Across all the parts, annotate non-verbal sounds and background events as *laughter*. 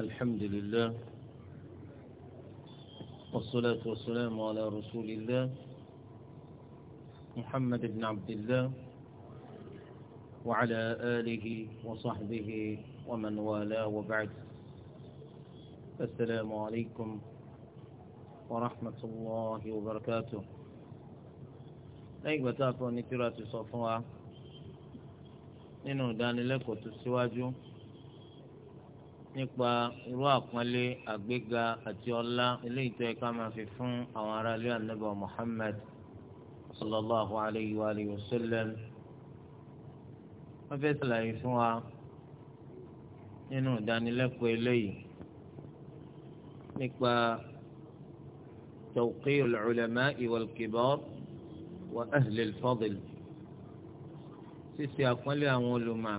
الحمد لله والصلاة والسلام على رسول الله محمد بن عبد الله وعلى آله وصحبه ومن والاه وبعد السلام عليكم ورحمة الله وبركاته أيها الأخوة sọ لك so nípa irú àpọ́nlé àgbéga àti ọlá eléyìí tó yẹ ká máa fi fún àwọn ará ilé ànábì Muhammad sallallahu alayhi wa alihi wa sallam wọ́n fẹ́ sàlàyé fún wa nínú ìdánilẹ́kọ̀ọ́ eléyìí nípa توقير العلماء والكبار وأهل الفضل sísè àpọ́nlé àwọn olùmọ̀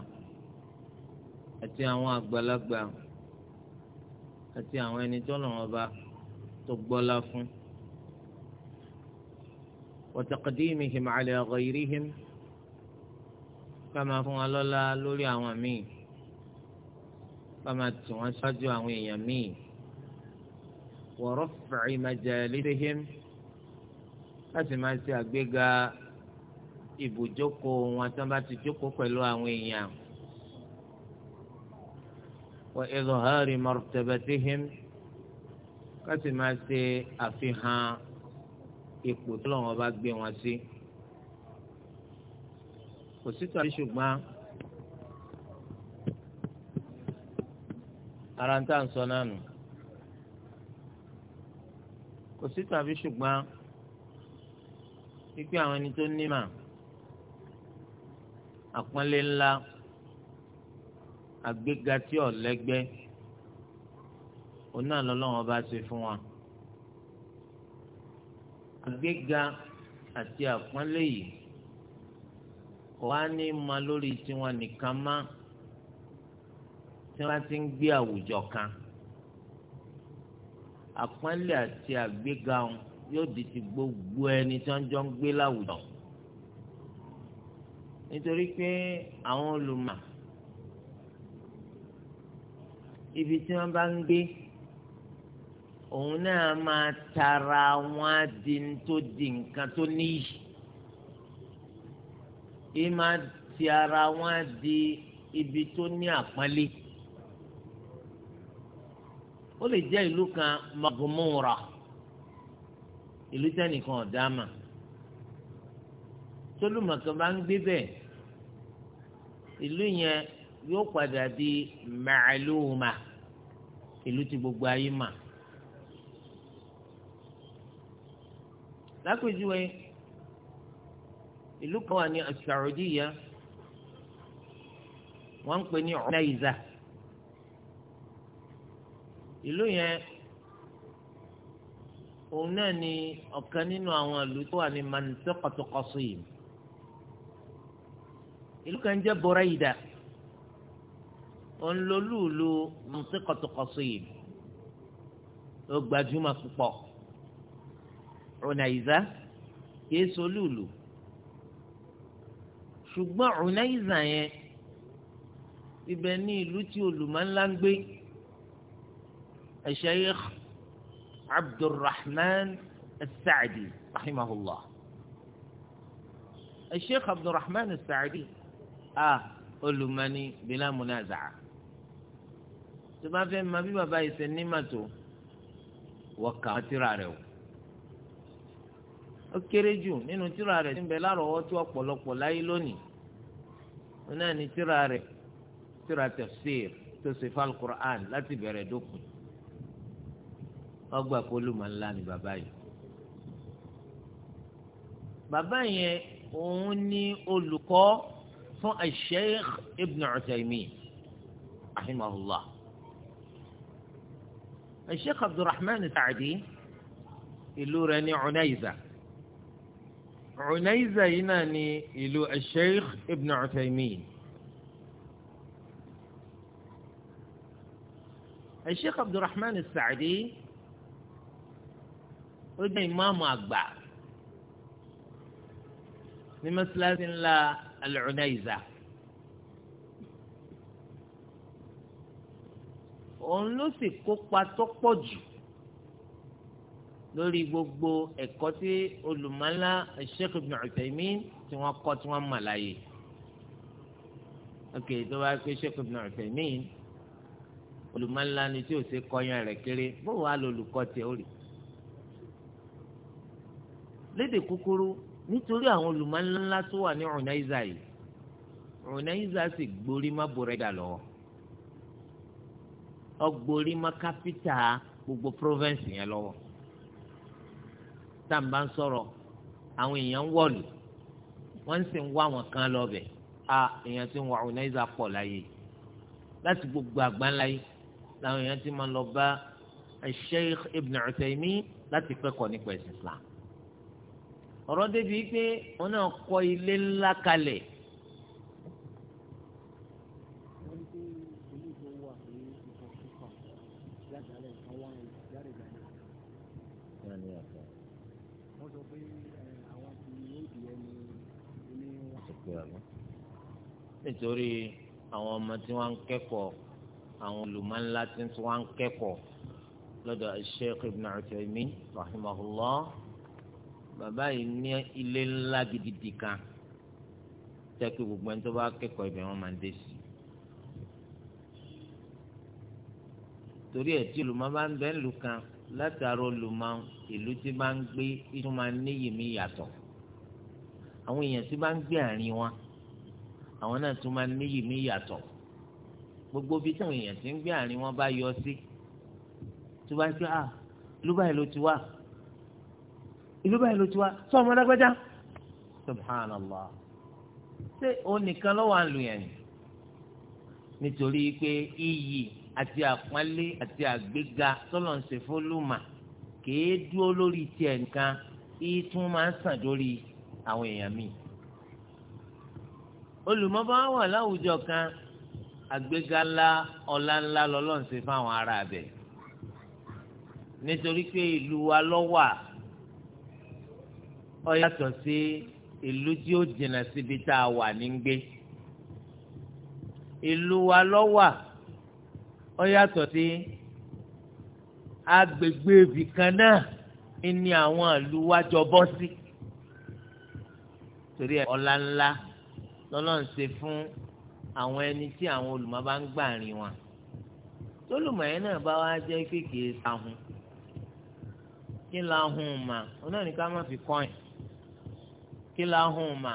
àti àwọn àgbàlagbà àti àwọn ẹni tọ́lọ̀ wọn bá tó gbọ́lá fún. wa taqdimihim ala ghayrihim ká máa fún wọn lọ́lá lórí àwọn míì ká máa tì wọ́n ṣáájú àwọn èèyàn míì wa raf'i majalisihim láti máa ṣe àgbéga ibùjókòó wọn tí bá ti jókòó pẹ̀lú àwọn èèyàn wa izhari martabatihim ká sì máa ṣe àfihàn ipò tí Ọlọ́run bá gbé wọn sí. kò sí tàbí ṣùgbọ́n ara ń tà ń sọ náà nù. kò sí tàbí ṣùgbọ́n pípé àwọn ẹni tó ní mà àpọ́nlé ńlá àgbéga tí ọ̀lẹ́gbẹ́ oná lọ́lọ́wọ́n bá ṣe fún wa àgbéga àti àpọ́nlé yìí wàá ní ma lórí tiwọn nìkan má tí wọ́n ti ń gbé àwùjọ kan àpọ́nlé àti àgbéga wọn yóò di ti gbogbo ẹni tí wọ́n jọ ń gbé láwùjọ nítorí pé àwọn olùmọ̀ ibi tí wọ́n bá ń gbé òun náà máa tara wọn di tó di nǹkan tó níyì yìí máa ti ara wọn di ibi tó ní àpọ́nlé ó lè jẹ́ ìlú kan magomora ìlú tẹ́nìkan ọ̀dàmà tólùmọ̀kan bá ń gbé bẹ́ẹ̀ ìlú yẹn yóò padà di màálùmá. Ma ìlú tí gbogbo ayé mà. lápèjúwe ìlú kan wà ní Saudiya wọ́n ń pè ní Unaiza ìlú yẹn òun náà ni ọ̀kan nínú àwọn ìlú tó wà ní Mantiqatu Qasim ìlú kan jẹ́ Buraida ònlolúùlù mùsíkọ̀tùkọ̀sọ yìí ó gbajúmọ̀ púpọ̀ ọ̀nàìzá kìí solúùlù ṣùgbọ́n ọ̀nàìzá yẹn ibẹ̀ ní ìlú tí olùmọ̀ ńlá ń gbé Sheikh Abdulrahman As-Sa'di rahimahullah Sheikh Abdulrahman As-Sa'di ah olùmọ̀ ní tó bá fẹ́ ma bí bàbá yìí ṣe ní màtó wọ́n kà á tírà rẹ̀ o ó kéré jù nínú tírà rẹ̀ tí ń bẹ lárọ̀ọ́wọ́tó ọ̀pọ̀lọpọ̀ láyé lónìí wọn náà ní tírà rẹ̀ tírà tafsir tó ṣe fal Qur'an láti bẹ̀rẹ̀ dókun ọgbà pólùmọ̀ ńlá ni bàbá yìí bàbá yẹn òun ní olùkọ́ fún Sheikh Ibn Uthaymeen rahimahullah. الشيخ عبد الرحمن سعدي إلو راني عنيزة عنيزة إناني إلو الشيخ ابن عثيمين الشيخ عبد الرحمن السعدي وده إمام أكبر لمثلث لا العنيزة òun ló sì kópa tó pọ̀ jù lórí gbogbo ẹ̀kọ́ tí olùmọ̀lá Sheikh Ibn Uthaymeen tí wọ́n kọ́ tí wọ́n mọ̀ láyé ok tó bá pé Sheikh Ibn Uthaymeen olùmọ̀lá ni tí ò ṣe kọyán rẹ̀ kéré bóun á lọ olùkọ́ tẹ ó rí lédè kúkúrú nítorí àwọn olùmọ̀lá ńlá tó wà ní Unaiza yìí Unaiza sì gborí má borẹ́dà lọ́wọ́ ọgbórí má kápítà gbogbo province yẹn lọ́wọ́ tá à ń bá ń sọ̀rọ̀ àwọn èèyàn ń wọ̀lù wọ́n sì ń wá àwọn kan lọ́bẹ̀ a èèyàn ti ń wà ọ̀nà ìzà pọ̀ láyé láti gbogbo àgbáńláyé làwọn èèyàn ti máa lọ bá Sheikh Ibn Uthaymeen láti kẹ́kọ̀ọ́ nípa ẹ̀sìn Islam ọ̀rọ̀ débi pé wọn náà kọ́ ilé ńlá kalẹ̀ nítorí àwọn ọmọ tí wọ́n ń kẹ́kọ̀ọ́ àwọn olùmọ̀ńlá tí wọ́n ń kẹ́kọ̀ọ́ lọ́dọ̀ Sheikh Ibn Uthaymeen rahimahullah bàbá yìí ní ilé ńlá gidigidi kan jẹ́ kí gbogbo ẹni tó bá kẹ́kọ̀ọ́ ibẹ̀ wọ́n máa ń dé sí i. torí ẹ̀ tí olùmọ̀ bá ń bẹ ńlù kan látara olùmọ̀ ìlú tí bá ń gbé inú máa ń níyì mí yàtọ̀ àwọn èèyàn tí bá ń gbé àárín wọn àwọn náà tún máa níyì ní ìyàtọ̀ gbogbo bí táwọn èèyàn ti ń gbé àárín wọn bá yọ sí tó bá ṣe à ah, ìlú báyìí ló ti wá ìlú báyìí ló ti wá sọ ọmọ lágbájá subhanallah ṣé o nìkan ló wà lù yẹn nítorí pé iyì àti àpọ́nlé àti àgbéga tọ́lọ̀ ń ṣe fólùmà kèé dúró lórí tiẹ̀ nìkan ìtún máa ń sàn lórí àwọn èèyàn míì olùmọba wà láwùjọ kan àgbéga ńlá ọlá ńlá lọ́lọ́run ṣe fáwọn ará abẹ nítorí pé ìlú wa lọ wà ó yàtọ̀ sí ìlú tí ó jìnnà síbi tá a wà ní gbé ìlú wa lọ wà yàtọ̀ sí agbègbè ibì náà ní àwọn ìlú wa jọ bọ́ sí torí ẹ̀ ọlá ńlá lọ́lọ́run ṣe fún àwọn ẹni tí àwọn olùmọ̀ bá ń gbà rìn wọn tólùmọ̀ yẹn náà bá wá jẹ́ kékeré sáhùn kí la hùn mà ọ̀nà ní ká má fi kọ́ ẹ̀ kí la hùn mà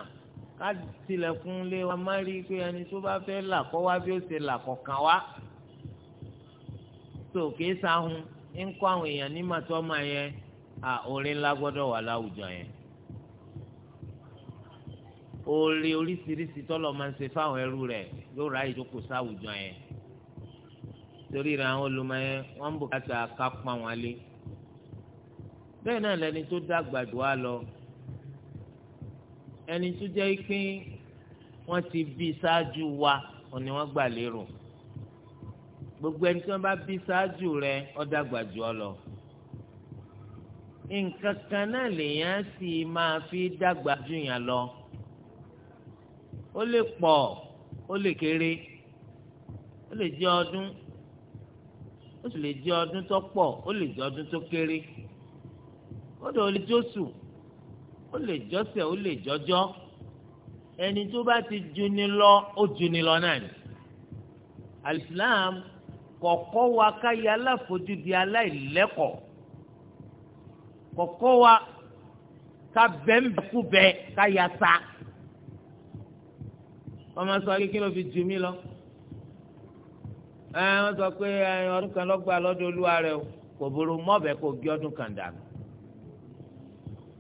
ká tilẹ̀kùn lé wa má rí pé ẹni tó bá fẹ́ là kọ́ wá bí ó ṣe là kọ̀ọ̀kan wá tó kéé sáhùn ń kọ́ àwọn èèyàn ní màtọ́ máa yẹ à orin ńlá gbọ́dọ̀ wà láwùjọ yẹn oore oríṣiríṣi tọ́lọ̀ máa ń ṣe fáwọn ẹrú rẹ̀ yóò ráyè jókòó sáwùjọ yẹn torí ra àwọn olùmọ̀ yẹn wọ́n ń bùkátà ká pọ́n wọn lé bẹ́ẹ̀ náà lẹni tó dàgbà jù wá lọ ẹni tó jẹ́ pé wọ́n ti bí ṣáájú wa òní wọ́n gbà lérò gbogbo ẹni tí wọ́n bá bí ṣáájú rẹ̀ ó dàgbà jù ọ lọ nǹkan kan náà lèèyàn sì máa fi dàgbà jù yàn lọ ó lè pọ̀ ó lè kéré ó lè jẹ́ ọdún ó sì lè jẹ́ ọdún tó pọ̀ ó lè jẹ́ ọdún tó kéré ó dẹ̀ ó lè jóṣù ó lè jọ́sẹ̀ ó lè jọ́jọ́ ẹni tó bá ti juni lọ ó juni lọ náà ni alisilam kọ̀kọ́ wa káyé aláfojú di aláìlẹ́kọ̀ọ́ kọ̀kọ́ wa ká bẹ́ẹ̀ ń bẹ́ẹ̀ kú bẹ́ẹ̀ káyà sa wọ́n máa sọ akékeré fi jù mí lọ ẹ wọ́n sọ pé ọdún kan lọ́gbà lọ́dọ̀ olúwa rẹ o kò burú mọ́ọ̀bẹ kò gé ọdún kan dànù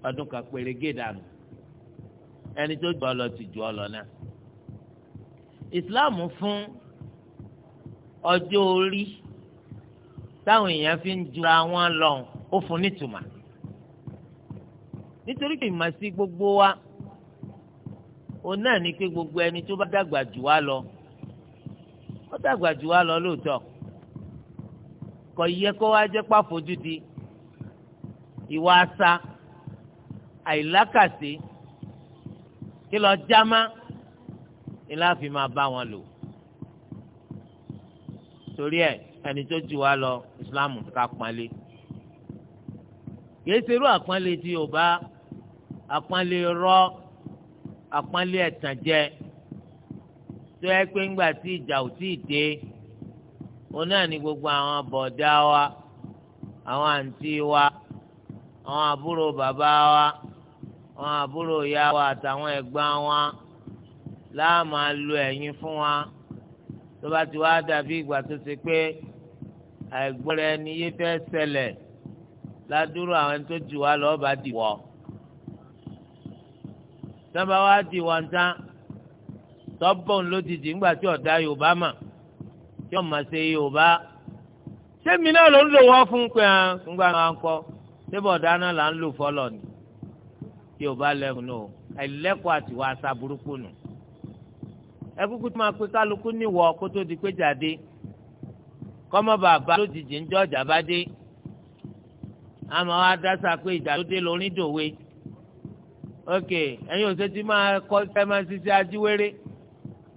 ọdún kan péré gé dànù ẹni tó jù ọ lọ ti jù ọ lọ náà Islam fún ọjọ́ orí táwọn èèyàn fi ń jura wọn lọ ó fún nítumọ̀ nítorí kì í máa sí gbogbo wa òun náà ni pé gbogbo ẹni tó bá dàgbà jù wá lọ ó dàgbà jù wá lọ lóòótọ́ kò yẹ kó wá jẹ́ pàfojúdi ìwà asa àìlákàsí kí lọ jámá ni láàfin máa bá wọn lò torí ẹ ẹni tó jù wá lọ Islam ká pọ́nlé kìí ṣerú àpọ́nlé tí Yorùbá àpọ́nlé rọ àpọ́nlé ẹ̀tàn jẹ tó yẹ pé ńgbà tí ìjà ò tí ì dé òun náà gbogbo àwọn bọ̀dá wa àwọn àǹtí wa àwọn àbúrò bàbá wa àwọn àbúrò ìyá wa àtàwọn ẹ̀gbọ́n wa láà máa lo fún wa tó bá ti wá dàbí ìgbà tó ṣe pé àìgbọ́ra ẹni yé fẹ́ ṣẹlẹ̀ ládùúrò àwọn tó jù wá lọ́ọ́ bá dìwọ́ sábà wá di wọn tán tọ́bọ̀n lójijì ńgbà tí ọ̀dà yorùbá mà tí ọ̀ma ṣe yorùbá sẹ́mi náà ló ń lò wọ́n fún pé hàn ah, ńgbà máa ń kọ́ sébọ̀ dáná là ń lò fọlọ̀ ni yorùbá lẹ́hùn náà àìlẹ́kọ̀ọ́ àti wàá sa burúkú nù ẹ kúkú tí máa pé kálukú níwọ̀ kó tó di pé jáde kọ́mọ́ bàbá lójijì ń jọ́ ọ̀jà bá dé àmọ́ wa pé ìjà ok ẹ̀yin ò ti máa kọta ẹ máa ṣiṣẹ́ ajíwéré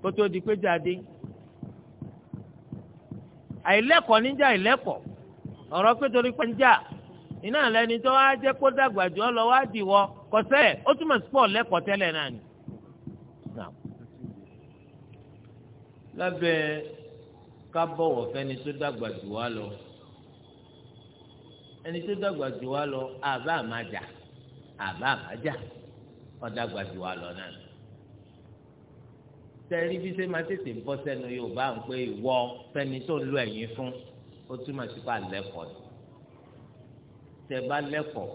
kó tó di pé jáde àìlẹ́kọ̀ọ́ níjà àìlẹ́kọ̀ọ́ ọ̀rọ̀ pé torí pé níjà iná lẹni tó wá jẹ́ kó dàgbà jù ọ lọ wá dìwọ́ ó sí náà ni. lábẹ́ fẹ́ni tó dàgbà jù wá lọ ẹni tó dàgbà jù wá lọ àbá àmàjà àbá àmàjà. wọn dàgbà jù wá lọ náà tẹ̀lé bí sẹ́ máa tètè bọ́ sẹ́nu yorùbá ń pé ìwọ fẹ́ni tó lu ẹ̀yìn fún ó túmọ̀ sí pa lẹ́kọ̀ọ́ tẹ bá lẹ́kọ̀ọ́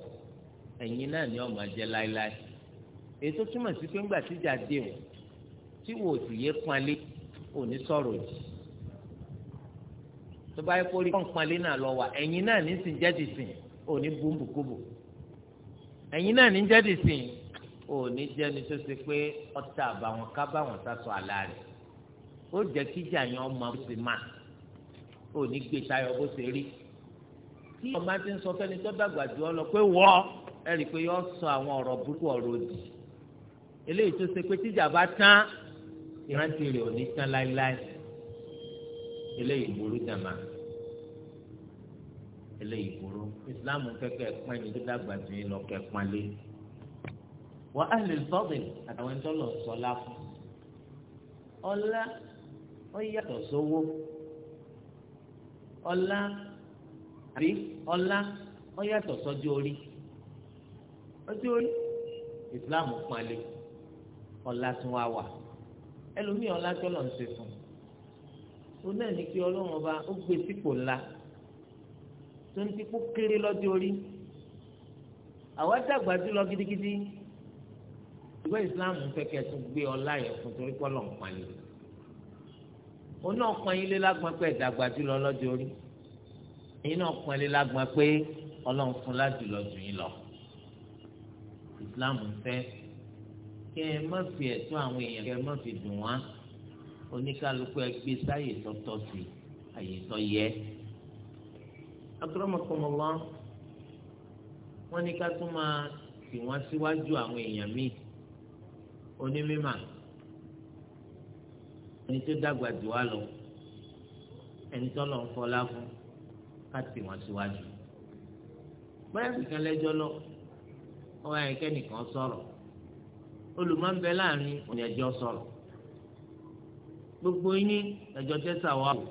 ẹ̀yìn náà ni ọmọ jẹ láéláé ètò túmọ̀ sí pé ńgbà tíjà dé o tí wò ó sì yé panlé ò ní sọ̀rọ̀ jù tó bá yẹ kó rí pọ́npanlé náà lọ wà ẹ̀yìn náà ní sìn jẹ́ ò ní bùnbùkúbù ẹ̀yìn náà ní jẹ́ òní jẹ́ni tó ṣe pé ọ̀tá àbàwọn ká báwọn sásọ àlá rẹ̀ ó jẹ́ kíjà yẹn ọmọ bó ṣe máa òní gbé tayọ bó ṣe rí tí ọmọ ti ń sọ fẹ́ni tó dàgbà jù ọ lọ pé wọ́ ẹ rí i pé yọ sọ àwọn ọ̀rọ̀ burúkú ọ̀rọ̀ òdì eléyìí tó ṣe pé tíjà bá tán ìrántí rẹ̀ ò tán láéláé eléyìí burú jàmá eléyìí burú Islam kẹ́kẹ́ pẹ́ni tó dàgbà jù yín lọ kẹ́ pọ́nlé wọ́n á lè sọ́ọ̀bìn àtàwọn ẹni tó lọ sọ́lá fún ọlá ó yàtọ̀ sówó ọlá àbí ọlá ó yàtọ̀ sọ́jọ́ orí ọjọ́ orí ìsìláàmù pọ́nlé ọlá tún wá wà ẹlòmíràn ọlá tó lọ ń ṣe fún un náà ní kí ọlọ́run ọba ó gbé sípò ńlá tó ń tipó kéré lọ́jọ́ orí àwa dàgbà jùlọ gidigidi ìwé ìsìláàmù fẹ́kẹ́ tún gbé ọlá yẹn fún torí pé ọlọ́run pàlẹ́ òun náà pọn ilé lágbọn pé ìdàgbà jùlọ lọ́jọ́ orí èyí náà pọn ilé lágbọn pé ọlọ́run fún lájùlọ jù yín lọ ìsìláàmù fẹ́ kẹ́ ẹ má fi ẹ̀tọ́ àwọn èèyàn kẹ́ ẹ má fi dùn wá oníkálukú ẹ gbé sáyè tọ́tọ́ sí àyè tọ́ yẹ. akọ́rọ́mọkọ́mọ́ wọn ní ká tún máa tì wọ́n síwájú àwọn èèyàn míì onímímà ẹni tó dàgbà jù wá lọ ẹni tó lọ ń fọlá fún káàtì wọn síwájú báyìí nìkan lẹ́jọ́ lọ ọwọ́ ẹ̀kẹ́ nìkan sọ̀rọ̀ olùmọ̀nbẹ láàrin òní ẹjọ́ sọ̀rọ̀ gbogbo yín ẹjọ́ tẹ́sà wà wò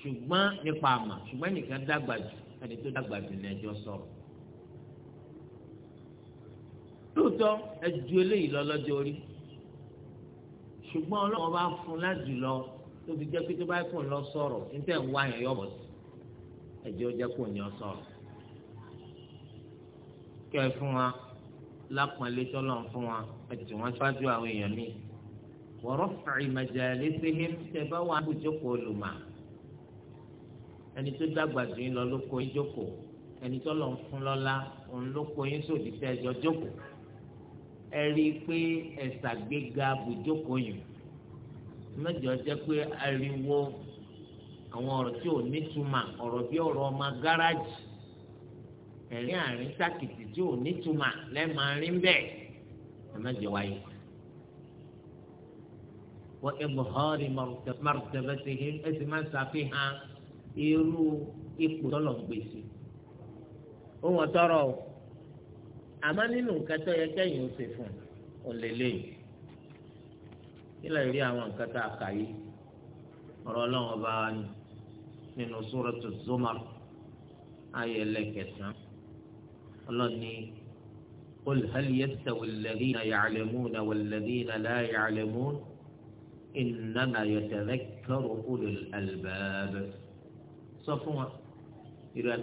ṣùgbọ́n nípa àmà ṣùgbọ́n nìkan dàgbà jù ẹni tó dàgbà jù ní ẹjọ́ lóòótọ́ ẹ ju eléyìí lọ lọ́jọ́ orí ṣùgbọ́n ọlọ́run bá fún láti lọ tó fi jẹ́ pé tó bá kùn lọ sọ̀rọ̀ níta ń wáyàn yọ̀bọ̀ sí ẹ̀jẹ̀ ó jẹ́ kó ní ọ sọ̀rọ̀ kẹ́ ẹ fún wa lápọ̀nlé tọ́lọ́run fún wa ẹ tì wọ́n ṣáájú àwọn èèyàn míì wọ́rọ́ fàì màjàlé séhìm tẹ́ bá wà ní ìjókòó olùmọ̀ ẹni tó dàgbà jù yín lọ ló kó yín jókòó ẹni tọ́lọ́run fún lọ́lá òun ló kó yín sòdì tẹ́ ẹjọ́ jókòó ẹ rí i pé ẹ ṣàgbéga bùjókòó yìí mẹjọ jẹ pé ariwo àwọn ọ̀rọ̀ tí ò nítumọ̀ ọ̀rọ̀ bí ọ̀rọ̀ ọmọ gáràjì ẹ̀rín àárín sàkìtì tí ò nítumọ̀ lẹ́ẹ̀ma rí bẹ́ẹ̀ ẹ mẹjọ wáyé. wọ́n ẹ̀bùhọ́rì mọ̀rùtẹ̀bẹ̀tẹ̀ ẹ sì máa ń ṣàfihàn irú ipò tọ́lọ̀ gbèsè. ó wọ́n tọrọ o àmọ́ nínú nǹkan tó yẹ kẹ́yìn ó ṣe fún un lélẹ́yìn nílẹ̀ rí àwọn nǹkan tá a kà yìí ọ̀rọ̀ ọlọ́run ọba wa ni nínú Suratu Zumar ayé ẹlẹ́kẹsàn-án ọlọ́run ní qul hal yastawi alladhina ya'lamuna walladhina la ya'lamun innama yatadhakkaru ulul albab sọ fún wa ìrẹ̀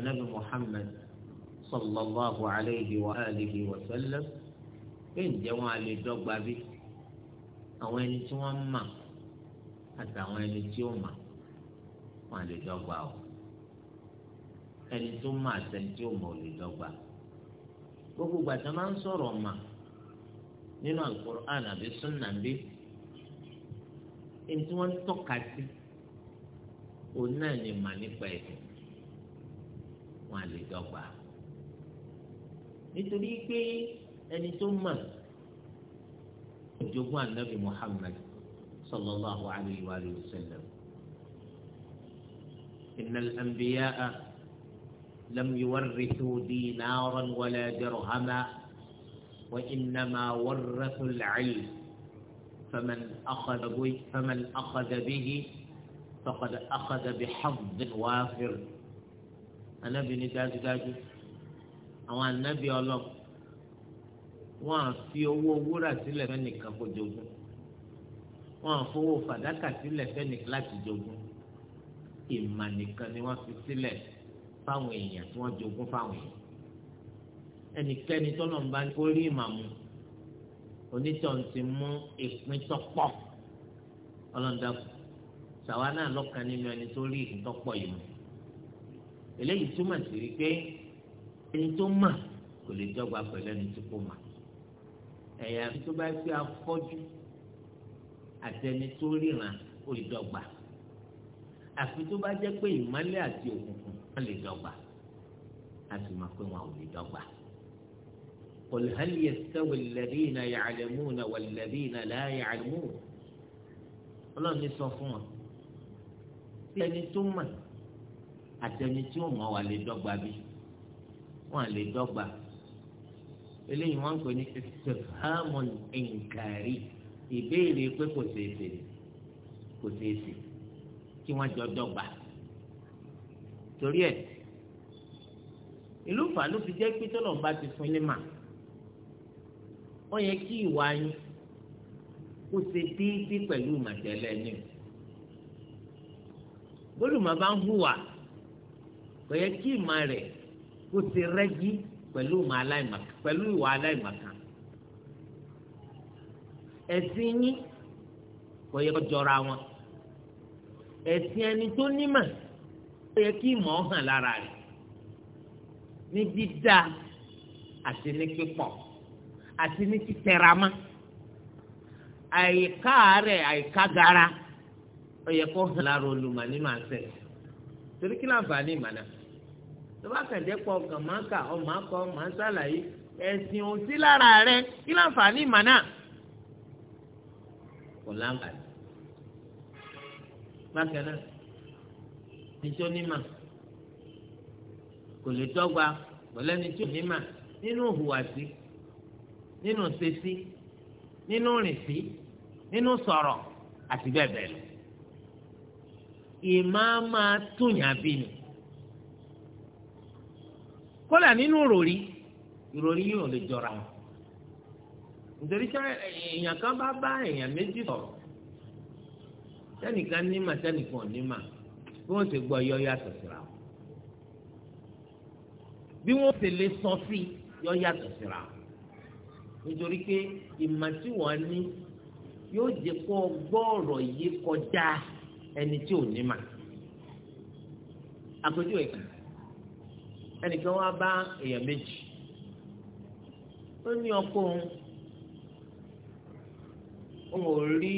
sallallahu alayhi wa alihi wa sallam pé ǹjẹ́ wọn a lè dọ́gba bí àwọn ẹni tí wọ́n mà àtàwọn ẹni tí ó mà wọn a lè dọ́gba o ẹni tó mà àtẹni tí ó mà ò lè dọ́gba gbogbo gbàtà máa ń sọ̀rọ̀ mà nínú Al-Qur'an àbí ẹni tí wọ́n tọ́ka sí òun náà ni mà nípa ẹ̀sìn wọn a dọ́gba o. nítorí pé ẹni tó mọ̀ ìjogún anabi muhammed sallallahu alayhi wa sallam inna al-anbiya'a lam yuwarrithu dinaran wala dirhama wa innama warrathu al-'ilm faman akhadha bihi faman akhadha bihi faqad akhadha bi hadd wafir anabi ni dájúdájú. àwọn ànábì Ọlọ́run wọn à fi owó wúrà sílẹ̀ fẹ́nìkan kó jogún wọn à fowó fàdákà sílẹ̀ fẹ́nìkan láti jogún ìmà nìkan ni wọ́n fi sílẹ̀ fáwọn èèyàn tí wọ́n jogún fáwọn èèyàn ẹnikẹ́ni tọ́nà ń bá kó rí ìmà mu onítọ̀hún ti mú ìpín tọ́pọ̀ ọlọ́ndàkù sàwa náà lọ́kàn nínú ẹni tó rí ìpín tọ́pọ̀ yìí mu eléyìí túmọ̀ sí wípé ẹni tó mà kò lè dọ́gba pẹ̀lú ẹni tó kò mà ẹ̀yà tó bá gbé afọ́jú àtẹni tó ríran ó lè dọ́gba àfi tó bá jẹ́ pé ìmọ́lẹ̀ àti òkùnkùn wọ́n lè dọ́gba a sì máa pé wọn ò lè dọ́gba. قل هل يستوي الذين يعلمون والذين لا يعلمون الله ní sọ fún wọn tí ẹni tó wọn lè dọ́gba eléyìí wọn ń pè ní istifhamun inkari ìbéèrè pé kò ṣeé ṣe kò ṣeé ṣe kí wọn jọ dọ́gba torí ẹ ìlú fà ló fi jẹ́ pé tọ́lọ́mùbá ti fún ilé mà ó yẹ kí ìwà yín kó ṣe déédéé pẹ̀lú màtẹ́lẹ̀ ni bólúmọ̀ bá ń hùwà kò yẹ kí ìmọ̀ rẹ̀ kó ṣe rẹ́jí pẹ̀lú ìwà aláìmọ̀kan ẹ̀sìn yín kò yẹ kó jọra wọn ẹ̀sìn ẹni tó nímọ̀ ó yẹ kí ìmọ̀ hàn lára rẹ̀ ní dídá àti ní pípọ̀ àti ní títẹramọ́ àyíká rẹ̀ àyíká gara ó yẹ kó hàn lára olùmọ̀ nínú àṣẹ torí kí láǹfààní ìmọ̀ náà tó bá kẹ̀dẹ́ pọ̀ gàn máa kà ọ máa kọ́ máa ṣàlàyé ẹ̀sìn ò sí lára rẹ kí láǹfààní ìmọ̀ náà kò láǹfààní. bákan náà níjọ́ nímọ̀ kò lè dọ́gba pẹ̀lú ẹni tí ò nímọ̀ nínú ìhùwàsí nínú ṣesí nínú rìnsí nínú sọ̀rọ̀ àti bẹ́ẹ̀ bẹ́ẹ̀ lọ. ìmọ̀ túnyàn bí kódà nínú ìròrí ìròrí yóò lè jọra wọn nítorí sẹ èèyàn kan bá bá èèyàn méjì sọ̀rọ̀ sẹ́nìkan nímà sẹ́nìkan nímà bí wọ́n ti gbọ́ yọ yàtọ̀ síra wọn bí wọ́n ti lè sọ sí yọ yàtọ̀ síra wọn nítorí pé ìmọ̀ tí wọ́n ní yóò jẹ́ kó gbọ́ ọ̀rọ̀ yìí kọjá ẹni tí ò ní mà àpèjúwe kan ẹnìkan wá bá èèyàn méjì ó ní ọkọ òun ò rí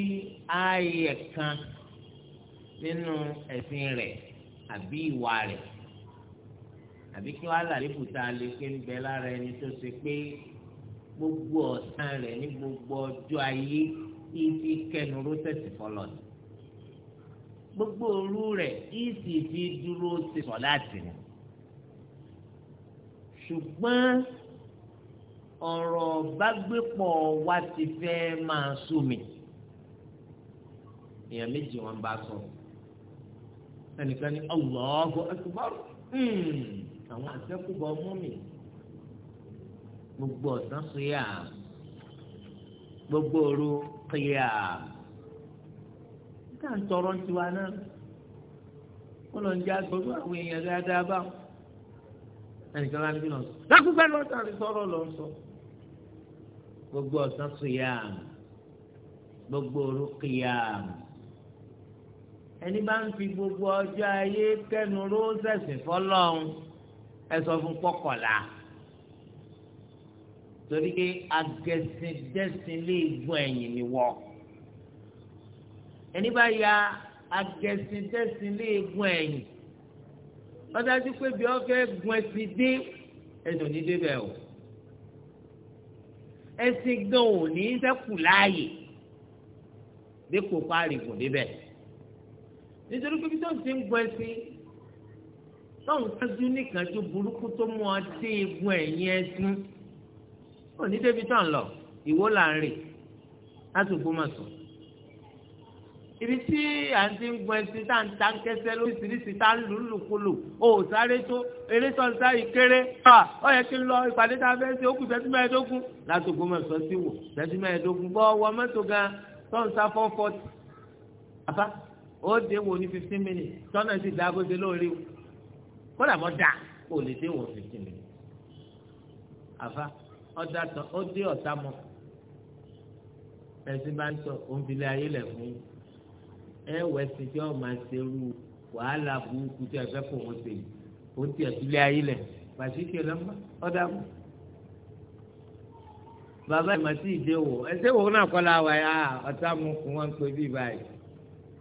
ààyè kan nínú ẹ̀sìn rẹ̀ àbí ìwà rẹ̀ àbí kí wàá làlébù tá a lè pé ń bẹ lára ẹni tó ṣe pé gbogbo ọ̀sán rẹ̀ ní gbogbo ọjọ́ ayé ìfi kẹnu rótẹ̀sì fọlọ́ ni gbogbo òru rẹ̀ ìsì fi dúró ṣe sọ̀ láti ni ṣùgbọ́n ọ̀rọ̀ bágbépọ̀ wa ti fẹ́ máa sú mi èèyàn méjì wọn bá sọ ẹnìkan ní Allahu Akbar hmm, àwọn àtẹkùbọ mú mi gbogbo ọ̀sán sọ́yà gbogbo òru kìyà ká ń tọrọ tiwa náà kó ló ń jẹ́ àgbọ̀dọ̀ àwọn èèyàn dáadáa báwọn ẹnìkan wá níbí lọ sọ lákùúgbà lọ́tà rí sọ̀rọ̀ lọ sọ. gbogbo ọ̀sán kìyàm gbogbo òru kìyàm ẹni bá ń fi gbogbo ọjọ́ ayé kẹnu ró sẹ̀sìn fọlọ́run ẹ sọ fún pọ́kọ̀lá torí pé agẹ̀sìndẹ̀sìn lè gbọ́ ẹ̀yìn ni wọ́ ẹni bá ya agẹ̀sìndẹ̀sìn lè gbọ́ ẹ̀yìn ọdájú pé bí wọ́n fẹ́ gun ẹsìn dé ẹ̀dùn ní débẹ̀ o ẹsìn gan ò ní sẹ́kù láàyè dépò parí kò débẹ̀ nítorí pé bí tó ń ti ń gun ẹsìn tóun kájú nìkan tó burúkú tó mú ọ dé egun ẹ̀yìn ẹ̀sìn ò ní débi tó ń lọ ìwó là ń rè látògbó mà sùn ibi tí à ń ti ń gun ẹsìn tá à ń ta ń kẹsẹ lóríṣiríṣi tá à ń lù ú lùkulù o ò sáré tó eré sọ̀nsá yìí kéré ọ yẹ kí n lọ ìpàdé tá a fẹ́ ṣe ó kù sẹ́tí mẹ́ẹ̀ẹ́dógún láti Ògbómọ̀ṣọ́ sí wò sẹ́tí mẹ́ẹ̀ẹ́dógún bọ́ ọwọ́ mọ́tò gan sọ̀nsá four forty àbá ó dé wò ní fifteen minutes tọ́nà sì dá bó ṣe lóore o kódà mọ́ dà ó lè dé wò fifteen minutes àbá ó dé ọ̀tá mọ́ ẹ̀sìn bá ń sọ òun fi lé ayé lẹ̀ fún yín ẹ̀wẹ̀ ti jẹ́ ọ̀ máa ṣe irú wàhálà burúkú tí a fẹ́ kó wọn ṣe yìí ó ti ẹ̀túlẹ̀ ayé lẹ̀ pàṣípì ọlọ́mọ ọ̀dà mọ́. bàbá ìmọ̀ sí ìdè wò ẹsẹ̀ wò náà kọ́ la wà yá ah, ọ̀tá mu kún wọn pé bí báyìí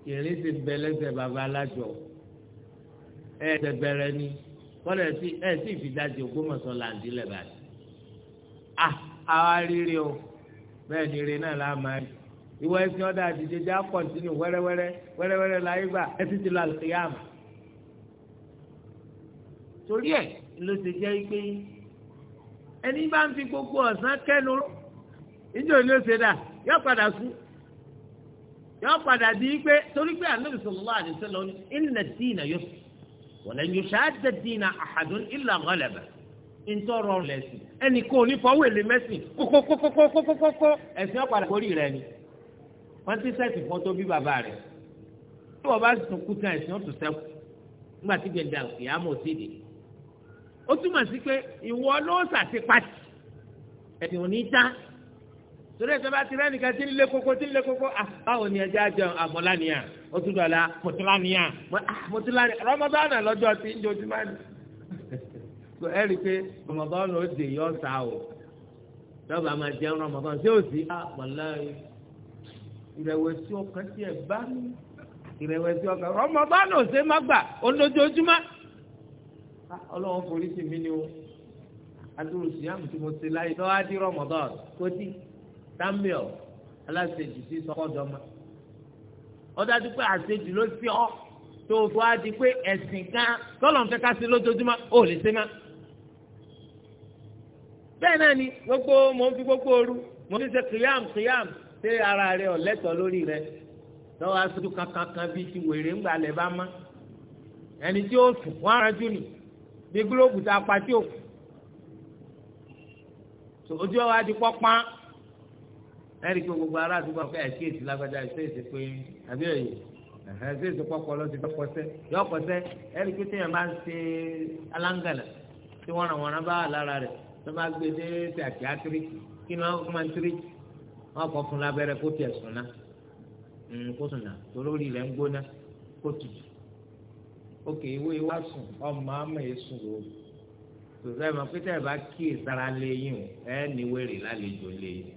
kìrì ti bẹ lẹ́sẹ̀ bàbá alájọ ẹ̀ ẹ̀sẹ̀ bẹ̀rẹ̀ ni kọ́lẹ̀ ẹ̀ sì fi dájú Ògbómọ̀ṣọ́ làǹdí lẹ̀ báyìí. à ah, àwa rírì o bẹ́ẹ̀ ni rè náà lá máa ìwọ ẹsìn ọdọ àdìjẹ jẹ akọntínú wẹrẹwẹrẹ wẹrẹwẹrẹ láyé gbà ẹsì ti lọ àlùkìyàmù. torí ẹ ló ti jẹ́ pé ẹni bá ń fi gbogbo ọ̀sán kẹ́nu ìjọ ni ó ṣe dà yọ padà sùn yọ padà di pé torí pé ànábì sallallahu alaihi wasallam inna ad-dina yusr wa lan yushadda ad-dina ahadun illa ghalaba ntọrọ lẹsìn ẹnì kan ò ní fọwọ́ èlé mẹ́sìn kókókókókókókó ẹ̀sìn ọ̀padà kórìí rẹ ni wọ́n ti sẹ́ẹ̀tì fún tó bí bàbá rẹ̀ tí wọ́n bá sùn kú tán ẹ̀sìn ọ̀tún sẹ́kù nígbà tí gbẹ̀dà ìyàmọ̀ sí ìdè ó túmọ̀ sí pé ìwọ ló sàtipàtì ẹ̀sìn òní tá torí ẹ̀sìn bá ti rẹ́ nìkan tí ń lé koko tí ń lé koko ah, báwo ni ẹja jẹun àmọ́láníà ah, ó tún dọ̀la mọ̀tìláníà mọ̀tìláníà ah, rọmọdánà lọ́jọ́ tí ń jojúmọ́ ni *laughs* ẹ rí i pé rọmọdánà ó dè yọ ọ̀sà o lọ́ba máa jẹun rọmọdánà ṣé ò sí àpọ̀lá yìí ìrẹ̀wẹ̀sì ọkàn tí ẹ bá ìrẹ̀wẹ̀sì ọkàn ọmọ bá nà ṣe má gbà olójoojúmọ́ ọlọ́run forí sí mi ni o adúrú síyàmù tí mo ṣe láyé lọ́wọ́ á dírọ̀ mọ́tọ́ kọ́tí samuel aláṣejù sí sọ́kọ́dọ́mọ ọdájú pé àṣejù ló sí ọ tó o fọ́ á di pé ẹ̀sìn kan tọ́lọ̀ ń fẹ́ ká sí lójoojúmọ́ ó lè ṣe má bẹ́ẹ̀ náà ni gbogbo mò ń fi gbogbo ooru mò ń fi ṣe kìyàm kìyàm ṣé ara rẹ ọ̀lẹ́tọ̀ lórí rẹ lọ́wọ́ aṣojú kankan kan bíi ti wèrè ńgbà lẹ̀ bá má ẹni tí ó sùn wọ́n aranjú nì bí gílóòbù tá a pa ojú adi gbogbo àdúgbò pé àbí yọ bá ń ṣe aláǹgàlà tí ràn bá wà lára bá gbé dé kí ni wọn kọ fún lábẹ́rẹ́ kó tiẹ̀ sùn ná hmm, kó sùn ná torórí rẹ̀ ń gbóná kó tutù òkè ìwé wa sùn ọmọ àmọ́ èsùn o tòtò ẹ̀ mọ̀ pé tẹ̀ bá kí ìsara léyìn o ẹ̀ ní wèrè lálejò léyìn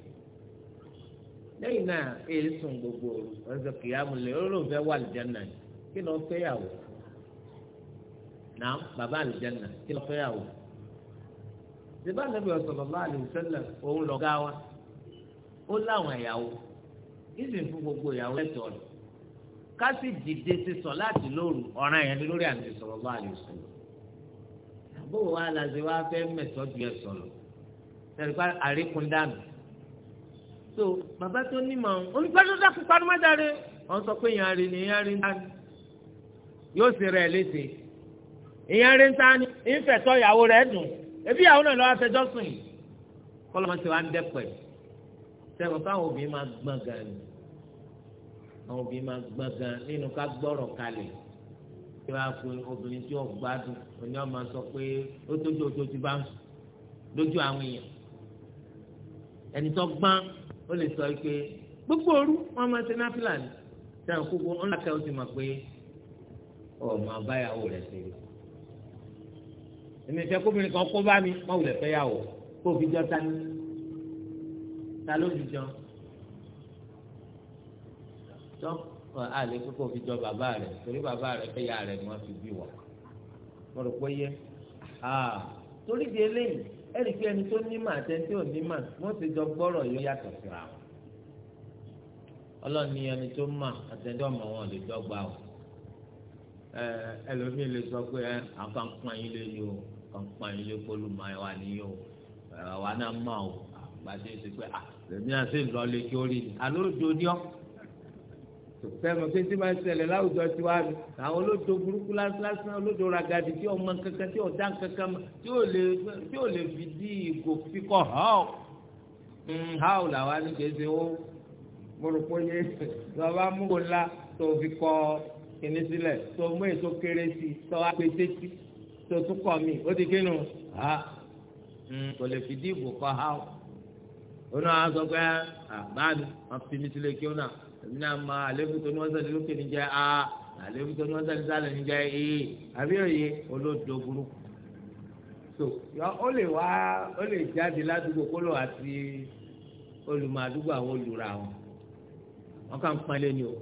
lẹ́yìn náà èsùn gbogbo ọ̀sẹ̀ kìyàmù lé olóòfẹ́ wà lìjánà kí ló fẹ́ yàwó náà bàbá àlìjánà kí ló fẹ́ yàwó. ṣé bá nàbẹ̀ sallallahu alaihi wasallam òun lọ́gá wa ó láwọn ìyàwó ìsìn fún gbogbo ìyàwó ẹ̀tọ́ rẹ̀ ká sì dìde ti sọ láti lóru ọ̀ràn yẹn lórí àti sọ̀rọ̀ bá àlè sọ̀rọ̀ àbúrò wa làzẹ wa fẹ́ mẹ̀tọ́jú ẹ̀ sọ̀rọ̀ tẹ̀lé pa àríkún dànù so bàbá tó nímọ̀ olùgbàdúrà kú panumájáde wọ́n sọ pé ìyàn rí ni ìyàn rí dání yóò sì rẹ̀ léṣe ìyàn rí dání ìfẹ̀tọ́ ìyàwó rẹ̀ dùn ebi ìyàwó náà lọ́wọ́ afẹjọ́sùn yìí kọ́lọ́mọ́sí sẹ́wọ̀n káwọn obìnrin máa gbọ́n gan ni àwọn obìnrin máa gbọ́n gan nínú ká gbọ́rọ̀ kalẹ̀ tí wàá fún obìnrin tí wọ́n gbádùn òní ọmọ sọ pé ó tójú ojú ti bá ń sùn lójú àwọn èèyàn ẹni tó gbọ́n ó lè sọ pé gbogbo òru wọn máa ṣe náfìlà ni sẹ́wọ̀n kúkú ńlá kẹ́ ó ti mọ̀ pé ọmọ abáyàwó rẹ̀ ṣe rí èmi ìfẹ́ kan kó bá mi mọ̀ wùlẹ̀ fẹ́ yà wọ̀ kó fi jọ tani ta ló fi jọ tọ́ àlè kókó fi jọ bàbá rẹ̀ torí bàbá rẹ̀ fẹ́ ya rẹ̀ ni wọ́n fi bí wà mo rò pé yẹ torí di eléyìí ẹ̀rí pé ẹni tó ní mà àtẹni tí ò ní mà wọ́n ti jọ gbọ́rọ̀ yóò yàtọ̀ síra wọn ọlọ́ọ̀ni ẹni tó mà àtẹni tó mọ̀ wọn lè dọ́gba o ẹlòmíì lè sọ pé àkànpọ̀ yín lè yí o àkànpọ̀ yín lè polúmọ̀ ẹ̀ wà níyì o ẹ̀ wà náà mà o gbàdé ti pé à lèmi náà sì lọ lè kí orí ni alóòjó ni ọ fẹmọ pé tí máa ń ṣẹlẹ̀ láwùjọ tí wàá mi àwọn olóòjó burúkú lásán olóòjó ragadi tí ọmọ kankan tí ọdá kankan tí ò lè tí ò lè fi dí ìgò fikọ hàn hàn hmm, làwọn anìkèsè ó mọ̀rọ̀pọ̀ yé lọ́ba múlò ńlá tó fi kọ́ kìnní sílẹ̀ tó mú èso kéré sí tó apèsè sí tó tún kọ́ mi ó ti kínú ha kò lè fi dí ìgò kọ́ hàn òun náà sọ pé àbá mi wọn fi mi sílẹ̀ kí ó náà èmi náà mọ àléébù tó ní wọn sẹni lókè níjẹ a àléébù tó ní wọn sẹni sálẹ̀ níjẹ e àbí òye olódo burúkú so ó lè wá ó lè jáde ládùúgbò kó lọ àti olùmọ̀àdúgbò àwọn olùrà wọn wọn kàn ń pọnlé ni o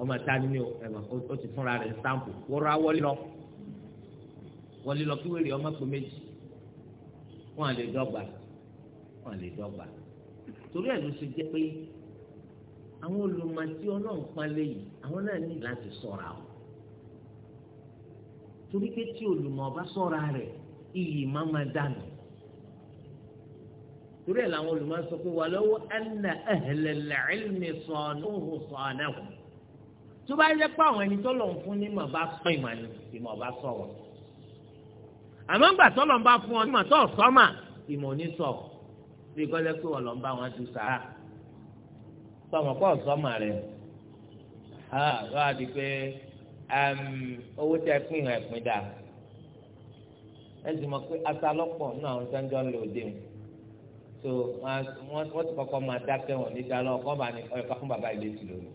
ọmọ tani ni o ẹ̀mọ̀ ó ti fúnra rẹ̀ sáǹpù wọ́rọ̀ awọ́lé lọ wọlé lọ kí wèrè ọmọ pé méjì wọn à lè dọ́gba wọn à lè dọ́gba torí ẹ̀ ló ṣe jẹ́ pé àwọn olùmọ̀tí ọlọ́run palẹ̀ yìí àwọn náà ní láti sọ̀ra o torí pé tí olùmọ̀ bá sọ̀ra rẹ̀ iyì máa ma dànù torí ẹ̀ làwọn olùmọ̀ sọ pé wà lọ́wọ́ ẹnna ẹ̀hẹ̀lẹ̀lẹ̀ ẹ̀lmi sọ̀nù sọ̀nù tó bá yẹ pé àwọn ẹni tọ́lọ̀ ń fún ní mọ̀ bá pín ìmọ̀ ní ìmọ̀ bá sọ̀rọ̀ àmọ́ ńgbà tọ́lọ̀ ń bá fún ọ ní mọ̀ tó sọ́mà ìmọ̀ ní sọ̀rọ̀ bí kọ́jọ́ pé wọ́n lọ ń bá wọn ju sàrà sọmọ kọ́ sọmọ rẹ ha lọ́ àdì pé owó tẹ pín ìhàn ẹ̀pín dà ẹ sì mọ̀ pé asalọ́pọ̀ náà àwọn sẹ́ńjọ́ ń lò dé o so wọ́n ti kọ́kọ́ máa dákẹ́ wọn níta lọ ọkọ́ bá ní ọ̀yọ̀ká fún bàbá ilé ti lónìí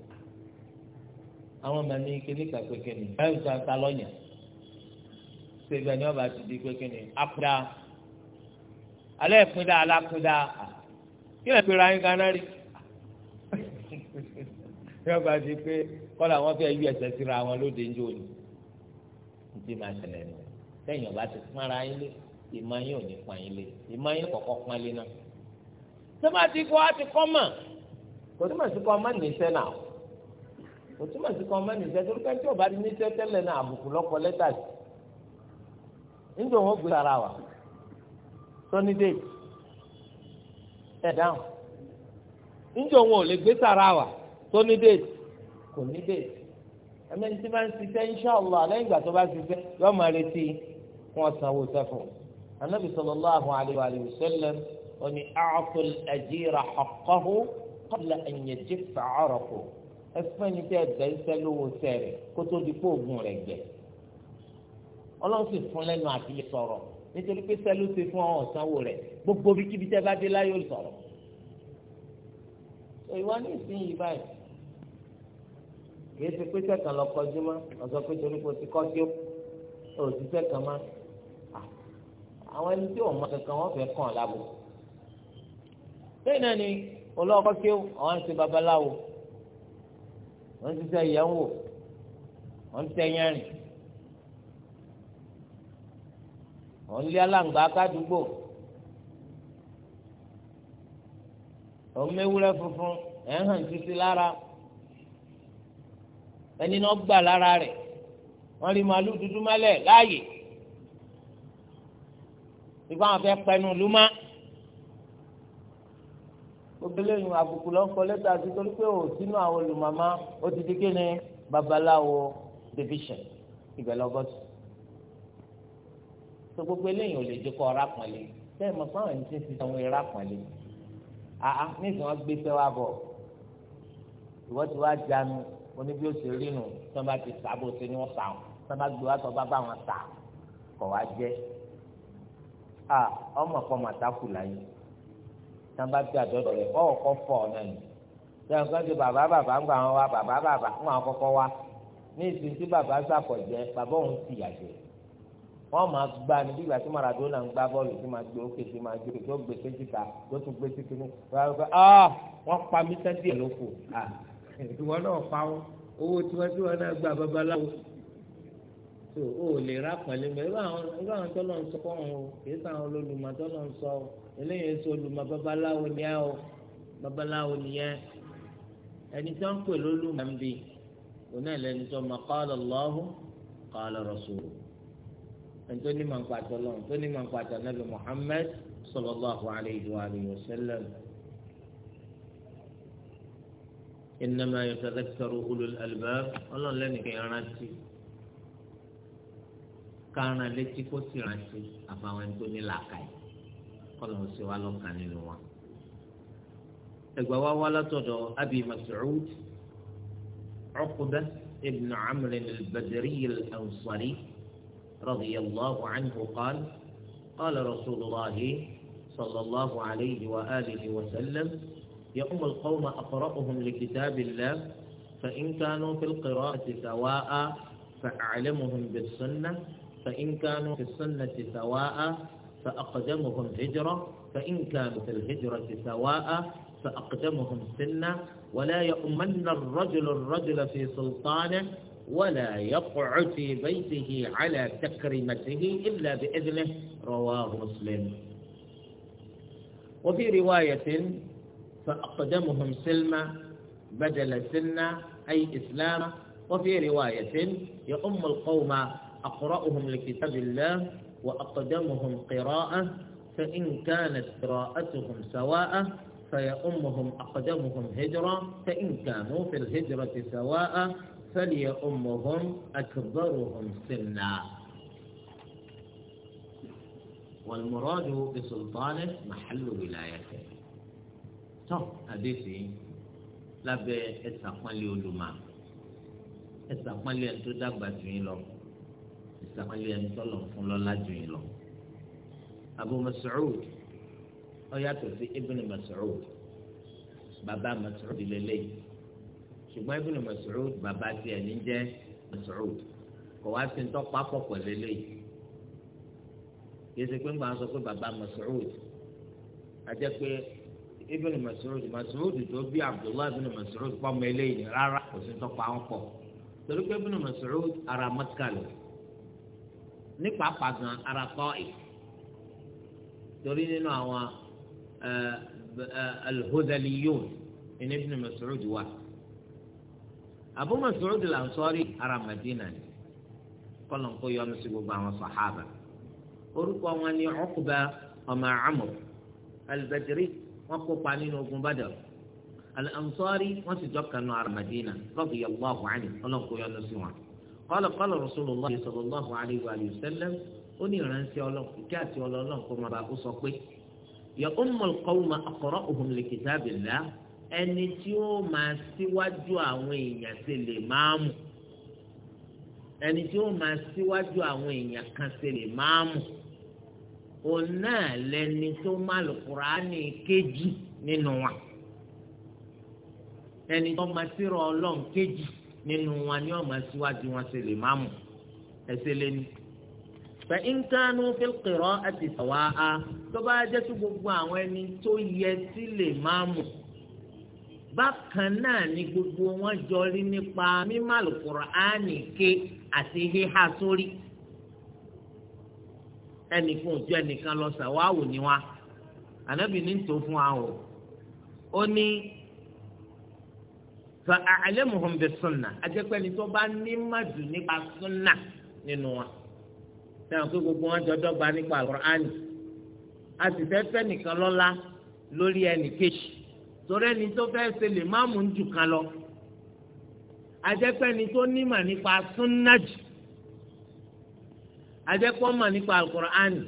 àwọn ọmọ ní kíní kan pé kíní báyìí sọ asalọ́yà ṣe ibẹ̀ ni ọba ti di pé kíní apra alẹ́ ìpínlẹ̀ alákúndà kí lè pe ra yín kaná rí yóò gba sí pé kọ́lá wọn fẹ́ yí ẹsẹ̀ síra wọn lóde ń jò ní ìdí máa ṣẹlẹ̀ nù sẹ́yìn ọba ti pọ́n ara yín lé ìmọ̀ yín ò ní pọ́n yín lé ìmọ̀ yín kọ̀kọ́ pọ́n lé náà sọ́mà ti kọ́ á ti kọ́ mọ̀ kò túmọ̀ sí kọ́ ọmọ nìṣẹ́ náà kò túmọ̀ sí kọ́ ọmọ nìṣẹ́ torí pé tí ọba ti níṣẹ́ tẹ́lẹ̀ náà àbùkù lọ́kọ lẹ́tà sí níjọ́ wọn gbé ara wa sọ́ni déètì ẹ̀ dáhùn níjọ wọn ò lè gbé sàrà wà sọ́ni déètì kò ní déètì ẹ̀mí tí bá ń ṣiṣẹ́ inṣọ́ọ̀lá lẹ́yìn ìgbà tó bá ṣiṣẹ́ yóò máa retí wọn sanwó sẹ́fọ̀ anábì sallallahu alaihi wa sallam oní a'tul ajira haqqahu qabla an yajiffa 'araquhu ẹfún ẹni tí ẹgbẹ nítorí pé sẹ́lú ṣe fún àwọn ọ̀sánwó rẹ̀ gbogbo bí kíbi tẹ́ bá dé láyé ò sọ̀rọ̀ ìwọ ní ìsinyìí báyìí kìí ṣe pé sẹ́kàn lọ kọjú mọ́ ọ̀sọ́ pé torí kò ti kọ́jú òṣìṣẹ́ kan mọ́ àwọn ẹni tí ò mọ kankan wọ́n fẹ́ kàn lábò bẹ́ẹ̀ náà ni olóòkọ́ kí àwọn ń ṣe babaláwo wọ́n ti ṣe ìyẹ̀wò wọ́n ti ṣe yẹn wọn lé aláǹgbá kádùúgbò wọn méwúrẹ́ funfun ẹ ń hàn títí lára ẹni náà gbà lára rẹ̀ wọn rí màálù dúdú mọ́lẹ̀ láàyè ìfọ àwọn fẹẹ pẹnu lùmá gbogbo eléyìí àbùkù lọ ń kọ lẹ́tà sí torí pé ò sínú àwọn olùmọ̀mọ́ ó ti di kí ni babaláwo division ìbẹ̀lẹ̀ ọgọ́sùn tó gbogbo eléyìí ò lè jẹ́ kó ọ̀rá pọ̀nlé bẹ́ẹ̀ mọ̀ fáwọn ẹni tí ń sisẹ́ wọn ẹ̀rá pọ̀nlé àá nígbà wọn gbé sẹ́wà bọ̀ ìwọ́n ti wá jánu oní bí ó ṣe rí nù tó bá ti sàbò ṣe ni wọ́n sà wọn tó bá gbé wá tó bá bá wọn sà kọ̀ wá jẹ́ à ọmọ kọ́ màtákù láyé tó bá gbé àdọ́dọ̀ rẹ̀ kọ́ ọ̀kọ́ fọ̀ náà ni sẹ́yìn kan ti bàbá bàbá ń gbà wọn wá bàbá bàbá ń wọn kọ́kọ́ wá ní tí bàbá sàkọ̀ jẹ́ bàbá òun ti yàgbẹ́ wọ́n máa gbá ní bí ìgbà tí Maradona ń gbá bọ́ọ̀lù tí máa gbé òkè tí máa gbé òkè tó gbé séjì ta tó tún gbé sí kínní ah, wọ́n pa mí sẹ́ńtì ẹ̀ ló kù ah, ìwọ náà pa wọn owó tí wọ́n tí wọ́n náà gbà babaláwo tó o lè ra pẹ̀lẹ́ mẹ́ irú àwọn irú àwọn sọ fún wọn o kì í sàwọn olùmọ̀ tó lọ́n sọ eléyìí sọ olùmọ̀ babaláwo ni ẹ o babaláwo ni ẹ ẹni tó ń pè lólùmọ̀ ẹnitó ní màá ń pàtó lọ́wọ́ tó ní màá ń pàtó anábì Muhammad sallallahu alayhi wa alihi wa sallam. innama yatadhakkaru ulul albab ọlọ́run lẹ́nu kẹ́ rántí kárán létí kó sì rántí àfàwọn ẹni tó ní làákàyè kọ́lọ́run sì wá lọ́kàn nínú wọn. ẹgbà wa wá látọ̀dọ̀ abi Mas'ud Uqba ibn Amr al-Badri al-Ansari. رضي الله عنه قال قال رسول الله صلى الله عليه وآله وسلم يقوم القوم أقرأهم لكتاب الله فإن كانوا في القراءة سواء فأعلمهم بالسنة فإن كانوا في السنة سواء فأقدمهم هجرة فإن كانوا في الهجرة سواء فأقدمهم سنة ولا يؤمن الرجل الرجل في سلطانه ولا يقعد في بيته على تكرمته إلا بإذنه رواه مسلم وفي رواية فأقدمهم سلمة بدل سنة أي إسلام وفي رواية يؤم القوم أقرأهم لكتاب الله وأقدمهم قراءة فإن كانت قراءتهم سواء فيؤمهم أقدمهم هجرة فإن كانوا في الهجرة سواء fẹ́lẹ̀ ọmọhún akbaruhum sinna. والمراد بسلطانه محل ولايته tán àdéhùn yìí lábẹ́ ẹ̀sàpọ́nlé olùmọ̀ ẹ̀sàpọ́nlé ẹni tó dàgbà jù yín lọ ẹ̀sàpọ́nlé ẹni tó lọ fún lọ́lá jù yín lọ. Abu Mas'ud ó yàtọ̀ sí Ibn Mas'ud bàbá Mas'ud lélẹ́yìí ṣùgbọ́n Ibn Mas'ud bàbá tiẹ̀ ní jẹ́ Mas'ud kò wá sí ń tọ́pọ̀ àpọ̀pọ̀ lélẹ́yìí kì í ṣe pé ń gbà sọ pé bàbá Mas'ud àjẹ́ pé Ibn Mas'ud Mas'ud tó bí Abdullahi Ibn Mas'ud pọ́nmọ́ eléyìí rárá kò sí ń tọ́pọ̀ àwọn pọ̀ torí pé Ibn Mas'ud ara Mẹ́kà lọ nípa pàgàn ara Ta'if torí nínú àwọn eh, eh, al ní Ibn Mas'ud wà. Abu Mas'ud al-Ansari ará Madina ni kọ́lọ̀ kó yọ ọ́nù sí gbogbo àwọn sàhábà orúkọ wọn ni Uqba ọmọ Amr al-Badri wọn kópa nínú ogun Badr al-Ansari wọn sì jọ kanu ará Madina radiyallahu anhu kọ́lọ̀ kó yọ ọ́nù sí wọn. qala qala Rasulullah sallallahu alayhi wa sallam ó ní ìránṣẹ́ ọlọ́run ẹni tí ó máa síwájú àwọn èèyàn ṣe lè máa mú ẹni tí ó máa síwájú àwọn èèyàn kan ṣe lè máa mú òun náà lẹni tó má lùkùránì kéjì nínú wa ẹni tó máa sírọ ọlọ́run kéjì nínú wa ni ó máa síwájú wọn ṣe lè máa mú ẹsẹ lẹni. فإن كانوا في القراءة سواء tó bá jẹ́ tó gbogbo àwọn ẹni tó yẹ sí lè máa mú bákan náà ni gbogbo wọn jọ rí nípa mímọ̀ Al-Kùránì ké àti híhá sórí ẹnìkan ojú ẹnìkan lọ sàwáwò ni wa ànábì ní tó fún wa o ó ní fa a'lamuhum bis-sunnah ajẹ́pẹ́ni tó bá ní màdù nípa súnà nínú wa sẹ́wọ̀n pé gbogbo wọn jọ dọ́gba nípa Al-Kùránì a sì fẹ́ fẹ́ nìkan lọ́lá lórí ẹnì kejì. torí ẹni tó fẹ́ ṣe lè má mú jù kan lọ ajẹ́pẹ́ni tó nímọ̀ nípa súnnájì ajẹ́pọ́ mọ̀ nípa alukur'ani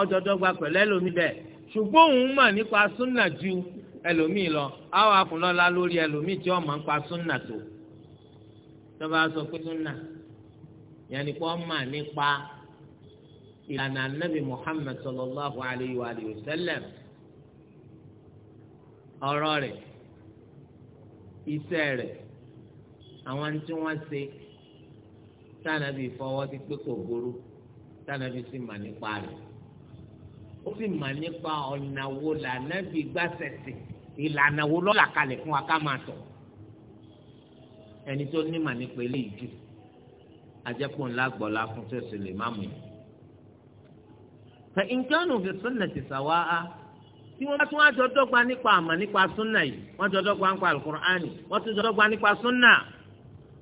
ọjọ́dọ́gba pẹ̀lú ẹlòmíì bẹ́ẹ̀ ṣùgbọ́n òun mọ̀ nípa súnnà ju ẹlòmíì lọ àwọn afúnlọ́lá lórí ẹlòmíì tí ọmọ ń pa súnnà tó tọ́ba sọ pé súnnà mọ̀ nípa ìlànà alayhi wa ọ̀rọ̀ rẹ̀ iṣẹ́ rẹ̀ àwọn tí wọ́n ṣe tànàbí fọwọ́ sí pé kò burú tànàbí sì mà nípa rẹ̀ ó sì mà nípa ọ̀nà wo lànàbí gbàsẹ̀sì ìlànà wo lọ́la kalẹ̀ fún wa ká máa tọ̀ ẹni tó ní mà nípa eléyìí jù ajẹ́pọ̀ ńlá gbọ́lá fún tó sì lè má mú un. fa in kanu fi sunnati sawa'a. tí wọ́n bá tún wá jọ dọ́gba nípa àmà nípa súnà yìí wọ́n jọ dọ́gba nípa wọ́n tún jọ dọ́gba nípa súnà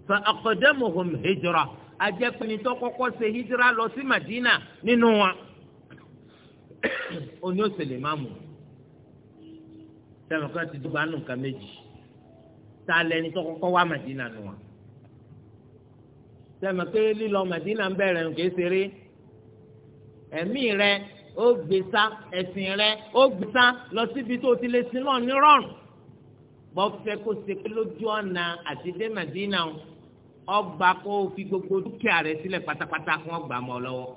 fa aqdamuhum hijra ajẹ́pẹ́ni tó kọ́kọ́ ṣe hijra lọ sí madina nínú wọn oní òsèlè máa mú sẹ́wọ̀n kan ti méjì tá a lẹni tó kọ́kọ́ nù wọn sẹ́wọ̀n lílọ madina ń bẹ̀rẹ̀ ó gbé sá ẹ̀sìn rẹ ó gbé sá lọ síbi tó ti lè sin náà nírọ̀rùn bọ́ fẹ́ kó ṣe pé lójú ọ̀nà àti dé Màdínà ọgbà kó fi gbogbo dúkìá rẹ sílẹ̀ pátápátá kó wọ́n gbà mọ́ lọ́wọ́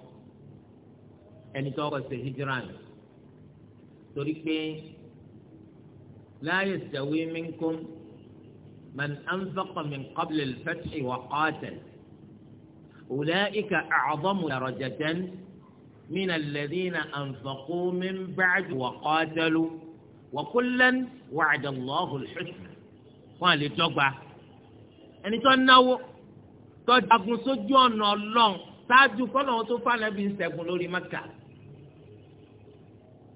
ẹni tó kọ́ ṣe hijira ni torí pé láàyè sẹ́wé minkum man anfaqa min qabli al-fathi wa qatal ulaika a'zamu darajatan. من الذين أنفقوا من بعد وقاتلوا وكلا وعد الله الحسنى wọ́n lè dọ́gba ẹni tó náwó tó jagun sójú ọ̀nà ọlọ́run ṣáájú kọ́nà tó fànàbí ń ṣẹ́gun lórí mẹ́kà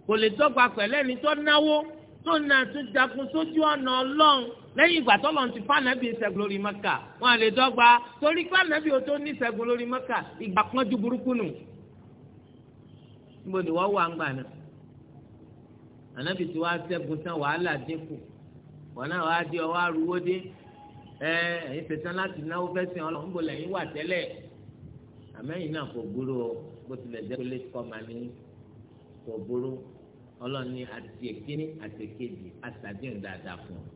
kò lè dọ́gba pẹ̀lú ẹni tó náwó tó nà tó jagun sójú ọ̀nà ọlọ́run lẹ́yìn ìgbà tó lọ́n ti fànàbí ń ṣẹ́gun lórí mẹ́kà wọ́n lè dọ́gba torí fànàbí ò tó ní ṣẹ́gun lórí mẹ́kà ìgbà pọ́njú burúkú nù níbo ni wọ́n wà ń gbà náà ànábì tí wàá ṣẹ́gun tán wàhálà dínkù wọn náà wàá di ọwọ́ arúgbó dé ẹ ẹ̀yin ṣetán láti náwó fẹ́ sìn ọlọ́run níbo lẹ́yìn wà tẹ́lẹ̀ àmẹ́yìn náà kò gbúrò bó tilẹ̀ jẹ́ pé lẹ́sìkọ́ máa ní kò gbúrò ọlọ́ni àti èkíní àti èkejì àtàdéhùn dáadáa fún un.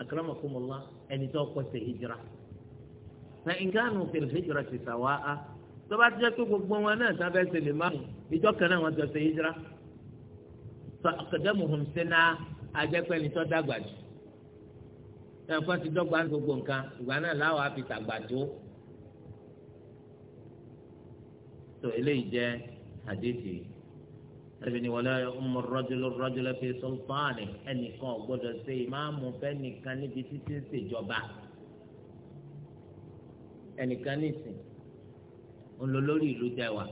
akramakumullah ẹni tó kọ́ ṣe hijira. fa in kanu fil hijrati sawa'a tó bá jẹ́ pé gbogbo wọn náà sábẹ́ ṣe lè má mú ìjọ kan náà wọ́n jọ ṣe hijira akadamuhum sena ajẹ́pẹ́ni tó dàgbà jù ẹnìkan ti dọ́gba ní gbogbo nǹkan ìgbà náà láwọn á fi tàgbà tó tó eléyìí jẹ́ àdéhìí ẹbí ni wala ya'ummu ar-rajulu fi sultanihi ẹnìkan ò ṣe ìmáàmù fẹ́nìkan níbi títí ń ṣèjọba ẹnìkan nìsín ń lọ lórí ìlú tẹ wà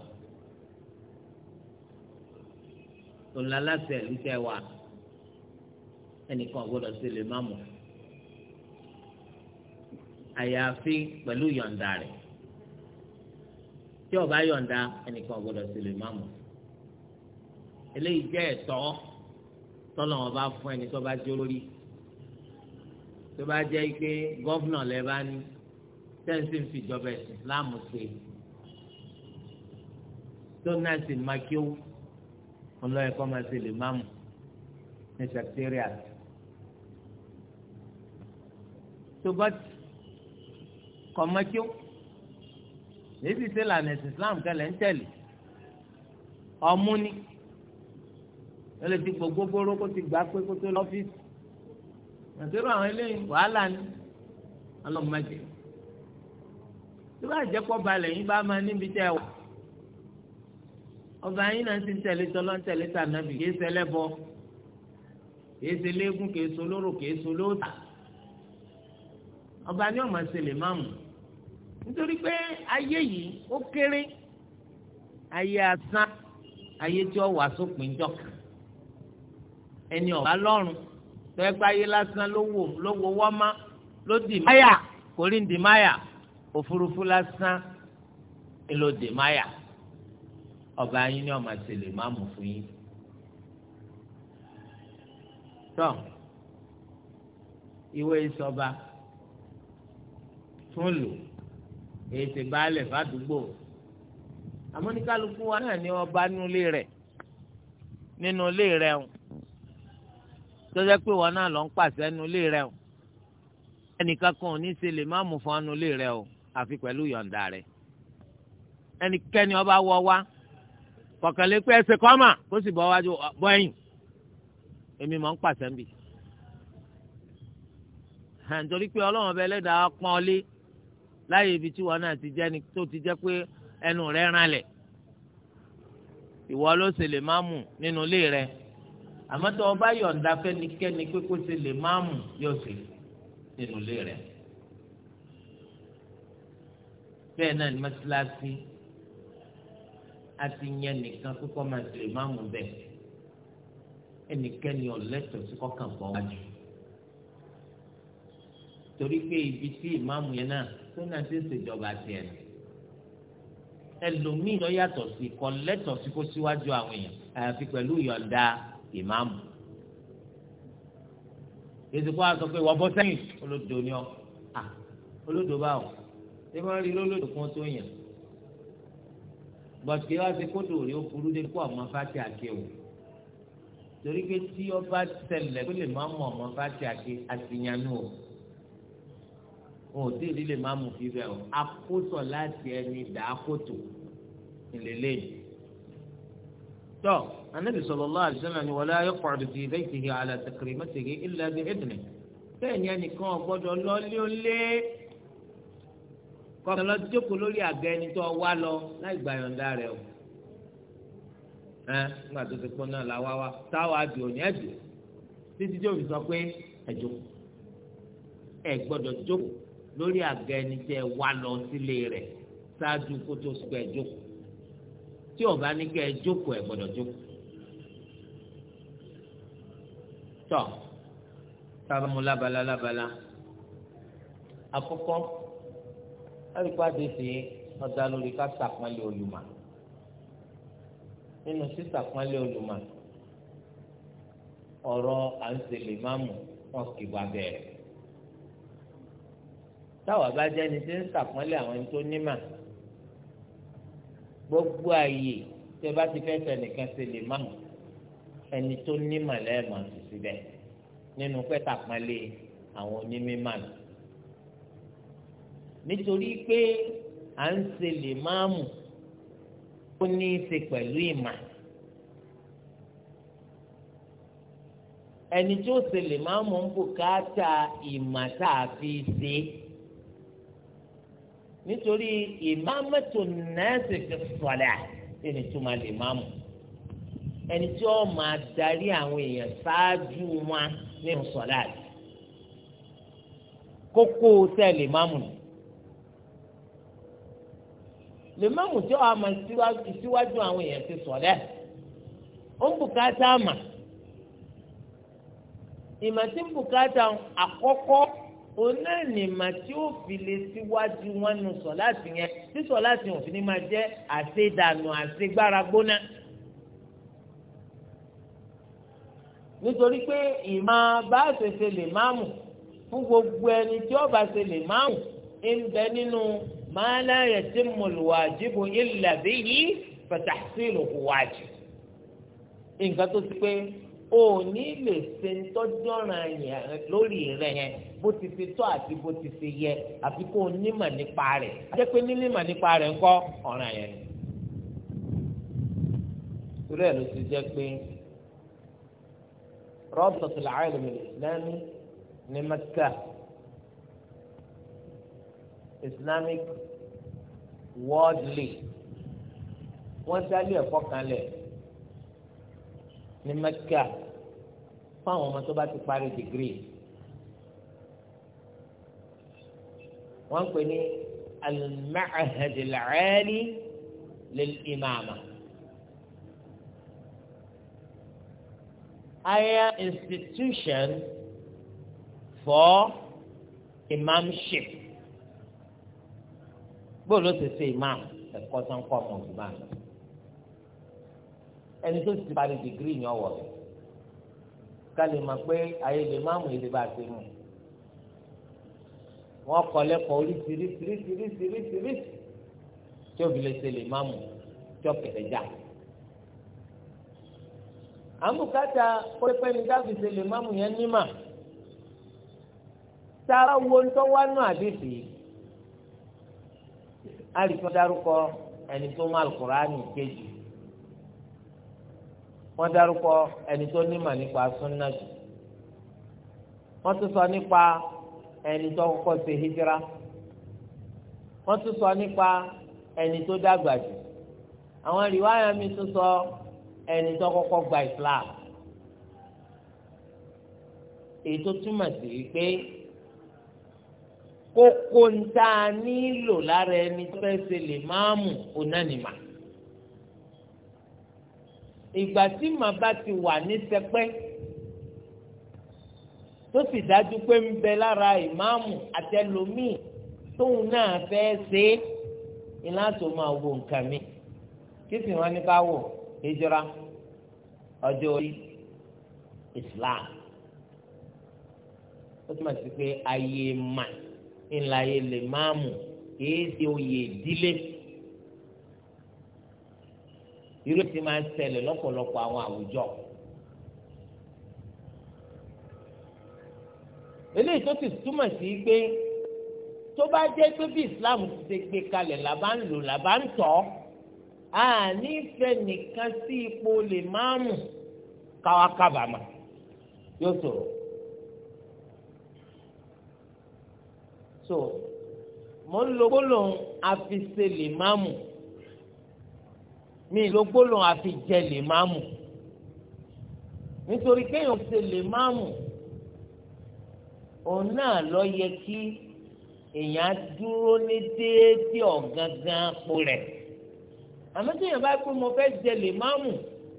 tó ń lálásẹ̀ ìlú tẹ wà ẹnìkan gbọ́dọ̀ sí lè má mọ̀ àyàfi pẹ̀lú yọ̀ǹda rẹ̀ tí ó bá yọ̀ǹda ẹnìkan gbọ́dọ̀ sí lè má mọ̀ eléyìí jẹ́ ẹ̀tọ́ tọ́lọ̀ wọn fún ẹni tó bá jẹ́ olórí tó bá jẹ́ pé gọ́vnà lẹ́ bá ní tẹ́ǹsì fìjọba ẹ̀sìn láàmú ṣe tóun náà sì máa kí ó ọlọ́yẹ̀ kọ́ máa ṣe lè má mú ní secretariat. tó bá kọ́ máa kí ó èyí ṣe lànà ẹ̀sìn Islam kẹlẹ̀ ń tẹ̀lé ọmú ni ó lè ti gbogbogbòrò kó ti gbà pé kó tó lọ́fíìsì àtẹ̀rọ àwọn eléyìí wàhálà ni ọlọ́mọdé tó bá jẹ́ kọ́ balẹ̀ yín bá máa níbi tẹ́ ẹ wà ọba yín náà ti ń tẹ̀lé tọ́lọ́ ń tẹ̀lé tà nàbì kìí ṣẹlẹ́bọ kìí ṣe léegun kìí ṣe olóró kìí ṣe olóòtà ọba ni ọmọ ṣe lè máàmù nítorí pé ayé yìí ó kéré ayé asán ayé tí ó wà sópin jọkàn ẹni ọba lọ́rùn tọ́ẹ́ pé ayé lásán ló wò wọ́mọ́ ló dì máyà kò rí ń dì máyà òfurufú lásán ló dì máyà ọba yín ni ọmọ àṣẹlẹ máa mú fún yín tọ ìwé ìsọba tún lò èyí tí baálẹ̀ fàdúgbò àmọ́ wa náà ni ọba nílé rẹ̀ nínú ilé rẹ̀ o tó jẹ́ pé wọn náà lọ ń pàṣẹ nínú ilé rẹ̀ o ẹnìkan kan ò ní ṣe lè má mú fún ọ nínú ilé rẹ̀ o àfi pẹ̀lú yọ̀ǹda rẹ̀ ẹnikẹ́ni ọba wọ wá kọ̀kànlé pé ẹsẹ̀ kọ́ mà kó sì bọ́ wájú bọ́ ẹ̀yìn èmi mọ̀ ń pàṣẹ ń bì. nítorí pé ọlọ́run ọba ẹlẹ́dàá pọ́n ọ lé láyé ibi tí wọn náà ti jẹ́ ni tó ti jẹ́ pé ẹnu rẹ̀ ràn lẹ̀ ìwọ ló ṣe lè má mú nínú ilé rẹ̀ àmọ́ tó o bá yọ̀ǹda fẹ́nikẹ́ni pé kó ṣe lè má mú yóò ṣe nínú ilé rẹ̀ bẹ́ẹ̀ náà ni mọ́ṣáláṣí àti yẹn nìkan kó kọ́ máa tẹ̀lé máa mú bẹ́ẹ̀ ẹnikẹ́ni ọ̀lẹ́tọ̀ sí kọ́kàn bọ́ wájú torí pé ibi tí ìmáàmù yẹn náà tó náà ti ṣèjọba tiẹ̀ nù ẹlòmíì lọ yàtọ̀ sí kọ́ lẹ́tọ̀ sí kó síwájú àwọn èèyàn àyàfi pẹ̀lú ìyọ̀ǹda ìmáàmù èsì kó a pé wọ́n bọ́ sẹ́yìn olódò ni ọ́ olódò báwo ṣé wọ́n rí lólódò kan tó yàn gbọ̀dùkẹ́ wá sí kódò rí ó burú dé kó ọmọ fati àké o torí pé tí ọba tẹlẹ kó lè má mọ ọmọ fati àké àtìyànú o òun tèlé lè má mú fi bẹ́ẹ̀ o akótọ̀ láti ẹni dàákòtò ìlélẹ́ yìí. tọ́ anábì sallallahu alaihi wasallam ni wala yaq'udu fi baytihi ala takrimatihi illa bi idnihi bẹ́ẹ̀ ni ẹnìkan ò gbọ́dọ̀ lọ́ọ́lé ó lé kọ́ lọ jókòó lórí àga ẹni tó wá lọ láì gbà yọ̀ǹda rẹ̀ o ẹ nígbà tó ti pọ́n náà la wá wá táwa di òní ẹ̀dùn títí tí òfin sọ pé ẹ̀dùn ẹ gbọ́dọ̀ jókòó lórí àga ẹni tẹ́ wá lọ sílé rẹ̀ ṣáájú kó tó sọ ẹ jókòó tí ọba ní kẹ́ ẹ jókòó ẹ gbọ́dọ̀ jókòó tọ́ tábàmù lábala lábala àkọ́kọ́ alùpàá dèsè ọ̀dà lórí ká sàpọ́nlé olùmọ̀ nínú sísàpọ́nlé olùmọ̀ ọ̀rọ̀ à ń ṣẹlẹ̀ máàmù wọn kì í wá bẹ̀rẹ̀ táwa bá ni tí ń sàpọ́nlé àwọn ẹni tó nímà gbogbo ààyè tẹ bá ti fẹ́ fẹnìkan ṣe lè má ẹni tó nímà lẹ́ẹ̀mọ̀ sí síbẹ̀ nínú pẹ́tàpọ́nlé àwọn onímọ̀ náà nítorí pé à ń ṣe lè máa mú ó ní í ṣe pẹ̀lú ìmà ẹni tí ó ṣe lè máa mú ń bùkátà ìmà tá a fi ṣe nítorí ìmáàmẹ́tò nẹ́ẹ̀sì fi sọ̀lẹ̀ ẹni tó máa lè máa mú ẹni tí máa darí àwọn èèyàn ṣáájú wọn nínú sọ̀lẹ̀ àti kókó sẹ́ẹ̀lì máa mú ni lè má mú tí ọmọ ìsíwájú àwọn èèyàn ti sọ̀lẹ́ ó ń bùkátà àmà ìmọ̀ tí ń bùkátà àkọ́kọ́ òun náà ní ìmọ̀ tí ó fi lè síwájú wọn nu sọ̀láàtì yẹn tí sọ̀láàtì yẹn ò fi ní máa jẹ́ àṣedànù àṣegbára gbóná. nítorí pé ìmọ̀ bá ṣe ṣe lè máàmù fún gbogbo ẹni tí ó ṣe lè máàmù ń bẹ nínú ma la yatimmul wajibu illa bihi fatahsiluhu wajib. nǹkan tó ti pé o ní lè ṣe ń tọ́jú ọ̀ràn yẹn lórí rẹ̀ yẹn bó ti ṣe tọ́ àti bó ti ṣe yẹ àfi kó o nímọ̀ nípa rẹ̀ jẹ́ pé nínímọ̀ nípa rẹ̀ ń ọ̀ràn yẹn ni. ìrẹ́ ló ti jẹ́ pé Rabtatul Alam al-Islami ní Mẹ́kà. Islamic World League wọ́n dálé ẹ̀kọ́ kan lẹ̀ ní Mẹ́kà fáwọn ọmọ tó bá ti parí dìgírì wọ́n ń pè ní al-ma'had al-'ali lil-imama. higher institution for imamship bó ló ṣe ṣe imam ẹ̀kọ́ tó ń kọ́ ọmọ òṣùmá ẹni tó ti parí dìgírì ní ọwọ́ rẹ̀ ká lè mọ̀ pé ayé lè má mú ilé bá a ṣe mú wọ́n kọ́ lẹ́kọ̀ọ́ oríṣiríṣiríṣiríṣiríṣi tí òbí lè ṣe lè má mú tí ọ̀kẹ́rẹ́ já àmúkátà pépé ní dábìsẹ̀ lè má mú yẹn ní mà sára wo ń tọ́ wá nù àdìsí àlìkò dárúkọ ẹni tó mọ alukurani kejì wọ́n dárúkọ ẹni tó nímọ̀ nípa súnà jù wọ́n tún sọ nípa ẹni tó kọ́kọ́ ṣe hijira wọ́n tún sọ nípa ẹni tó dàgbà jù àwọn rìwáyà mi tún sọ ẹni tó kọ́kọ́ gba islam èyí tó túmọ̀ sí wípé kókó ń tá a nílò lára ẹni tó fẹ́ ṣe lè máa mú onánìmá ìgbà tí màá bá ti wà ní sẹpẹ́ tó sì dájú pé ń bẹ lára ìmáàmù àtẹlómìn tóun náà fẹ́ ṣe é iná tó máa wo nǹkan mi kí sì wọn ní ká wò hijira ọjọ́ orí Islam ó túmọ̀ sí pé ayé máa ńlá yẹ lè máa mú kìí ṣe oyè ìdílé irú ti máa ń ṣẹlẹ̀ lọ́pọ̀lọpọ̀ àwọn àwùjọ. eléyìí tó ti túmọ̀ sí pé tó bá jẹ́ pé bí Islam ti ṣe gbé kalẹ̀ là bá ń lò là bá ń tọ́ a nífẹ̀ẹ́ nìkan sí ipò lè máa mú káwá kábàámà yóò sọ̀rọ̀. so mo ń lo gbólóhùn àfisè lè má mù mi lo gbólóhùn àfijẹ lè má mù nítorí kéèyàn ṣe lè má mù òun náà lọ yẹ kí èèyàn dúró ní déédéé ọ̀gángan po rẹ̀ àmọ́ tí èèyàn bá pé mo fẹ́ jẹ lè má mù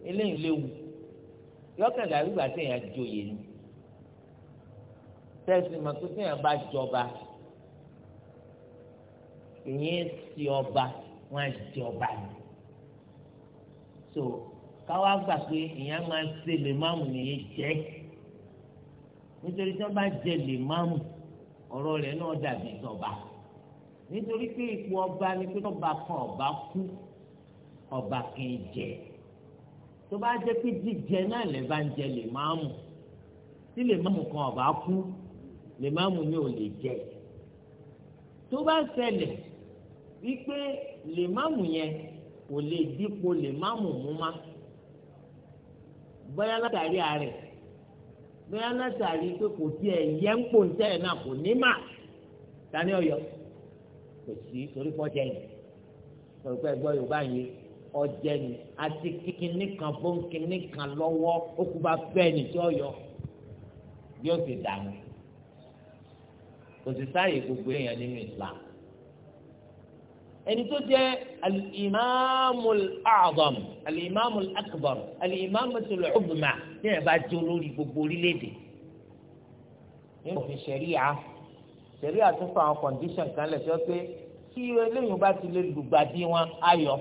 eléyìí léwu yọkàndà àrùgbà tí èèyàn joyè ni tẹ̀sí mọ̀ pé tí èèyàn bá jọba ìyẹn ti ọba wọn á di ọba ni so káwá gbà pé ìyẹn máa ń ṣe lè máàmù nìyẹn jẹ nítorí tí wọn bá jẹ lè máàmù ọ̀rọ̀ rẹ̀ náà dàbí tọba nítorí pé ipò ọba ni pé tọba kan ọba kú ọba kì í jẹ tó bá jẹ pé jíjẹ náà lè bá ń jẹ lè máàmù tí lè máàmù kan ọba kú lè máàmù ni ò lè jẹ tó bá ṣẹlẹ̀ wípé lèmáàmù yẹn kò lè dípò lèmáàmù mú má bóyá látàrí àárẹ̀ bóyá látàrí pé kò tiẹ̀ yẹ ń pò ń tẹ̀lé náà kò ní mà tani ọ̀yọ́ kò sí torí pọ́ jẹ́ yìí torí pé ẹgbọ́ yorùbá yìí ọjẹ́ ni àti kíkiní kan bóńkiní kan lọ́wọ́ ó kú bá fẹ́ ẹni tí ọ̀yọ́ yóò fi dànù kò sí sáàyè gbogbo èèyàn nínú Islam ẹni tó jẹ́ alimamul a'zam alimamul akbar alimamatul uzma ní ẹ̀ bá jẹ́ olórí gbogbo orílẹ̀-èdè nínú òfin ṣẹ̀ríà ṣẹ̀ríà tún fún àwọn kọ̀ǹdíṣàn kan lẹ̀ sọ pé tí eléyìí bá ti lè lùgbàdì wọn ayọ̀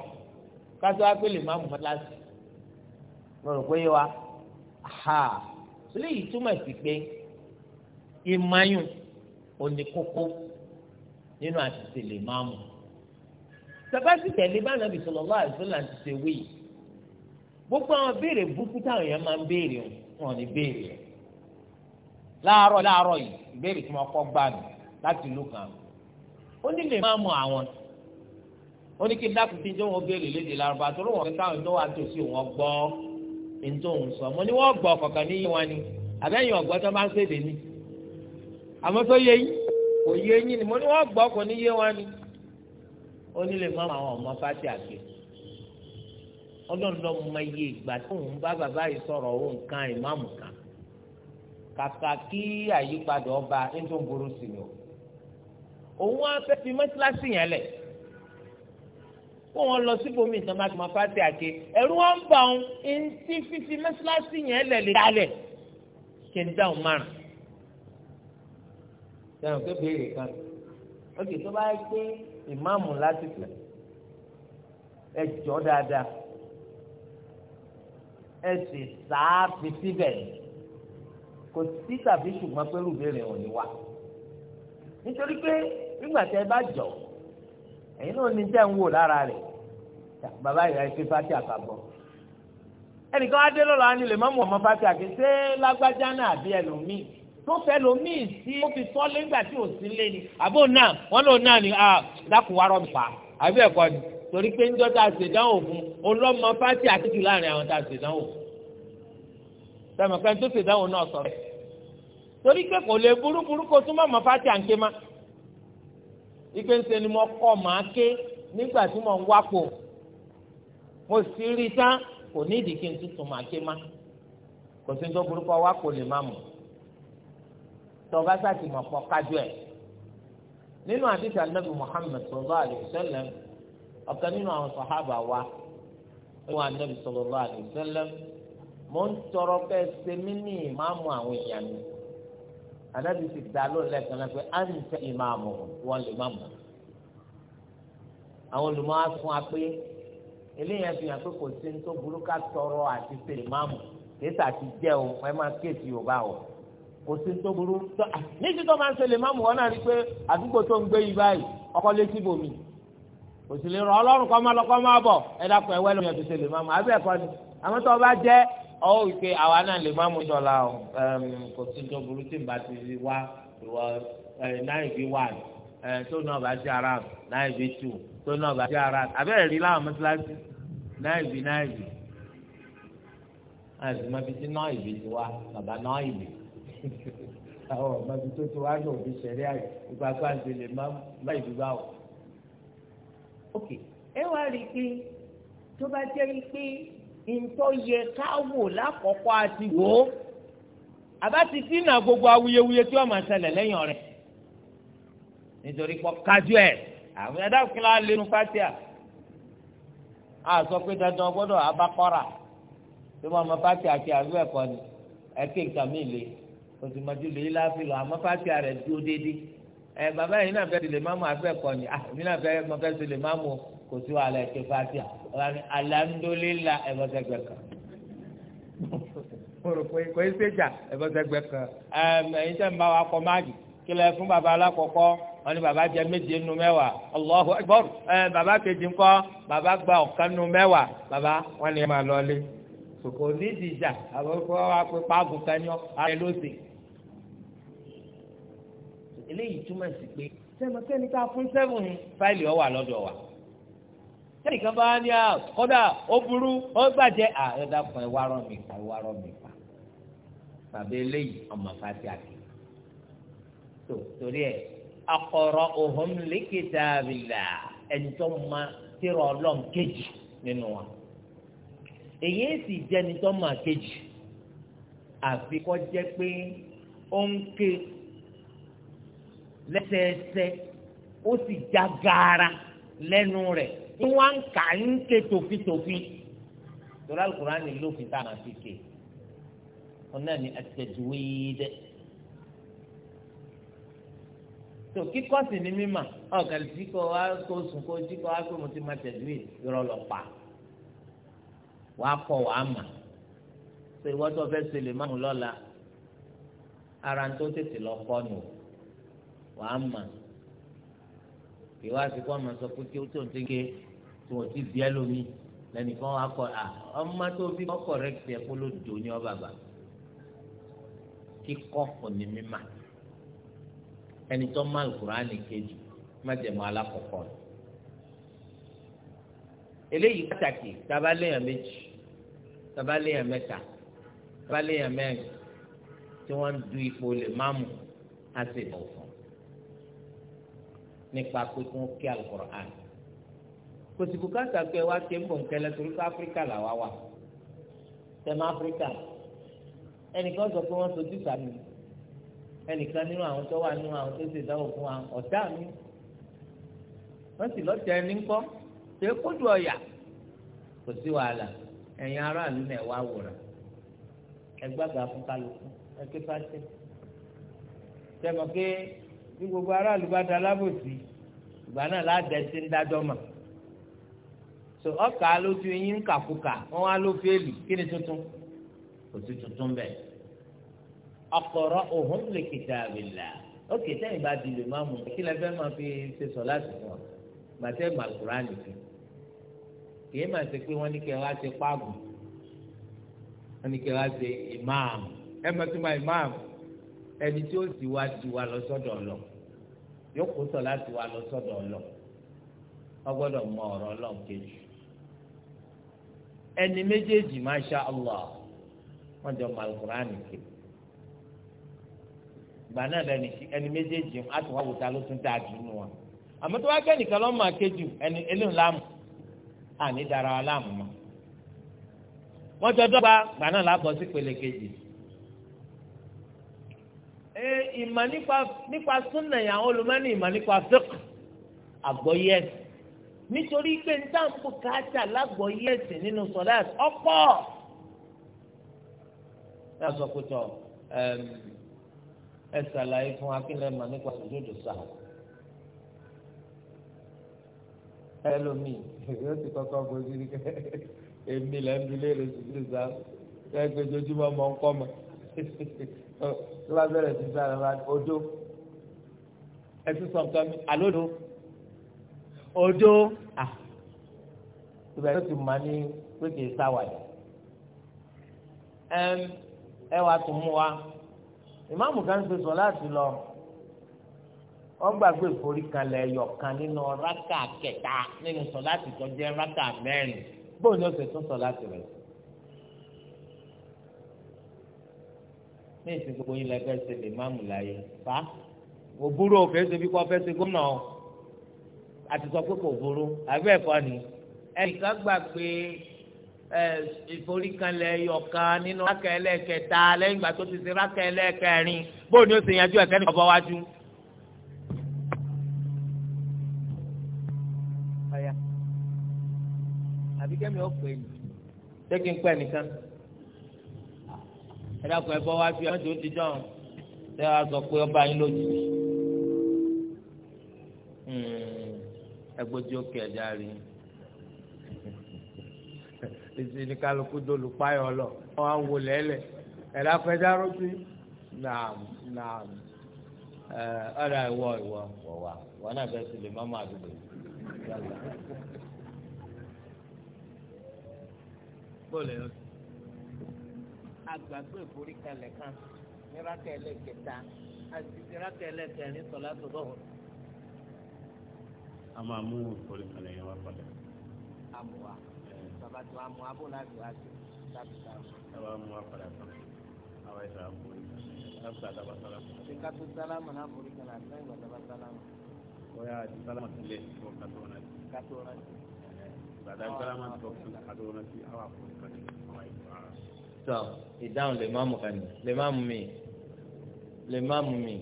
kátó wáá lè má mú láti mo rò pé wa eléyìí túmọ̀ sí pé ìmáyùn ò nínú àtìsí má mú tabasi tẹ̀lé bá nàbì sallallahu alaihi wasallam ti ṣe wí gbogbo àwọn béèrè burúkú táwọn èèyàn máa ń béèrè wọn ò ní béèrè ẹ̀ láàárọ̀ láàárọ̀ yìí ìbéèrè tí wọ́n kọ́ gbà mí láti ìlú kan ó ní lè máa mọ àwọn ó ní kí dákun tí wọn béèrè lédè lárúbá tó lóun káwọn tó wà tòsí wọn gbọ́ ní tó ń sọ mo ní wọ́n gbọ́ kọ̀ọ̀kan ní wọn ni àbẹ́yìn ọ̀gbọ́n tó máa ń ṣèdè ni àmọ́ tó yẹ yín kò yé yín ni mo ní wọ́n gbọ́ ó nílé mọ́ àwọn ọmọ fati àgbẹ̀ ọlọ́ọ̀lọ́ mọ iye ìgbà tó ń bá bàbá yìí sọ̀rọ̀ owó nǹkan ìmáàmù kan kàkà kí àyípadà ọba ẹjọ́ burú sí ni o òun á fẹ́ fi mọ́síláṣí yẹn lẹ̀ kó wọn lọ síbòmí ìtàn máa tó máa fàtì àké ẹ̀rú wọn bá òun ẹni tí fífi mọ́síláṣí yẹn lẹ̀ lè dálẹ̀ kí n dáhùn márùn. sẹ́wọ̀n tó béèrè kan ó kì í tó bá yẹ pé ìmáàmù láti pẹ̀ ẹ jọ dáadáa ẹ sì sáà fi síbẹ̀ kò sí tàbí ṣùgbọ́n pẹ̀lú ìbéèrè òní wa nítorí pé nígbà tẹ ẹ bá jọ ẹ̀yin náà ní tẹ́ ń wò lára rẹ̀ bàbá ìyá ẹ fi fati àkàbọ̀ ẹnìkan á dé lọ́la á nílẹ̀ mọ́mú ọmọ fati àkè ṣé lágbájá náà àbí ẹlòmíì tó fẹ́ lomiì sí ó fi sọ́lé ńgbà tí ò sí lé ni àbó náà wọn lò náà ni ah, dákun wárọ̀ nípa àbí ẹ̀kọ́ ni torí pé ńjọ́ tá a ṣèdánwò fún ọlọ́mọ pátì àtìkù láàrin àwọn tá a ṣèdánwò sọmọkẹ́ tó ṣèdánwò náà sọ̀rọ̀ torí pé kò lè burúburú kó tún mọ̀mọ́ pátì à ń ké má ipe ńṣe ni mo kọ́ màá ké nígbà tí mo ń wákò mo sì rí i tán kò ní ìdí kí n tuntun màá ké má kò sí ní tó burúkọ wákò lè má mọ̀ tọba sáàtì mọ̀ pọ̀ kájọ ẹ̀ nínú àdìsí anabi muhammed sallallahu alayhi wa sallam ọ̀kan nínú àwọn sàhábà wa nínú anabi sallallahu alayhi wa sallam mò ń tọrọ bẹ́ẹ̀ ṣe mí ní ìmáàmù àwọn èèyàn mi anabi sì dá lóun lẹ́sàn án pé à ń tẹ ìmáàmù wọn lè má mọ̀ àwọn olùmọ̀ á fún wa pé eléyìí fi hàn kò sí ní tó burúkú tọrọ àti tẹ ìmáàmù kí èsì àti jẹ́ o ẹ máa kéèsì yorùbá o kò sí tó burú tó ah, níṣì tó máa ń ṣe lè má mú wọn náà rí pé àdúgbò tó ń gbé yìí báyìí ọkọ létí bòmí kò sì lè rọ ọlọ́run kọ́ máa lọ kọ́ máa bọ̀ ẹ dákun ẹ wẹ́lú yẹn fi ṣe lè má mú àbí ẹ̀kọ́ ni àmọ́ tó o bá jẹ́ ọwọ́ ìpè àwa náà lè má mú ìjọla o kò sí tó burú tí n bá ti wá náà ìbí wà ní tó náà bá ṣe ara náà ìbí tù tó náà bá ṣe ara àbẹ́rẹ́ àwọn ọmọ ibi tó ti wá ní òbí sẹ̀rí àyè ìgbà gbàǹdé lè má ìlú bá wọ̀. ok ẹ wá rí i pé tó bá jẹ́ pé nǹkan yẹ ká wò lákọ̀ọ́kọ́ àti wò ó àbá ti dínà gbogbo awuyewuye tí wọ́n máa ṣẹlẹ̀ lẹ́yìn rẹ̀ nítorí pọ̀ kájú ẹ̀ àwọn ẹ̀dá òkúlá lẹ́nu pátíà a sọ pé dandan gbọ́dọ̀ abakọ́ra tí wọ́n máa pátíà kí àlú ni ẹ̀kẹ́ nǹkan mi òtùmọ̀tì lè la fi lọ àmọ́ fásitì rẹ̀ dúró dédé ẹ bàbá yìí náà fẹ́ ti lè má mú afẹ́ kọ ni àmì náà fẹ́ mọ fẹ́ ti lè má mú kò sí wàhálà ẹ̀ ké fásitì ọ̀la ni alhamdulillah ẹ̀ bọ́ sẹ́gbẹ̀ kan mo rò pé kò é séjà ẹ̀ bọ́ sẹ́gbẹ̀ kan ẹ̀yin tẹ́ ń bá wa kọ máàgì kí lẹ fún bàbá alákọ̀ọ́kọ́ wọn ni bàbá jẹ méje nu mẹ́wàá Allahu Akbar ẹ bàbá kejì ńkọ́ bàbá gba ọ̀kan nu mẹ́wàá bàbá wọn ni ẹ máa lọ lé kò ní ìdìjà àwọn kọ́ wa pé pàgùn kan yọ ààrẹ ló eléyìí túmọ̀ sí pé sẹ́mi sẹ́ni tá a fún sẹ́fù ni fáìlì ọ̀wà lọ́dọ̀ wa sẹ́nìkan bá ní à kọ́dà ó burú ó bàjẹ́ àyọ̀dá fún ẹ wárọ̀ mi pa wárọ̀ mi pa tàbí eléyìí ọmọ fàtí àkè tó torí ẹ akọrọ ohun lèkìtà bìlà ẹni tó ma tẹrọ ọlọ́run kejì nínú wa èyí sì jẹ́ ẹni tó ma kejì àfi jẹ́ pé ó ń ké lẹ́sẹẹsẹ ó sì já gaara lẹ́nu rẹ̀ ní wọ́n ń kà ń ké tòfin tòfin torí alukurani ló fi tá a máa fi ké wọn náà ní atẹ̀júwéédé tó kíkọ́ sí ni mímà ọ̀gàdì tí kò wá kó sùn kó jí kó wá pé mo ti máa tẹ̀júwé irọ́ lọ pa wàá kọ́ wàá mà ṣé ìwọ́n tó fẹ́ ṣe lè má mú lọ́la ara tó tètè lọ kọ́ nù wàá mà ìwà àsìkò ọmọ sọ pé kí ó tó ń tẹ́gẹ́ tí wọ́n ti bí ẹ lómi lẹ́nìkan wà kọ́ à ọmọ tó bí wọ́n kọ̀ rẹ̀ ti ẹ̀ kó ló dò ní ọ bàbà kíkọ́ kò ní mímà ẹni tó má Al-Kùránì kejì má jẹ̀mú alákọ̀ọ́kọ́ rẹ̀ eléyìí pàtàkì tabaléyàn méjì tabaléyàn mẹ́ta tabaléyàn mẹ́rin tí wọ́n ń du ipò lè má mú á sì nípa pé kí wọ́n kí alukur'an kò sì bùkátà pé wá ṣe ń bọ̀ nkẹlẹ torí pé áfíríkà làwa wà tẹmọ áfíríkà ẹnìkan sọ pé wọ́n sojú sàmì ẹnìkan nínú àwọn tó wà nínú àwọn tó ṣe ìdáwó fún wa ọ̀tá mi wọ́n sì lọ́ọ́ tẹ ní kọ́ ṣe é kójú ọ̀yà kò sí wàhálà ẹ̀yin aráàlú náà wá wòrán ẹgbàgbà fún kálukú ẹgbẹ́ pàṣẹ tẹmọ pé ní gbogbo aráàlú bá da alábòsí ìgbà náà ládẹ́sí ń dájọ́ mà so ọkà ló fi yín kàkúkà wọn wá ló fẹ́ẹ̀lì kí ni tuntun kò sí tuntun bẹ́ẹ̀ ọkọ̀rọ̀ òhun lè kìtà àbìlà ó kìtà ìgbà dìlè máa mú kí lẹ́fẹ́ máa fi ṣe sọ láti fún ọ gbàtẹ́ màlúkúrá nìkan kìí máa ṣe pé wọ́n ní kẹ́ wá ṣe páàgùn wọ́n ní kẹ́ wá ṣe ìmáàmù ẹ máa tún máa ìmáàmù. ẹni tí ó sì wá di wa lọ sọ́dọ̀ lọ yóò kó sọ láti wa lọ sọ́dọ̀ lọ ọgbọ́dọ̀ mọ ọ̀rọ̀ Ọlọ́run kejì ẹni méjèèjì masha allah wọn jọ malkurani ke gbà náà lẹni ẹni méjèèjì àtúwá wòtá ló tún dáa jù nù wọn àmọ́ tó wá ee ìmọ̀ nípa nípa súnà yà àwọn olùmọ́ni ìmọ̀ nípa fiqh àgbọ̀yé ẹ̀sìn nítorí pé níta ń bò káàtà lágbọ̀yé ẹ̀sìn nínú sọ̀láàtì ọ̀pọ̀ ní àsọkùtọ̀ ẹ ṣàlàyé fún akínlẹ̀ mọ̀ nípa sùjúdù sáà ẹlòmíì yóò ti kọ́kọ́ bójú rí kẹ́ èmi lẹ́nu lé rẹ̀ sùjúdù sáà ẹgbẹ́ ojoojúmọ́ mọ̀ ń kọ́ mọ́ tó bá bẹ̀rẹ̀ sí sára bá odó ẹtú sọ̀tọ̀ mi àlódò odó à ìbẹ̀rẹ̀ tó ti mọ̀ ní pé kì í sáwàdà ẹ wàá tún mú wa ìmáàmù kan ṣe sọ láti lọ wọ́n gbàgbé ìforíkalẹ̀ ẹ̀yọ̀kan nínú rákà kẹta nínú sọ láti tọ́jú rákà mẹ́rin bóun ni ó ṣe tún sọ láti rẹ̀ ní ìsìn gbogbo yín lẹ́fẹ́ ṣe lè máàmù láyé fa kò burú o fèé ṣe bí kò fẹ́ ṣe gómìnà o àti sọ pé kò burú àbí ẹ̀kọ́ ni ẹnìkan gbà pé ìforíkanlẹ̀ yọ̀kan nínú rákà ẹlẹ́ẹ̀kẹta lẹ́yìn ìgbà tó ti ṣe rákà ẹlẹ́ẹ̀kẹrin bóun ni ó ṣe yanjú ẹ̀kẹ́ ní ọ̀bọ̀ wájú. àbí kẹ́mi ó pè é ní. ṣé kí n pẹ́ nìkan? ẹ dákun ẹ fi ọmọdé ti dán ṣé wàá sọ pé ọba yín lójijì ẹgbẹ́jọ́ kí rí èsì ní kálukú dolu páyọ̀ lọ wọn wò lẹ́lẹ̀ ẹ dákun ẹ naam naam ẹ ìwọ ìwọ wọn náà àdúgbò yàrá. *laughs* agbàgbé ìforíkalẹ̀ kan ní rákẹ́ ẹlẹ́kẹta àti ní rákẹ́ ẹlẹ́kẹrin sọ̀lá tó bọ̀. a máa mú ìforíkalẹ̀ yẹn wá padà. àmùwà bàbá tó àmù abúládùn àti sábìsà. ẹ wá mú wa padà kan àwa ẹ̀ sọ̀rọ̀ àforí sábìsà dábà sálámù. ṣé ká tó sálámù náà forí kan àti náà ìgbà dábà sálámù. bóyá àti sálámù tilẹ̀ kó kátó rántí. kátó rántí. ìgbà dábà sálámù tó kátó rántí àwa àforí kan tọ ìdáhùn lè má mú kàní lè má mú mi lè má mú mi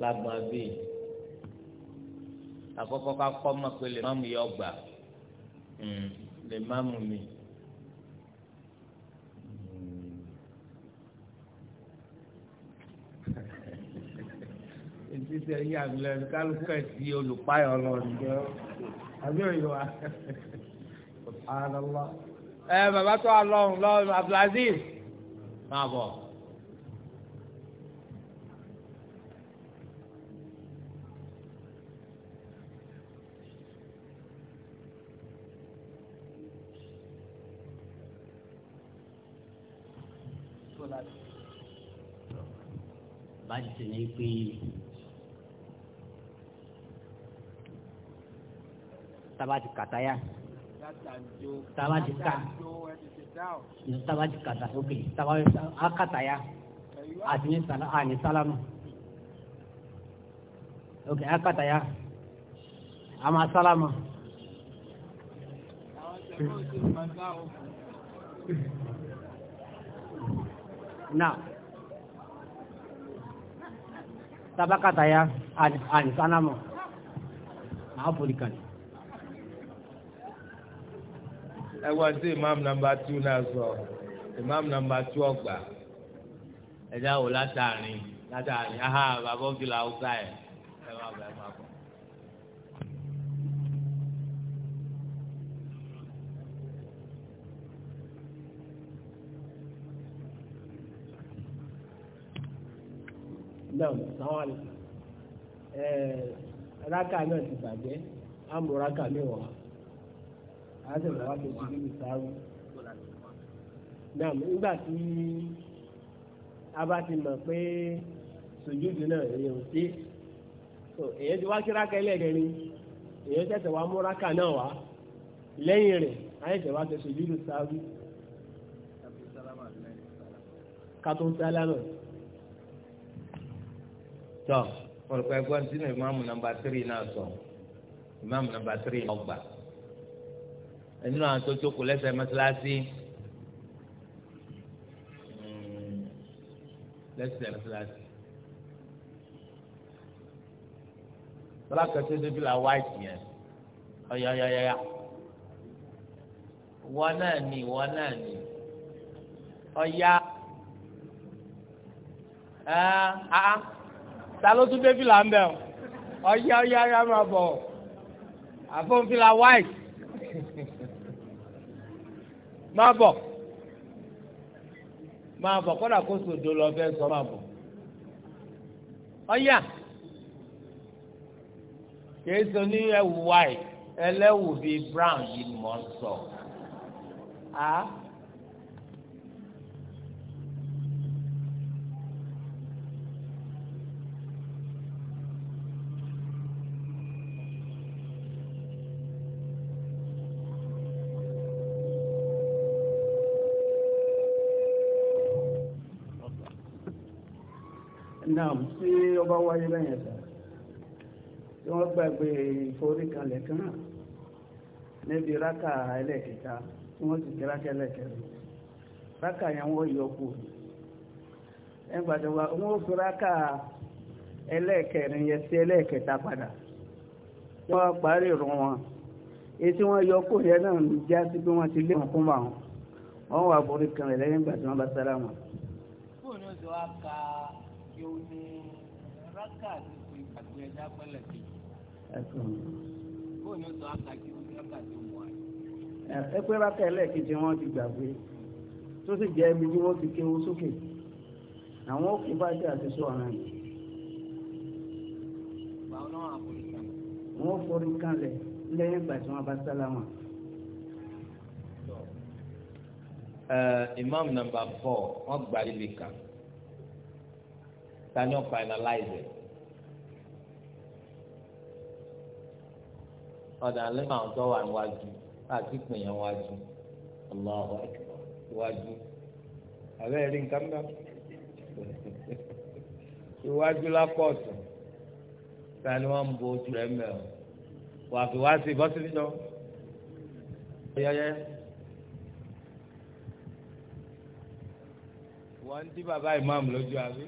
lágbọn bíi àkọ́kọ́ ká kọ́ mọ̀ pé lè má mú yọ gbà hmm, lè má mú mi. ètí sẹ yí àmìlẹ kálukú ẹ ti olùpáyọ lọ àbí òyìnbó àlọ. *laughs* ẹ bàbá tó alọ́hùn lọ Abdulaziz máa bọ̀. báyìí sì ní pé tábà ti kàtáyà tàbá ti ká tàbá ti kàtà sókè tàbá akátaya àti ní àní sálámù ok akátaya àmà sálámù. Now, tabakataya and and sanamu, African. ẹgbẹ́ tí imam nọmba tú náà sọ imam nọmba tú ọgbà ẹ̀dá wò látàrin látàrin aha bàbá ògìlà haúsá ẹ̀ ẹ̀ má bàa ẹ̀ má bọ̀. náà sáwọn àlè ẹ̀ rákà náà ti bàjẹ́ àmúrákà mi wà àádọ́rọ̀ wá ṣe sí ìsáwù. náà nígbà tí a bá ti mọ̀ pé sojúdù náà èèyàn ò sí èèyàn ti wá sí rákà ẹlẹ́gẹ̀rin èèyàn tẹ̀sẹ̀ wá mú rákà náà wá lẹ́yìn rẹ̀ ayẹ̀tẹ̀ wá ṣe sojúdù sáwù. kátó sálámà. tọ́ ọ̀rọ̀ pẹ̀lú ẹgbẹ́ sínú ìmáàmù nàmbà tírì náà sọ ìmáàmù nàmbà tírì náà gbà nínú àwọn tó jókòó lẹ́sẹ̀ mọ́sálásí hmm. lẹ́sẹ̀ mọ́sálásí. tọ́lá kẹsí débi la wáìtì yẹn ọ̀yọ̀yọ̀yọ̀yà wọ́n náà ní wọ́n náà ní ọ̀yà ẹ̀ ẹ̀ ta ló tún débi la ń bẹ̀ ọ̀yọ̀yọ̀yà máa bọ̀ àfọ̀nfin la wáìtì máa bọ̀ máa bọ̀ kọ́dà kó sòdò lọ fẹ́ sọ máa bọ̀ ọ̀yà kìí sọ ní ẹ̀wù wáì ẹlẹ́wù bíi brown yìí mọ̀ ń sọ. Ah. náà tí ọba wáyé lẹ́yìn ẹ̀sà tí wọ́n gbàgbé ìforíkalẹ̀ kan níbi rákà ẹlẹ́kẹta tí wọ́n sì kíráká ẹlẹ́kẹrin rákà yẹn wọ́n yọ kù ẹgbàdàwà wọ́n fi rákà ẹlẹ́kẹrin yẹn sí ẹlẹ́kẹta padà wọ́n parí ìrun wọn ètí wọ́n yọ kù yẹn náà já sí pé wọ́n ti lé wọn kún bá wọn wọ́n wà borí kan lẹ́yìn ìgbà tí wọ́n bá sára wọn kí ó ní rákà nípa ìpàdé ẹja pẹ́lẹ̀ kejì. bóyá ó sọ àkà kí ó ní rákà tó mú wa. ẹ pé rákà ẹlẹ́ẹ̀kejì wọn ti gbàgbé tó sì jẹ́ ibi tí wọ́n ti kéwó sókè àwọn òkè bá jẹ́ àti sọ ọ̀ràn yìí. wọ́n forí kanlẹ̀ lẹ́yìn ìgbà tí wọ́n bá sálámà. Uh, imam number four wọ́n gba ibi kan tani ó finalize it? ẹ̀. ọ̀dà lẹ́nu àwọn tó wà níwájú láti pín yẹn wájú Allahu Akbar iwájú àbẹ́rẹ́ rí nǹkan náà iwájú lápọ̀tù tani wọ́n ń bo ojú ẹ̀ mẹ́rin wà fi wá sí bọ́sí nínú yẹyẹ. wọ́n ń dí bàbá ìmáàmù lójú àbí.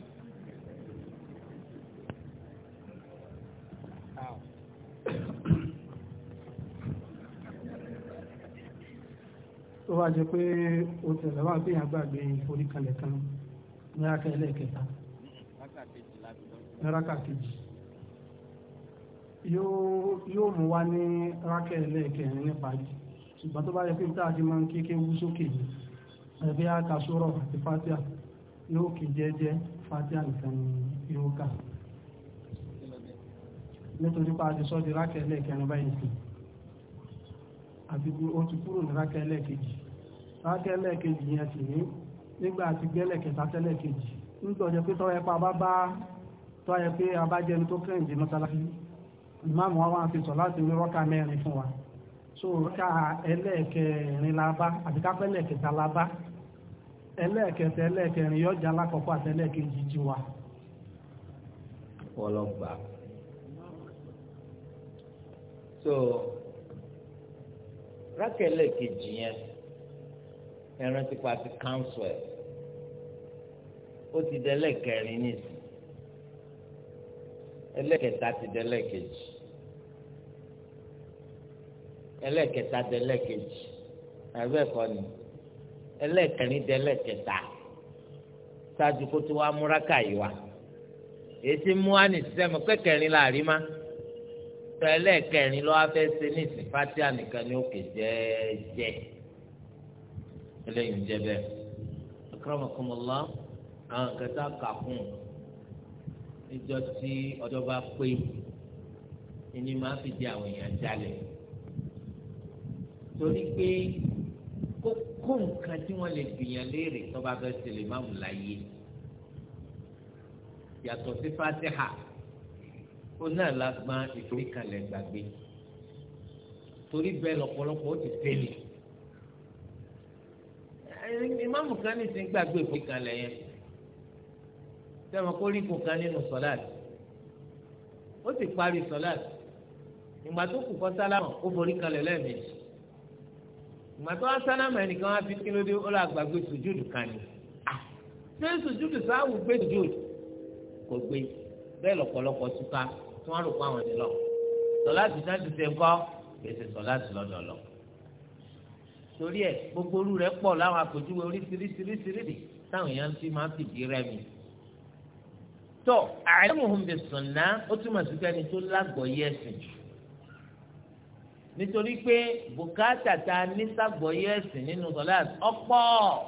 tó bá jẹ pé o tẹ̀lé wá pé àgbàgbé ìforíkalẹ̀ kan ní aka ẹlẹ́ẹ̀kẹta ní raka kejì yóò mú wá ní raka ẹlẹ́ẹ̀kẹrin nípa yìí ṣùgbọ́n tó bá jẹ pé tá a ti máa ń kéke wú sókè yìí ẹgbẹ́ àti fatia yóò kì jẹ́jẹ́ fatia nìkan ni yóò kà nítorí pa àti di raka ẹlẹ́ẹ̀kẹrin látẹ́lẹ̀ kejì yẹn sì ní nígbà tí gbẹ́lẹ̀ kẹta tẹ́lẹ̀ pé tọ́wọ́ ẹ̀pá bá bá abájẹni tó kẹ́yìn jẹ́ ìmáàmù wa wọ́n ti sọ láti ní rọ́kà mẹ́rin fún wa so rọ́kà ẹlẹ́ẹ̀kẹrin la bá la bá ẹlẹ́ẹ̀kẹta ẹlẹ́ẹ̀kẹrin yọjà àtẹ́lẹ̀kejì ti wa. so yẹn. ẹran ti pa ti kánsù ẹ̀ ó ti dẹ́lẹ̀ kẹrin nísìn ẹlẹ́kẹta ti dẹ́lẹ̀ kejì ẹlẹ́kẹta dẹ́lẹ̀ kejì ẹ̀rọ ẹ̀kọ́ ni ẹlẹ́kẹrin dẹ́lẹ̀ kẹta ṣáàjú kó tó wá múraká yìí wá èsì mú wá ní sísẹ́mu kẹkẹrin láàrí má ẹlẹ́kẹrin lọ́wọ́ fẹ́ ṣe ní fatia nìkan ni ó kè jẹ́ẹ́jẹ́ eléyìí ń jẹ bẹ́ẹ̀ akramakumullah àwọn kẹta kà fún un níjọ́ tí ọjọ́ bá pé ẹni máa fi di àwọn èèyàn jalè torí pé kókó nǹkan tí wọ́n lè gbìyàn léèrè tó bá fẹ́ ṣẹlẹ̀ máa wù láyé yàtọ̀ sí fatiha ó náà la gbọ́n ìforíkalẹ̀ gbàgbé torí bẹ́ẹ̀ lọ́pọ̀lọpọ̀ ó ti tẹ̀lé ìmáàmù kan ní ìsìn gbàgbé òfin kan lẹ́yìn sẹ́wọ̀n kó rígun kan nínú sọ́láàtì ó sì parí sọ́láàtì ìgbà tó kù kọ́ sálámà ó forí kalẹ̀ lẹ́ẹ̀mejì ìgbà tó wá sálámà ẹnìkan wá fi kílódé ó là gbàgbé sùjúdù kan ni ṣé sùjúdù sáwù gbé sùjúdù kò gbé bẹ́ẹ̀ lọ́pọ̀lọpọ̀ túká tí wọ́n rò pé àwọn ẹni lọ sọ́láàtì náà ti tẹ̀ ń kọ́ gbèsè sọ́láàtì lọ́dọ̀ torí ẹ̀ gbogbo orú rẹ̀ pọ̀ láwọn àpèjúwe oríṣiríṣiríṣiríṣi táwọn èèyàn ti máa ń fìdí rẹmi. tó àìlèmùhùn bẹ sùnà ó túmọ̀ sí kẹ́ni tó lágbọ̀ọ́yé ẹ̀sìn nítorí pé bùkátà ta nísàgbọ̀ọ́yé ẹ̀sìn nínú sọ̀láàt ọ̀pọ̀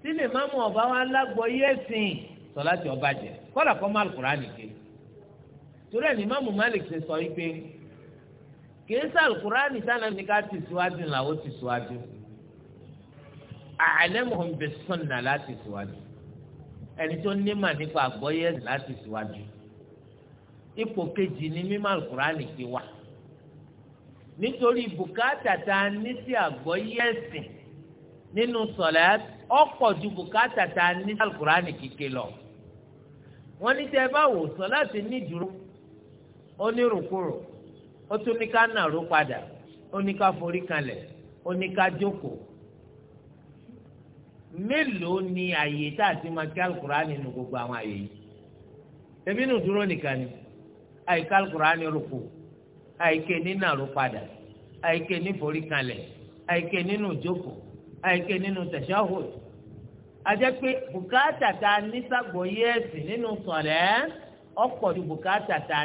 tí lè má mú ọ̀bá wa lágbọ̀ọ́yé ẹ̀sìn sọ̀láàtì ọ̀bàjẹ́ kọ́lá kọ́ má lùkùrá nìke torí ẹ̀ ní má mú Malik ṣe sọ yìí pé kìí sàlùkùránì sànà ní ká ti síwájú làwọn ti síwájú àlẹ́mọ̀ọ́n bẹ sọ̀nà láti síwájú ẹni tó nímà nípa àgbọ́yé láti síwájú ipò kejì ni mímọ̀ àlùkùránì ti wà nítorí bùkátà tá a ní sí àgbọ́yé ẹ̀sìn nínú sọ̀lẹ́ ọ̀pọ̀ ju bùkátà tá a ní sí àlùkùránì kíké lọ wọ́n ní tẹ́ ẹ bá wò sọ láti ní ìdúró ó ní rùkúrò. ó tún ní ká nàró padà ó ní ká forí kanlẹ̀ ó ní ká jókòó mélòó ni àyè tá a ti máa kí alukura nínú gbogbo àwọn àyè yìí ebi nù dúró nìkan ni àyíká alukura ni rúkú àyíké nínú àrò padà àyíké ní forí kanlẹ̀ àyíké nínú jókòó àyíké nínú ajẹ́ pé bùkátà a yẹ́ẹ̀sì nínú sọ̀rẹ́ ọ̀pọ̀ ju bùkátà tá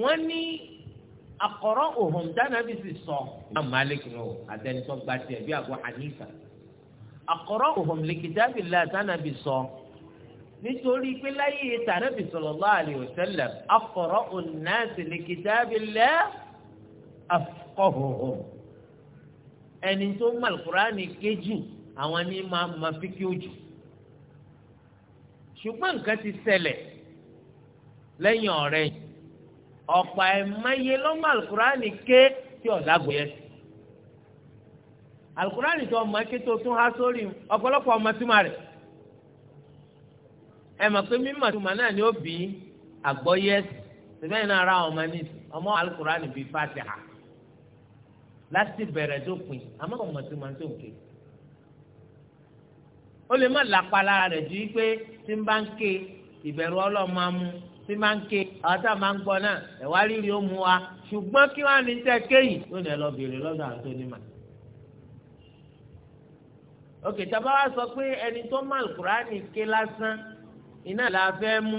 wọ́n ní akọ̀rọ̀ òhùn dánábì sì sọ Imam Malik ní o àtẹnitọ́ gba tiẹ̀ bí Abu Hanifa akọ̀rọ̀ òhùn likitabillah dánábì sọ nítorí pé láyé tànábì sallallahu alayhi wa sallam akọ̀rọ̀ ònàṣì likitabillah afqahuhum ẹni tó mọ Al-Qur'ani kéjù àwọn ní máa ma fi kí ó jù ṣùgbọ́n nǹkan ti ṣẹlẹ̀ lẹ́yìn ọ̀rẹ́ ọ̀pọ̀ ẹ̀mọ́yé lọ́mọ alukurani ké tí ọ̀dà gbé alukurani tó ọmọ ké tó tún há sórí ọ̀pọ̀lọpọ̀ ọmọ túmọ̀ rẹ̀ ẹ pé mímọ̀ túmọ̀ náà ni ó bí àgbọ́yé sẹ́fẹ̀yìn náà ra ọmọ ní ọmọ alukurani bíi fatiha láti bẹ̀rẹ̀ tó pin ọmọ tó ń ké ó lè má làpá lára rẹ̀ ju tí ń bá tí máa ń ké àwọn tá a máa ń gbọ́ náà ẹ̀wá rírì ó mu wa ṣùgbọ́n kí wọ́n á ní tẹ́ kéyìí ó ní ẹ lọ bèrè lọ́dọ̀ àwọn tó ní mà. òkè tá a bá wá sọ pé ẹni tó má Kùránì ké lásán iná la fẹ́ mú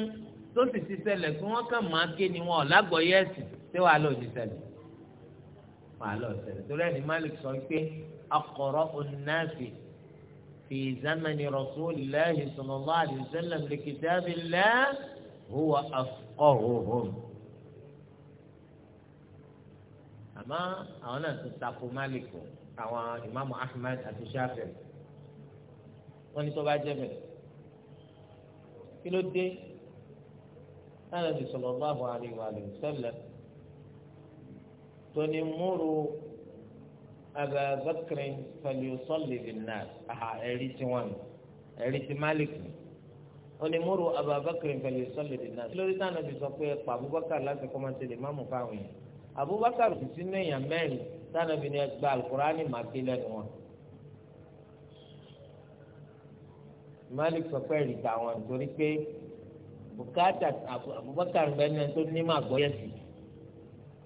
tó sì ti ṣẹlẹ̀ pé wọ́n kàn máa ké ni wọn ò ẹ̀sìn tí wàá lọ sí ṣẹlẹ̀ wàá lọ ṣẹlẹ̀ torí ẹni Malik sọ pé akọ̀rọ̀ onáfì fi zamani rasulillahi sallallahu alaihi wasallam li huwa afqahuhum àmọ́ àwọn náà ti takò Malik àwọn ìmáàmù Ahmad àti Shafi'i wọ́n ní tó bá jẹ́ bẹ́ẹ̀ kí ló dé sáà nàbì sallallahu alaihi wa sallam tóní múru Aba Bakr falyusalli bin nas ẹ̀rí tí wọ́n ẹ̀rí tí Malik ni onímọ̀rò abubakar pẹ̀lú sọ́lẹ̀ dènà lórí táwọn ẹbí sọ pé pa abubakar láti kọ́ máa tẹ̀lé máàmù fáwọn yẹn abubakar kò sí ní èèyàn mẹ́rin táwọn ẹbí ni ẹ gba alukurani máa gbé lẹ́nu wọn. malik sọ pé ẹ̀rì tàwọn nítorí pé bùkátà abubakar bẹ́ẹ̀ ni tó ní máa gbọ́ yẹ̀sì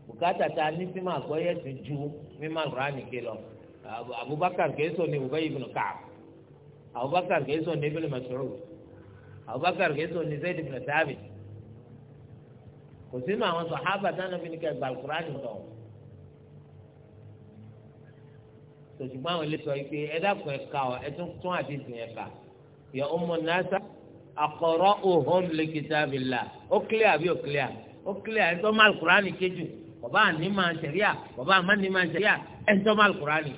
bùkátà tá a ní sí máa gbọ́ yẹ̀sì ju mímọ́ alukurani gbé lọ abubakar kìí sọ ní Ubay ibn Ka'b abubakar kìí sọ ní Ibn Mas'ud Abubakar kẹsàn ní Zayd ibn Thabit kò sínú àwọn sàhábà dáná fi ní ká gba alukurani lọ tòṣùgbọ́n àwọn ilé sọ yìí pé ẹ dákun ẹ ká ọ ẹ tún tún àdéhùn ẹ ká yọ ọmọ nasa akọrọ òhún li kitabillah ó clear àbí ó clear ó clear ẹ tọ́ mọ alukurani kejì bàbá àní máa ń ṣẹ̀ríà bàbá àmọ́ ní máa ń ṣẹ̀ríà ẹ tọ́ mọ alukurani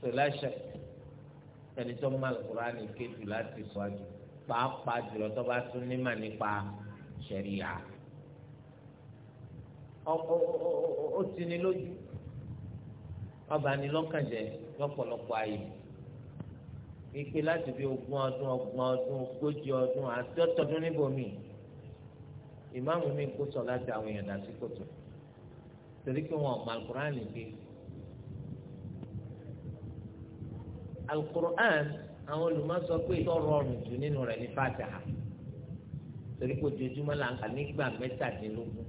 sọlá ṣẹlẹ̀ ẹni tó má alukurani kéjù láti sọ́jú pàápàá jùlọ tó bá tún nímà nípa ṣẹ̀ríyà ó ti ní lójú ọba ni lọ́kànjẹ́ lọ́pọ̀lọpọ̀ ayé ìpè láti bí ogún ọdún ọgbọ̀n ọdún ogójì ọdún àádọ́tọ̀dún níbòmí ìmáàmù mi kó sọ láti àwọn èèyàn dá sí kòtò torí pé wọn ò mọ alukurani kéjù alukur'an àwọn olùmọ̀sọ pé ìtọ́rọ̀ ọ̀rùn jù nínú rẹ̀ ní fàtàhà torí pé ojoojúmọ́ là ń kà nígbà mẹ́tàdínlógún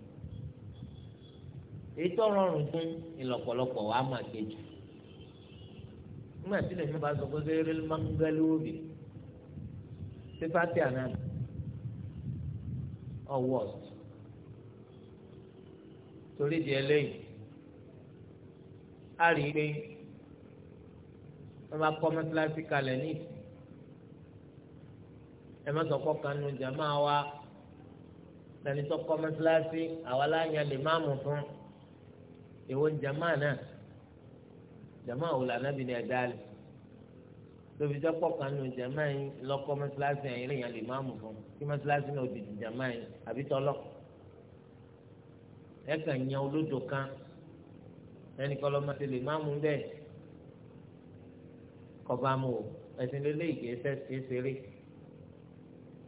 ìtọ́rọ̀ ọ̀rùn jù ìlọ̀pọ̀lọpọ̀ wàá máa gbé jù nígbà tí lèmi bá sọ pé kéré ló máa ń gbẹ́ lóòbí ṣé fàtàhà náà ọwọ́ torí di ẹlẹ́yìn a rí i pé ẹ máa kọ́ mọ́sálásí kalẹ̀ ní ìsìn ẹ má sọ̀kọ́ kanu jàmá wa lẹni tó kọ́ mọ́sálásí àwa láàyàn lè má mú fún èwo jàmá náà jàmá wò lànàbì ni ẹ dálé tóbi jẹ́ pọ̀ kanu jàmá yìí lọ́kọ́ mọ́sálásí ẹ̀yìn lè yàn lè má mú fún kí mọ́sálásí náà òdìdì jàmá yìí àbí tọ́lọ́ ẹ kàn yan olódò kan ẹnì kan lọ́mọ tẹ̀lé má mú bẹ́ẹ̀ kọba mu o ẹ̀sìn lélẹ́ ìgbésẹ̀ ṣe é ṣeré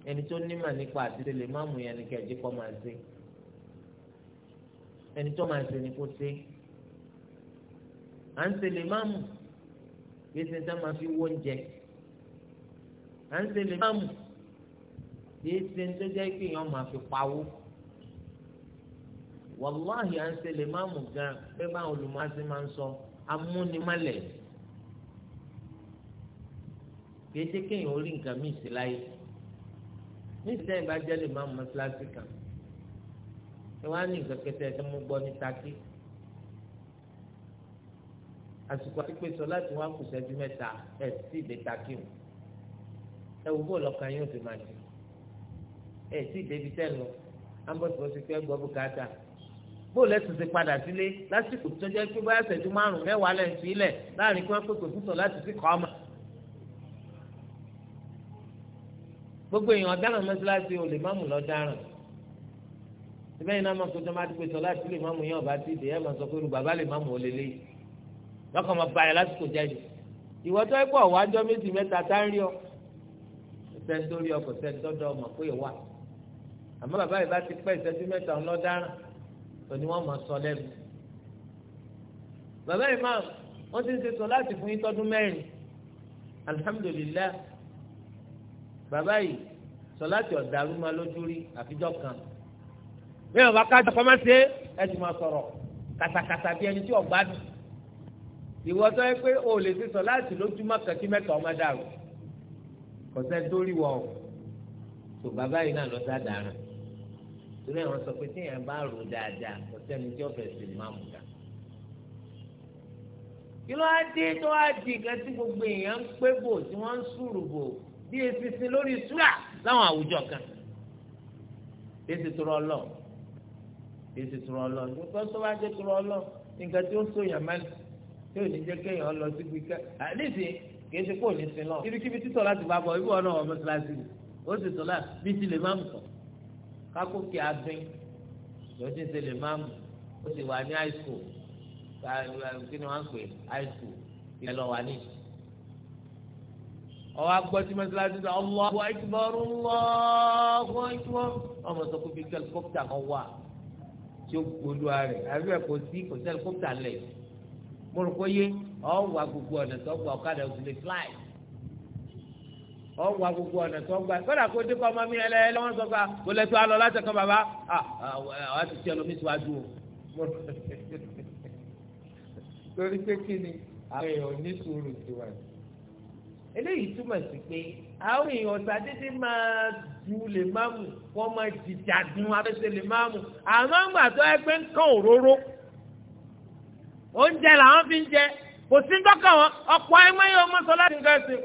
ẹni tó nímọ̀ nípa àtìsẹ lè má mú yẹn ní kẹjí kọ́ máa ṣe ẹni tó máa ṣe ni kó ṣe à ń ṣe lè má mú gbèsè tá máa fi wó oúnjẹ à ń ṣe lè má mú gbèsè tó jẹ́ pé èèyàn máa fi pawó wàláhì à ń ṣe lè má mú gan pé báwọn olùmọ̀ máa ń sọ amúnimálẹ̀ kìí kéèyàn ó rí nǹkan míì sí láyé níṣẹ́ ìbá jẹ́ lè máa mú mọ́sálásí kan ẹ wá ní nǹkan kẹtẹ ẹ mú gbọ́ ní takí àsìkò àtìpé sọ láti wá kù sẹ́jú mẹ́ta ẹ sì dé takí o ẹ wò bó lọ́kàn yóò fi máa jù ẹ sì débi sẹ́nu ambọ̀sibọ̀sì pé gbọ́ bùkátà bóòlù ẹtù ti padà sílé lásìkò tó jẹ́ pé báyà sẹ́jú márùn-ún mẹ́wàá lẹ́yìn sílẹ̀ láàrin kí wọ́n pèpè fún sọ láti fi kọ́ ọ́ mọ́. gbogbo èèyàn ọ̀daràn mọ́sálásí olè máàmù lọ́daràn síbẹ̀ yìí náà máa kótó máa dúpẹ́ sọlá sílẹ̀ máàmù yẹn ọba ti dè é máa sọ pé bàbá lè máàmù ó lélẹ̀ lọ́kàn máa báyà lásìkò jáde ìwọ tó ẹ pọ̀ wá jọ méjì mẹ́ta tá ń rí ọ sẹ́ni tó rí ọ kò sẹ́ni tó ọmọ pé wà àmọ́ bàbá yìí bá ti pẹ́ ìṣẹ́jú mẹ́ta ọlọ́daràn tó ni wọ́n máa sọ lẹ́nu bàbá yìí máa wọ́n ti ń ṣe sọ láti fún yín tọ́dún mẹ́rin alihamudulilayi bàbá yìí sọláàtì ọ̀dàrú máa lójú rí àfijọ́ kan bẹ́ẹ̀ bá ká jọkọ́ máa ṣe ẹ ti máa sọ̀rọ̀ kàtàkàtà bí ẹni tí ọ̀gbá dùn ìwọ tó pé o lè ṣe sọláàtì lójúmọ́ kẹ́kí mẹ́ta ọmọ dàrú kò sẹ́ni tó rí o tó bàbá yìí náà lọ sá dára torí àwọn sọ pé téèyàn bá rò dáadáa kò sẹ́ni tí ọ̀fẹ́ sì máa mú dáa kí ló á dé tó á di nǹkan tí gbogbo èèyàn ń pé bò tí wọ́n ń sùrù bò bí eṣinṣin lórí sùúrà láwọn àwùjọ kan èsì tọrọ lọ èsì tọrọ lọ nígbà tó bá jẹ tọrọ lọ nǹkan tí ó ń sòyàn mẹlẹ tí ò ní jẹ kéèyàn lọ sí gbígbẹ àdéhìí kì í ṣe kó ní sin lọ ibikíbi títọ láti bá bọ ibú ọ náà wọn bẹ síláṣí ó sì tọ láti bí ti lè máa mú kàn kákó kí a dín ló ti ṣe lè máa mú ó sì wà ní high school kí ni wọn ń pè high school ìyẹn lọ wà ní ìsìn ọwọ́ agbọ́tí mọ́sálásí sọ Allahu akbar Allahu akbar ọmọ sọ pé bí kẹlikọ́pítà kan wà tí ó gbódò rẹ̀ àbí ẹ̀ kò sí kò sí kẹlikọ́pítà lẹ̀ mo rò pé yé ọwọ́ agbègbè ọ̀nà tó gba ọ̀kadà òsì lè fly ọwọ́ agbègbè ọ̀nà tó gba kódà kó dé kọ́ ọmọ mi ẹlẹ́ wọ́n sọ pé kò lẹ́tọ́ alọ́ láti ẹ̀kọ́ bàbá àwọn ti tiẹ̀ lómi síwájú o torí pé kí ni àwọn èèyàn ní eléyìí túmọ̀ sí pé àwọn èèyàn ṣàdédé máa ju lè máa mú wọ́n máa jìjà dun abẹ́sẹ̀ lè máa mú àmọ́ ńgbà tó ẹgbẹ́ ń kàn òróró oúnjẹ làwọn fi ń jẹ kò sí dọ́kà wọn ọ̀pọ̀ ẹgbẹ́ yóò mọ sọ láti nǹkan ṣe.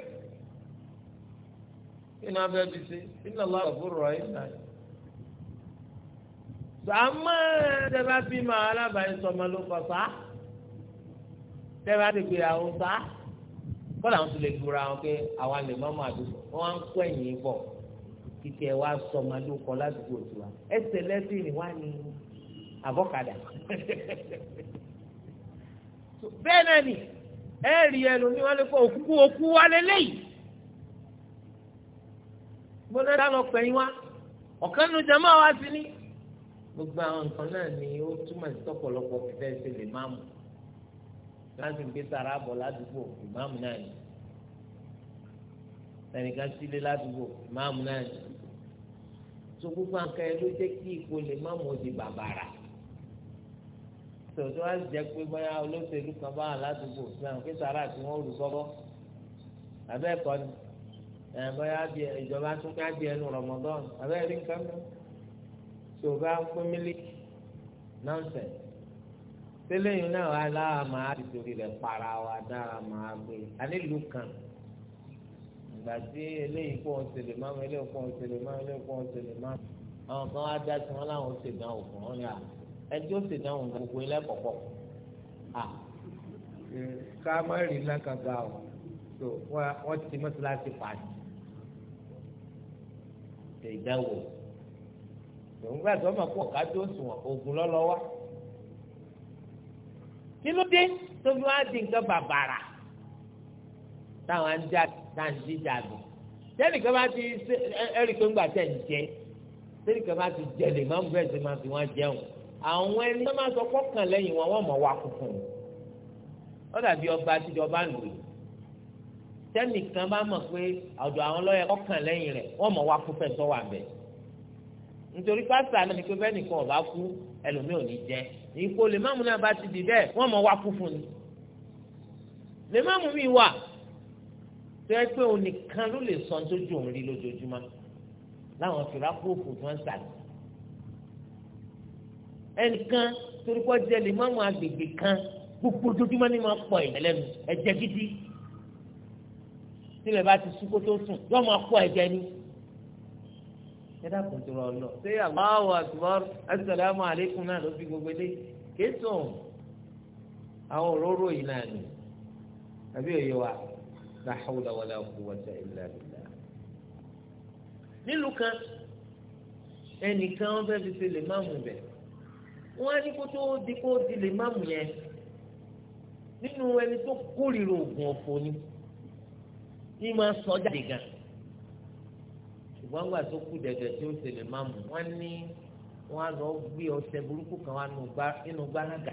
kí ni abẹ́ bí ṣe iná lọ́wọ́ fúnra ẹ̀ náà. sàmọ́ ẹ̀ẹ́dẹ́gbẹ́ bí máa alábàáyé sọmọ ló kọ sá tẹ́wàá ti gbé àwọn sá kọ́ làwọn tún lè gbúra wọn pé àwa lè má máa dùn wọn wá ń kó ẹ̀yìn bọ̀ títí ẹ wá sọ ọmọ lóko ládùúgbò tiwa ẹsẹ̀ lẹ́sìn ni wá ní àbọ̀kadà *laughs* bẹ́ẹ̀ náà ni ẹ rí ẹlòmíì wọn lè kó òkú òkú wa lélẹ́yìí gbọ́dọ̀ dá lọ wa ọ̀kan nu jama wa sí ni gbogbo àwọn nǹkan náà ni ó túmọ̀ sí ọ̀pọ̀lọpọ̀ fífẹ́ ṣe lè má mú láti ń gbé sara bọ̀ ládùúgbò ìmáàmù náà ni ẹnìkan sílé ládùúgbò ìmáàmù náà ni tó gbogbo àǹkà ẹ ló jẹ́ kí ipò lè má mọ̀ di bàbàrà tòótọ́ á jẹ́ pé bóyá olóṣèlú kan bá wà ládùúgbò ìmáàmù pé sara àti wọn olù sọ́kọ́ abẹ́ ẹ̀kọ́ ni ẹ̀ bóyá ìjọba tún ká di ẹnu rọmọdọ́n abẹ́ ẹ̀rí nǹkan mọ́ tòótọ́ á pín mílíkì nọ́ọ̀sẹ̀sì sẹlẹyìn náà aláwa máa ti torí rẹ para wa dára máa gbé anílùú kan ìgbà tí eléyìí kó ń ṣẹlẹ̀ máa mú eléyìí kó ń ṣẹlẹ̀ máa mú eléyìí kó ń ṣẹlẹ̀ máa mú àwọn kan wá dá sí wọn láwọn ṣe dánwò fún wọn ní à ẹjọ ṣe dánwò gbogbo ilé kọkọ à ká má rí lákàgà o tó wọn ti mọ́tíláṣí pàṣẹ ṣe tòun gbàdúrà máa pọ̀ ká tó sùn oògùn lọ́lọ́wọ́ kí ló dé tó fi wá di nǹkan bàbàrà táwọn ń já táǹdí jàdù tẹ́nìkan bá ti ẹ̀rí pé ńgbà tẹ̀ ń jẹ tẹ́nìkan bá ti jẹlẹ̀ máa ń bẹ̀rẹ̀ sí máa fi wọ́n jẹun àwọn ẹni tó máa sọ kọ́kàn lẹ́yìn wọn wọ́n mọ̀ wá funfun ó dàbí ọba àtijọ́ bá lò yìí tẹ́nìkan bá mọ̀ pé ọ̀dọ̀ àwọn lọ́yẹ̀ kọ́kàn lẹ́yìn rẹ̀ wọ́n mọ̀ wá funfun tó wà bẹ́ẹ̀ nítorí pásítà náà ni pé bẹ́ẹ̀ nìkan ọba kú ẹlòmíì ò ní jẹ ipò lèmọ́mù náà bá ti di bẹ́ẹ̀ wọ́n mọ̀ wá kú fún ni lèmọ́mù mi wà tó yẹ pé òun nìkan ló lè sọ nítorí òun rí lójoojúmọ́ láwọn fìrà kúròfò tó ń sàlẹ̀ ẹnìkan torí kọ́ jẹ́ lèmọ́mù agbègbè kan gbogbo ojoojúmọ́ ni máa pọ̀ ẹ̀jẹ̀ lẹ́nu ẹ̀jẹ̀ gidi tílẹ̀ bá ti sún kó tó sùn yóò máa pọ̀ ẹ̀jẹ̀ ni ẹ dákun tó rọ lọ ṣé Allahu akbar assalamu alaikum náà ló fi gbogbo dé kéésùn àwọn òróró yìí náà nì àbí òye wa la hawla wala quwwata illa billah. nílùú kan ẹnìkan wọn fẹ́ẹ́ fi ṣe lè máàmù bẹ̀ wọ́n á ní kó tó di kó di lè máàmù yẹn nínú ẹni tó kórìíra oògùn ọ̀fọ̀ ni ní máa sọ jáde gan-an ṣùgbọ́n gbà tó kù dẹ̀dẹ̀ tí ó ṣẹlẹ̀ máa mú wọ́n ní wọ́n á lọ gbé ọṣẹ burúkú kan wá nínú gbáradà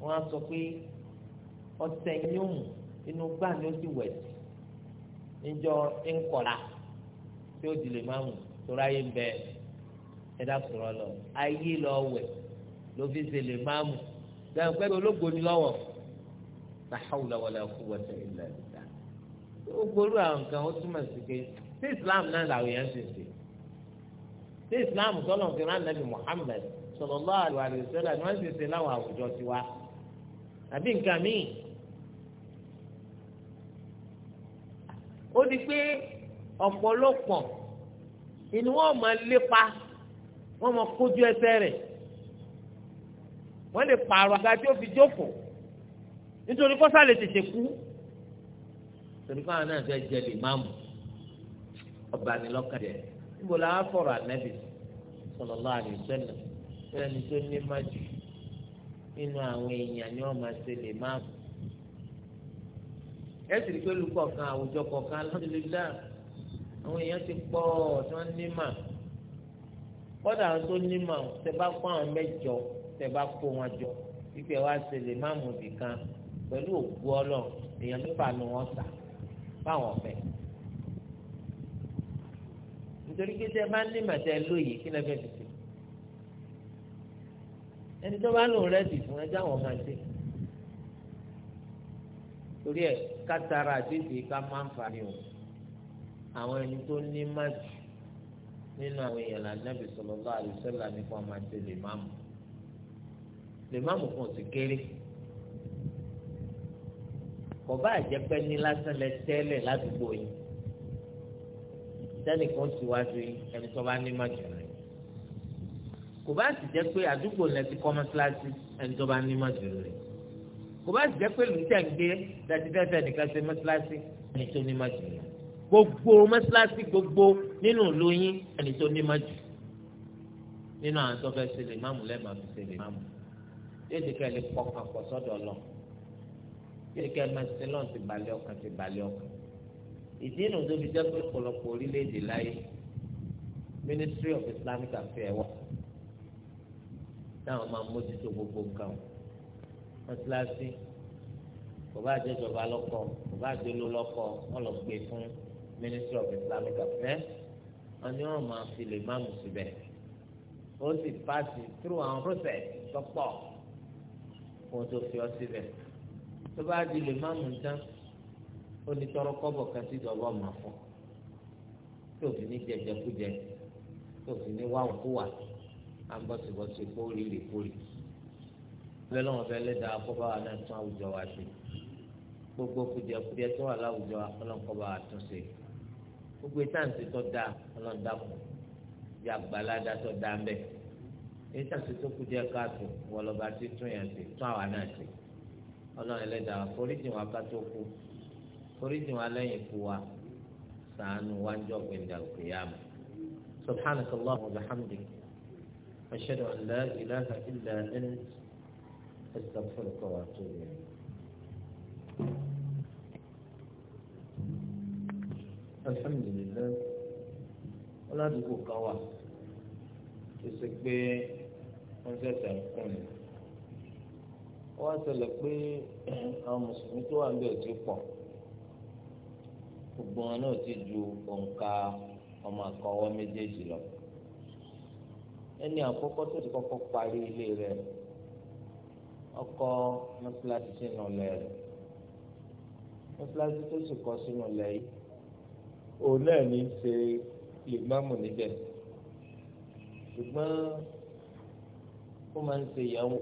wọ́n sọ pé ọṣẹ yín inú gbá ni ó sì wẹ̀ sí níjọ ńkọ̀la tí ó di lè máa mú tóra yín bẹ ẹ dákùrọ̀ lọ ayé lọ wẹ̀ ló fi ṣe máa mú dáhùn pẹ́ ológo ni lọ́wọ́ la hawla wala quwwata illa billah ó gbóró àwọn kan ó túmọ̀ sí pé sí islam náà làwọn èèyàn ṣe ṣe sí islam sọlọ fi rán nàbì muhammed sallallahu alaihi wasallam ni wọn ṣe ṣe láwọn àwùjọ tiwa àbí nǹkan míì ó di pé ọ̀pọ̀lọpọ̀ inú wọn máa lépa wọn máa kójú ẹsẹ̀ rẹ̀ wọn lè pààrọ̀ àga tí ó fi jókòó nítorí kọ́sà lè tètè kú torí káwọn náà fẹ́ jẹ lè máàmù ọba ni lọ́kàn jẹ́ níbo la fọ̀rọ̀ ànábì sallallahu alaihi wasallam fẹ́rẹ́ ni tó ní má jù nínú àwọn èèyàn ni wọ́n máa ṣe lè máa mú. ẹ sì rí pé olùkọ̀ọ̀kan àwùjọ kọ̀ọ̀kan alhamdulillah àwọn èèyàn ti pọ̀ tí wọ́n ní mà kọ́dà àwọn tó ní mà tẹ bá kó àwọn mẹ́jọ tẹ bá kó wọn jọ wípé wá ṣe lè máa mú bìkan pẹ̀lú òkú ọlọ́run èèyàn nípa ni wọ́n sà fáwọn ọ̀fẹ́ nítorí pé tẹ bá ní màtẹ lóye kí lẹfẹ ti ṣe ẹni tó bá lòun rẹ sì fún ẹjọ àwọn máa ṣe torí ẹ kátàrà àtìsí ká máa ń fa ni o àwọn ẹni tó ní má jù nínú àwọn èèyàn lànàbì sallallahu alaihi wasallam nípa ọmọ àti lèmáàmù lèmáàmù kan sì kéré kọba àjẹpẹ ní lásán lẹ tẹ́lẹ̀ ládùúgbò yìí sẹ́nìkan síwájú ẹni tó bá ní màjù rẹ̀ kò bá sì jẹ́ pé àdúgbò lẹ ti kọ́ mọ́sálásí ẹni tó bá ní màjù rẹ̀ kò bá sì jẹ́ pé lùtẹ̀ ń gbé tẹ́tẹ́tẹ́ nìkan ṣe mọ́sálásí ẹni tó ní màjù rẹ̀ gbogbo mọ́sálásí gbogbo nínú lóyún ẹni tó ní màjù nínú àwọn tó fẹ́ ṣe lè máàmù lẹ́ẹ̀ma fi ṣe lè máàmù yéèdì kẹ́ lè pọkàn pọ̀ sọ́dọ̀ lọ ìdí inú tó fi jẹ́ pé ọ̀pọ̀lọpọ̀ orílẹ̀-èdè láyé Ministry of Islamic Affairs wà táwọn máa mójútó gbogbo nǹkan wọn síláàsì kò bá jẹ́ ìjọba lọ́kọ kò bá jẹ́ wọn lọ gbé fún Ministry of Islamic Affairs wọn ni wọn máa fi lè má mú síbẹ̀ ó sì paasi through àwọn process tó pọ̀ kó tó fi ọ síbẹ̀ tó bá di lè má mú ó ní tọrọ kọ́bọ̀ kan sí ìjọba ọmọ fún tí òfin ní jẹjẹkújẹ tí òfin ní wáhùn kúwà á ń bọ̀sibọ̀si kórìí rè kórìí bẹ́ẹ̀ lọ́wọ́ fẹ́ lẹ́dà akọ́bá wa náà tún àwùjọ wa ṣe gbogbo kùdìẹ̀kùdìẹ̀ tó wà láwùjọ ọlọ́nkọ́bá wa tún ṣe gbogbo ìtàǹsì tó dáa ọlọ́ndàkùn bí àgbàládá tó dáa mbẹ́ ìtàǹsì tó kùdìẹ̀ káàtó wọlọ́ba ti tún yẹn ṣe tún àwa náà ṣe ọlọ́run ẹlẹ́dà foríjì wa ká tó kú foríjì wa lẹ́yìn ikú wa ṣàánú wa jọ gbẹ̀ndà òkèèyàmù subhanaka allahumma wa bihamdik ashhadu an la ilaha illa ant astaghfiruka wa atubu ilayk. alhamdulilayi ọlọ́dúnkù kan wà tó ṣe pé wọ́n ṣẹ̀ṣẹ̀ ń kún ni wọ́n ṣẹlẹ̀ pé àwọn mùsùlùmí tó wà ń bẹ̀ ti pọ̀ gbogbo wọn náà ti ju òǹkà ọmọ àkọwọ́ méjèèjì lọ ẹni àkọ́kọ́ tó ti kọ́kọ́ parí ilé rẹ̀ ọkọ mọ́sálásí sínú ilẹ̀ rẹ̀ mọ́sálásí tó sì kọ́ sínú ilẹ̀ yìí òun náà ní í ṣe lèmọ́mù níbẹ̀ ṣùgbọ́n ó máa ń ṣe ìyàwó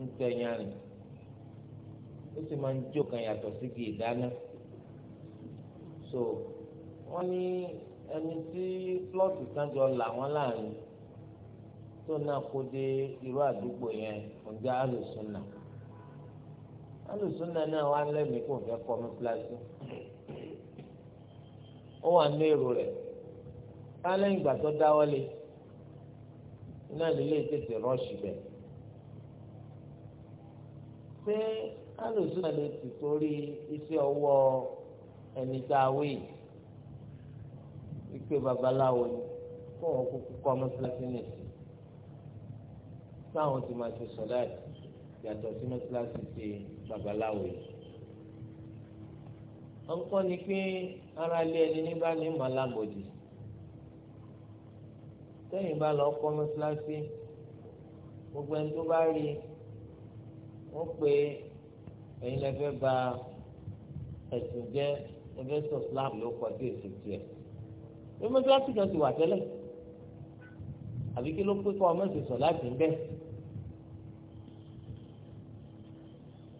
ń tẹ̀yàn rìn ó sì máa ń jó kan sí kì í so wọ́n ní ẹni tí plọ́ọ̀tù kan jọ là wọ́n láàrin tó náà kó dé irú àdúgbò yẹn ọjà alùsùnà alùsùnà náà wà lẹ́mìí kò fẹ́ kọ́ mi pílásì ó wà ní èrò rẹ̀ ká lẹ́yìn ìgbà tó dáwọ́lé náà lílé tètè rọ́ọ̀ṣì bẹ̀. ṣé alùsùnà lè ti torí iṣẹ́ ọwọ́ ẹni tá a wí wípé babaláwo ni kó wọn kúkú kọ́ mọ́sálásí nìyí táwọn ti máa ṣe sọ̀dá yàtọ̀ sí mọ́sálásí ti babaláwo yìí. ọ̀nkọ́ ni pé ara lé ẹni ní bá ní màlámọ̀dì sẹ́yìn bá lọ kọ́ mọ́sálásí gbogbo ẹni tó bá rí wọ́n pé ẹ̀yin lè fẹ́ ba ẹ̀sìn investor slab ló kọjú èsì tiẹ̀ bí mọ́sálásí kan ti wà tẹ́lẹ̀ àbí kí ló pé kọ́ ọmọ ìṣẹ̀sọ láti ń bẹ̀.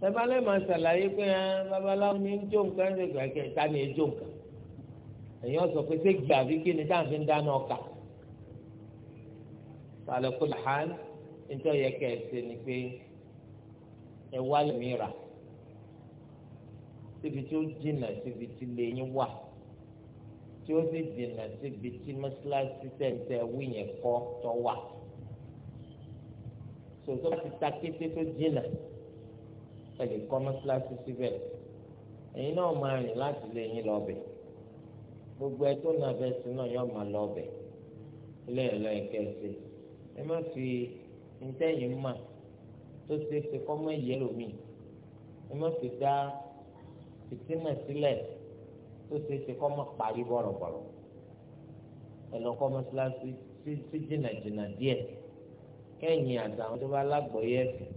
tẹ́bálẹ̀ máa ṣàlàyé pé ah, babaláwo ní jó nǹkan ṣe gbàgbẹ́ ta ni ejó nǹkan èyí ọ̀sọ̀ pé ṣé gbà bí kí ni táàfin dáná ọkà sàlẹ̀ kó làhán nítorí ẹ̀kẹ́ ẹ̀ ṣe ni pé ẹ wá lè mí rà síbi tí ó jìnnà síbi tí lẹ́yìn wà tí ó sì jìnnà síbi tí mọ́ṣáláṣí tẹ̀sẹ̀ wí yẹn kọ́ tọ́ wà sòtò bá ti ta kété tó jìnnà ẹ lè kọ́ mọ́ṣáláṣí síbẹ̀ ẹ̀yin náà máa rìn láti lẹ́yìn lọ́bẹ̀ gbogbo ẹ tó nà bẹ́ẹ̀ sí náà yóò máa lọ́bẹ̀ ilé ẹ̀ lọ́yìn kẹ́sì ẹ má fi ntẹ́yìn mà tó ṣe é ṣe kọ́ mọ́ ìyẹ́lòmíì ẹ má fi dá fìtínà sílẹ̀ tó ṣeé ṣe kọ́ mọ́ parí bọ̀rọ̀bọ̀rọ̀ ẹ lọ kọ́ mọ́ṣáláṣí sí jìnnàjìnnà díẹ̀ kẹ́yìn àtàwọn tó bá lágbọ̀ọ́yé ẹ̀sìn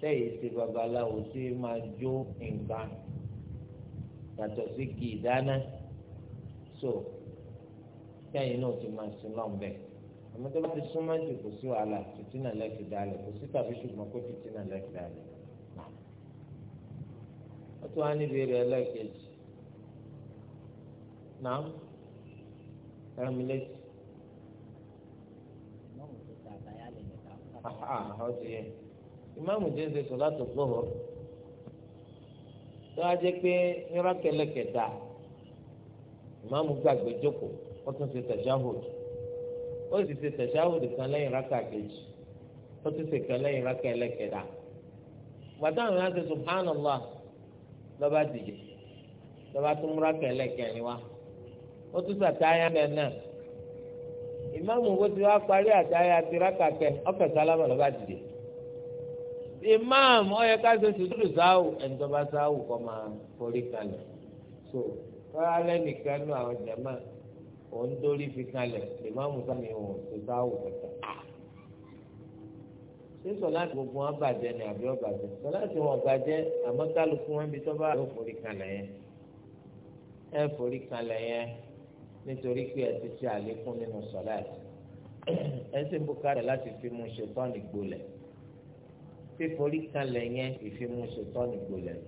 sẹ́yìn ṣe babaláwo ṣe máa jó nǹkan yàtọ̀ sí kì í dáná so sẹ́yìn náà ti máa sin lọ́nbẹ̀ àmọ́ tó bá ti súnmọ́ jù kò sí wàhálà fìtínà lẹ́ẹ̀kì dálẹ̀ kò sí tàbí ṣùgbọ́n pé fìtínà lẹ́ẹ̀kì dálẹ̀. wọ́n wá níbi rẹ̀ ẹlẹ́ẹ̀kejì náà ẹ̀rọ létí. ìmáàmù jẹ́ ṣe sọ láti tó a jẹ́ pé nírà kẹlẹ́kẹ̀dá ìmáàmù gbàgbé jókòó ó tún ṣe tẹ̀síáhùd ó sì ṣe tẹ̀síáhùd kan lẹ́yìn rákà kejì ó tún ṣe kan lẹ́yìn rákà ẹlẹ́kẹ̀dá lọ́ba dìde lọ́ba tó múra kẹlẹ̀ kẹrin wa ó tún sàtáyà bẹ́ẹ̀ náà ìmáàmù wo ti wá parí àtáyà tiraka kẹ ọkẹ sálámà lọ́ba dìde ìmáàmù ọyẹ ká ṣe sùdúrù sáwù ẹni tó bá sáwù kọ́ máa forí kalẹ̀ so rárá lẹ́nìkan nú àwọn jẹ̀mọ́ òun dórí fi kalẹ̀ ìmáàmù sani òun tó sáwù kẹta ṣé sọláàtì gbogbo wọn bàjẹ́ ni àbí wọn bàjẹ́ sọláàtì wọn bàjẹ́ àmọ́ kálukú wọn bí tọ́ba yóò forí kalẹ̀ yẹn ẹ forí kalẹ̀ yẹn nítorí pé ẹ ti ṣe àlékún nínú sọláàtì ẹ ṣe ń bùkátà láti fi mú ṣetán ìgbolẹ̀ fíforí kalẹ̀ yẹn ìfimú ṣetán ìgbolẹ̀ ni.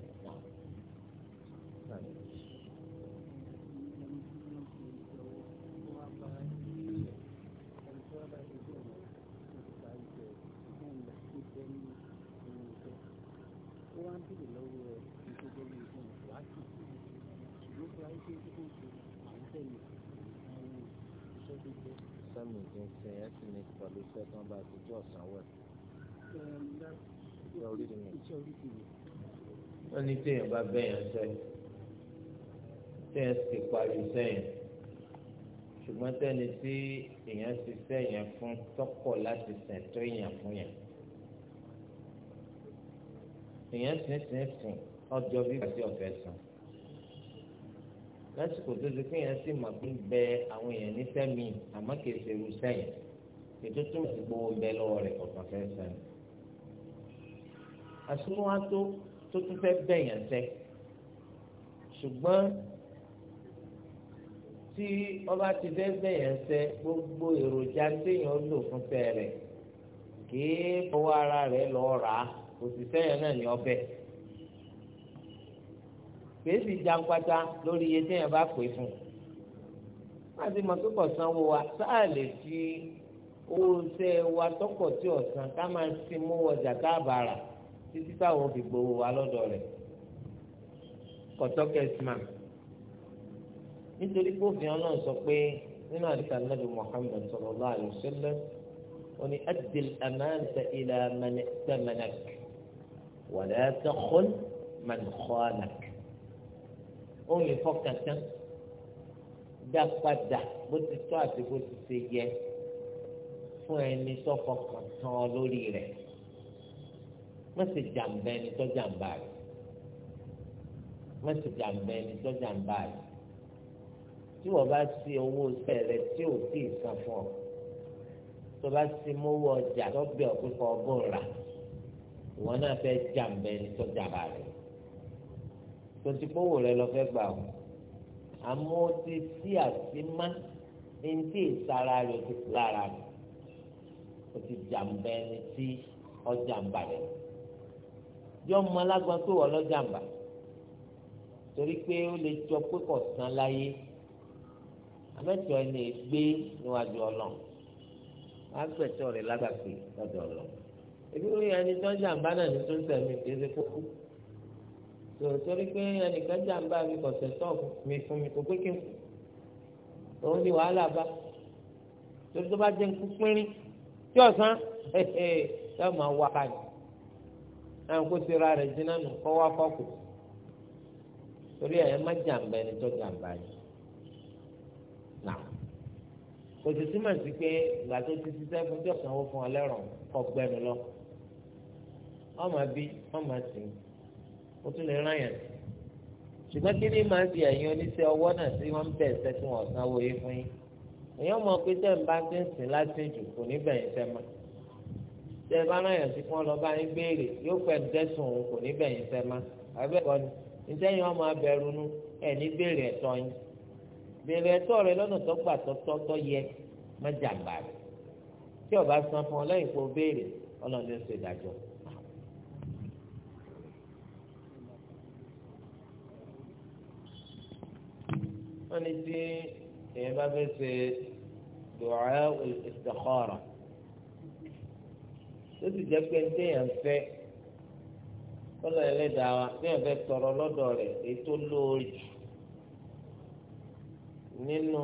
pẹ̀lú iṣẹ́ tí wọ́n bá ti jọ sanwó ẹ̀. iṣẹ́ orí ti mi. wọ́n ní téèyàn bá bẹ́yàn sẹ́ téèyàn sì parí sẹ́yìn ṣùgbọ́n tẹ́ni tí èèyàn ti sẹ́yìn fún tọ́kọ̀ láti sẹ̀ tó èèyàn fún yẹn. èèyàn sì ń sìn sìn ọjọ́ bí kàtí ọ̀fẹ́ sàn lásìkò tó ti pín yẹn sí màgbín bẹ àwọn èèyàn ní sẹ́mi àmọ́ kìí ṣe irú sẹ́yìn ètò túmọ̀ sí gbowó ń bẹ lọ́wọ́ rẹ̀ ọ̀kan fẹ́ sàn. àsùnwó tó tó tún fẹ́ bẹ̀yàn sẹ́ ṣùgbọ́n tí ọba ti fẹ́ bẹ̀yàn sẹ́ gbogbo èròjà téèyàn lò fún tẹ̀ rẹ̀ kìí fọwọ́ ara rẹ̀ lọ́ọ́ rà á òṣìṣẹ́ yẹn náà ní ọbẹ̀ kìí sì jàǹpátá lórí iye téèyàn bá pè fún un. wọ́n ti mọ̀ pé kò sanwó wa sáà lè fi owó ṣe wa tọkọ tí ọ̀sán ká máa ti mú ọjà tá a bàrà títí táwọn fi gbowó wa lọ́dọ̀ rẹ̀ kọ̀tọ́kẹ́sìmá nítorí pé òfin ọlọ́run sọ pé nínú àdìsá nàbì Muhammad sallallahu alaihi wasallam wọn ni adìl amáǹtà ilà mẹnẹk wàlẹ́ àtẹ̀kọ́n mẹnìkọ́nàk òun lè fọkàn tán bó ti tọ́ àti bó ti ṣe yẹ fún ẹni sọ́kọ̀ọ̀kan tán ọ lórí rẹ̀ wọ́n sì jàǹbá ẹni tó jàǹbá rẹ̀ wọ́n sì jàǹbá ẹni tó jàǹbá rẹ̀ tí wọ́n bá sí owó iṣẹ́ rẹ̀ tí ò tí ì san fún ọ tó bá sí mówó ọjà tó bẹ̀ ọ́ pé kọ́ ọgbọ́n rà ìwọ náà fẹ́ jàǹbá ẹni tó jàǹbá rẹ̀ tó ti lọ fẹ́ gbà ọ́ àmọ́ ti sí àti má ẹni tí ì sara rẹ̀ ti lára rẹ̀ o ti jàmbá ẹni tí ọjàmbá rẹ̀ yọ ọmọ alágbọn pé wọ́n lọ́jàmbá torí pé ó lè jọ pé kò san láyé amẹ́tọ́ ẹni gbé níwájú ọlọ́run wọ́n á gbẹ̀tọ́ rẹ̀ lágbàpé lọ́dọ̀ ọlọ́run ebi ó yẹ ẹni tó ń jàmbá náà ní tó ń sẹ̀mí kì í ṣe kókó tò torí pé ẹnìkan jàmbá mi kò sẹ̀tọ́ mi fún mi kò pé kí n kú òun ni wàhálà bá torí tó bá jẹ́ nkú pínrín tí ọ̀sán *laughs* yóò máa wá káyọ̀ náà kó sera rẹ̀ jiná nù kọ́ wá fọ́kù torí ẹ̀ má jàǹbá ẹni tó jàǹbá yìí náà kò sì túmọ̀ sí pé ìgbà tó ti ṣiṣẹ́ fún tí ọ̀sán owó fún ọ lẹ́rọ̀ kọ́ gbẹ́nu lọ ọmọ bí ọmọ sí o tún lè rán yẹn ṣùgbọ́n kí ni màá di ẹ̀yin oníṣẹ́ ọwọ́ náà tí wọ́n ń bẹ̀ ṣẹ́ tí wọ́n sanwó yìí fún yín èèyàn mọ̀ pé tẹ́ ń bá ti ń sìn láti jù kò ní bẹ̀yìn sẹ́ mọ́ tẹ́ ẹ bá náà yàn sí fún ọlọ́ba yín béèrè yóò pẹ́ dẹ́sùn òun kò ní bẹ̀yìn sẹ́ mọ́ àbẹ́kọ́ ni ntẹ́yìn ọmọ abẹ́rù nu ẹ̀ ní béèrè ẹ̀tọ́ yín béèrè ẹ̀tọ́ rẹ lọ́nà tó gbà tọ́tọ́ tó yẹ má jàǹbá rẹ tí ọba san fún ọ lẹ́yìn kó béèrè ọlọ́run ló ṣe ìdájọ́. wọ́n ní tí èyí bá fẹ́ ṣe dùwà istikhara tó sì jẹ́ pé téèyàn fẹ́ kọ́lọ̀ ẹlẹ́dàá wa téèyàn fẹ́ tọrọ lọ́dọ̀ rẹ̀ èyí tó lóore jù nínú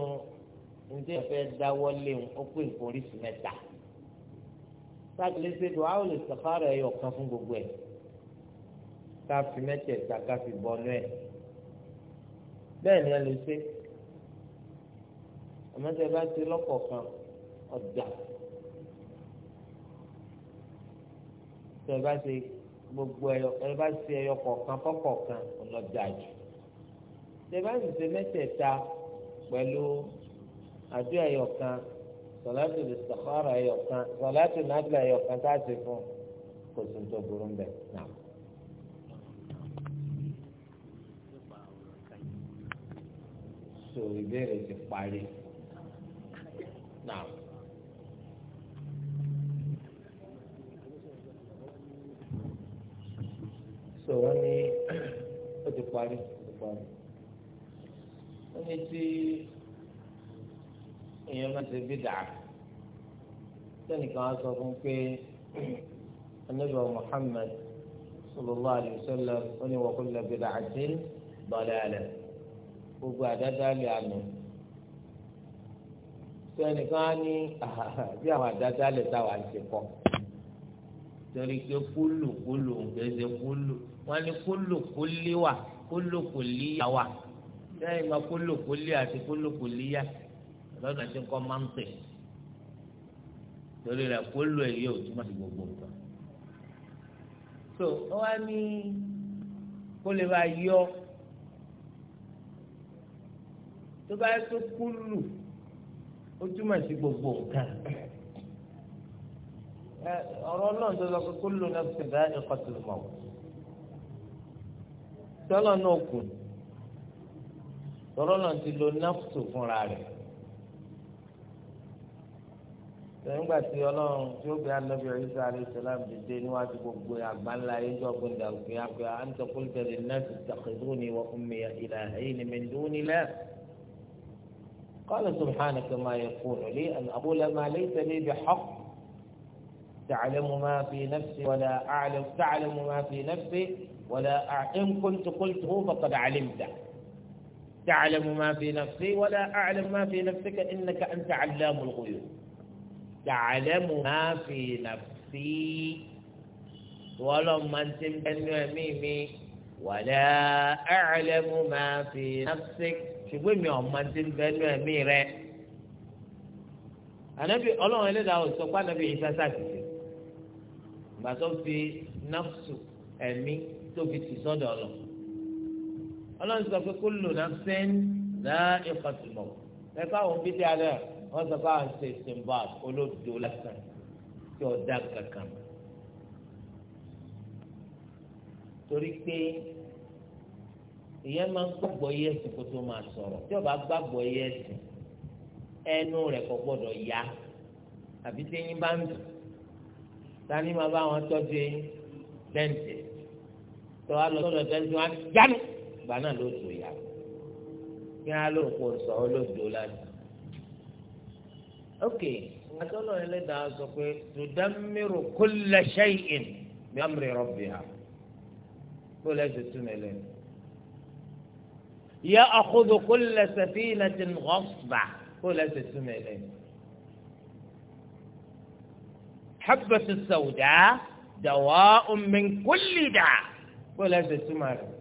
ndé fẹ́ dáwọ́ léwu ó pè polisi mẹ́ta sáàtì lè ṣe dùn áwòlè fún gbogbo ẹ̀ káfí mẹ́tẹ̀ẹ̀ta káfí bọ́nú ẹ̀ bẹ́ẹ̀ ni ẹ lè ṣe àmọ́ tẹ́ bá ti lọ́kọ̀ọ̀kan ọ̀dà tẹ́ bá ti gbogbo ẹyọ ẹ bá ṣe ẹyọ kọ̀ọ̀kan kọ̀ọ̀kan ọ̀nà dàjù tẹ bá sì ṣe mẹ́tẹ̀ẹ̀ta pẹ̀lú àdó ẹyọ kan sọláàtì ìsọ̀kọ́rọ̀ ẹyọ kan sọláàtì nàdìlà ẹyọ kan tá a ti fún kò sí tó burú ń bẹ̀ náà. sọ ìbéèrè ti parí. نعم سواني أدباري أدباري أني تي إيما تبدع تاني كاسا فنكي النبي محمد صلى الله عليه وسلم أني وكل بدعة ضلالة وقعدت لأنه tó ẹnìkan á ní bí àwọn àdáta lè táwa ń ṣe kọ torí pé kúlùkúlù nǹkan ṣe kúlù wọn ní kúlùkúlì wà kúlùkúlì yà wà lẹ́yìn ma kúlùkúlì àti kúlùkúlì yà lọ́nà tí nǹkan máa ń pè torí rẹ̀ kúlù èyí ò túmọ̀ sí gbogbo nǹkan. tó wá ní kó lè bá yọ tó bá yẹ tó kúlù ó túmọ̀ sí gbogbo nǹkan ọ̀rọ̀ náà tó lọ pé kó lóun náà fi dá ẹ̀kọ́ tó mọ̀ ọ́ tọ́lọ̀ náà kù tọ́lọ̀ náà ti lo náfùtò fúnra rẹ̀ nígbà tí ọlọ́run tí ó gbé anábì Ìsá alayhi dìde níwájú gbogbo àgbáńlá yìí tó ọgbọ́n dàrú pé àpè à ń tọ́kùn tẹ̀lé náà ti tàkìdúnì wa ummiya ilahayni min dunillah. قال سبحانك ما يكون لي أن أقول ما ليس لي بحق تعلم ما في نفسي ولا أعلم تعلم ما في نفسي ولا أعلم إن كنت قلته فقد علمته تعلم ما في نفسي ولا أعلم ما في نفسك إنك أنت علام الغيوب تعلم ما في نفسي ولما تنبني أميمي ولا أعلم ما في نفسك ṣùgbọ́n mi ò máa ti bẹ́ẹ̀ nú ẹ̀mí rẹ anabi ọlọ́run ẹlẹ́dàá ò sọ pé anabi yìí sásà ti sè gbàtọ́ fi nafsu ẹ̀mí tó fi tì sọ́dọ̀ ọlọ ọlọ́run sọ pé kullu nafsin dha'iqatul maut ẹ̀ka àwọn bídí alẹ́ wọ́n sọ pé àwọn ṣe simbad olódo lásán tí ọ̀dà kankan torí pé ìyẹn máa ń gbàgbọ́ yẹ ẹ̀sìn kó tó máa sọ̀rọ̀ tí ó bá gbàgbọ́ yẹ ẹ̀sìn ẹnu rẹ̀ kò gbọ́dọ̀ yá àbí téyín bá ń dùn tani máa bá wọn tọ́jú eyín dẹ́ǹtì tó wá lọ sọ́dọ̀ dẹ́ǹtì wọn jáde gbà náà ló dùn yá kí á ló kó sọ ọ́ ló dùn lánàá. ok àtọ́nà ẹlẹ́dàá sọ pé tudammiru kulla shay'in bi amri rabbiha kó lẹ́sìn يأخذ كل سفينة غصبا كل سفينة تسمع إليه حبة السوداء دواء من كل داء ولا تسمع إليه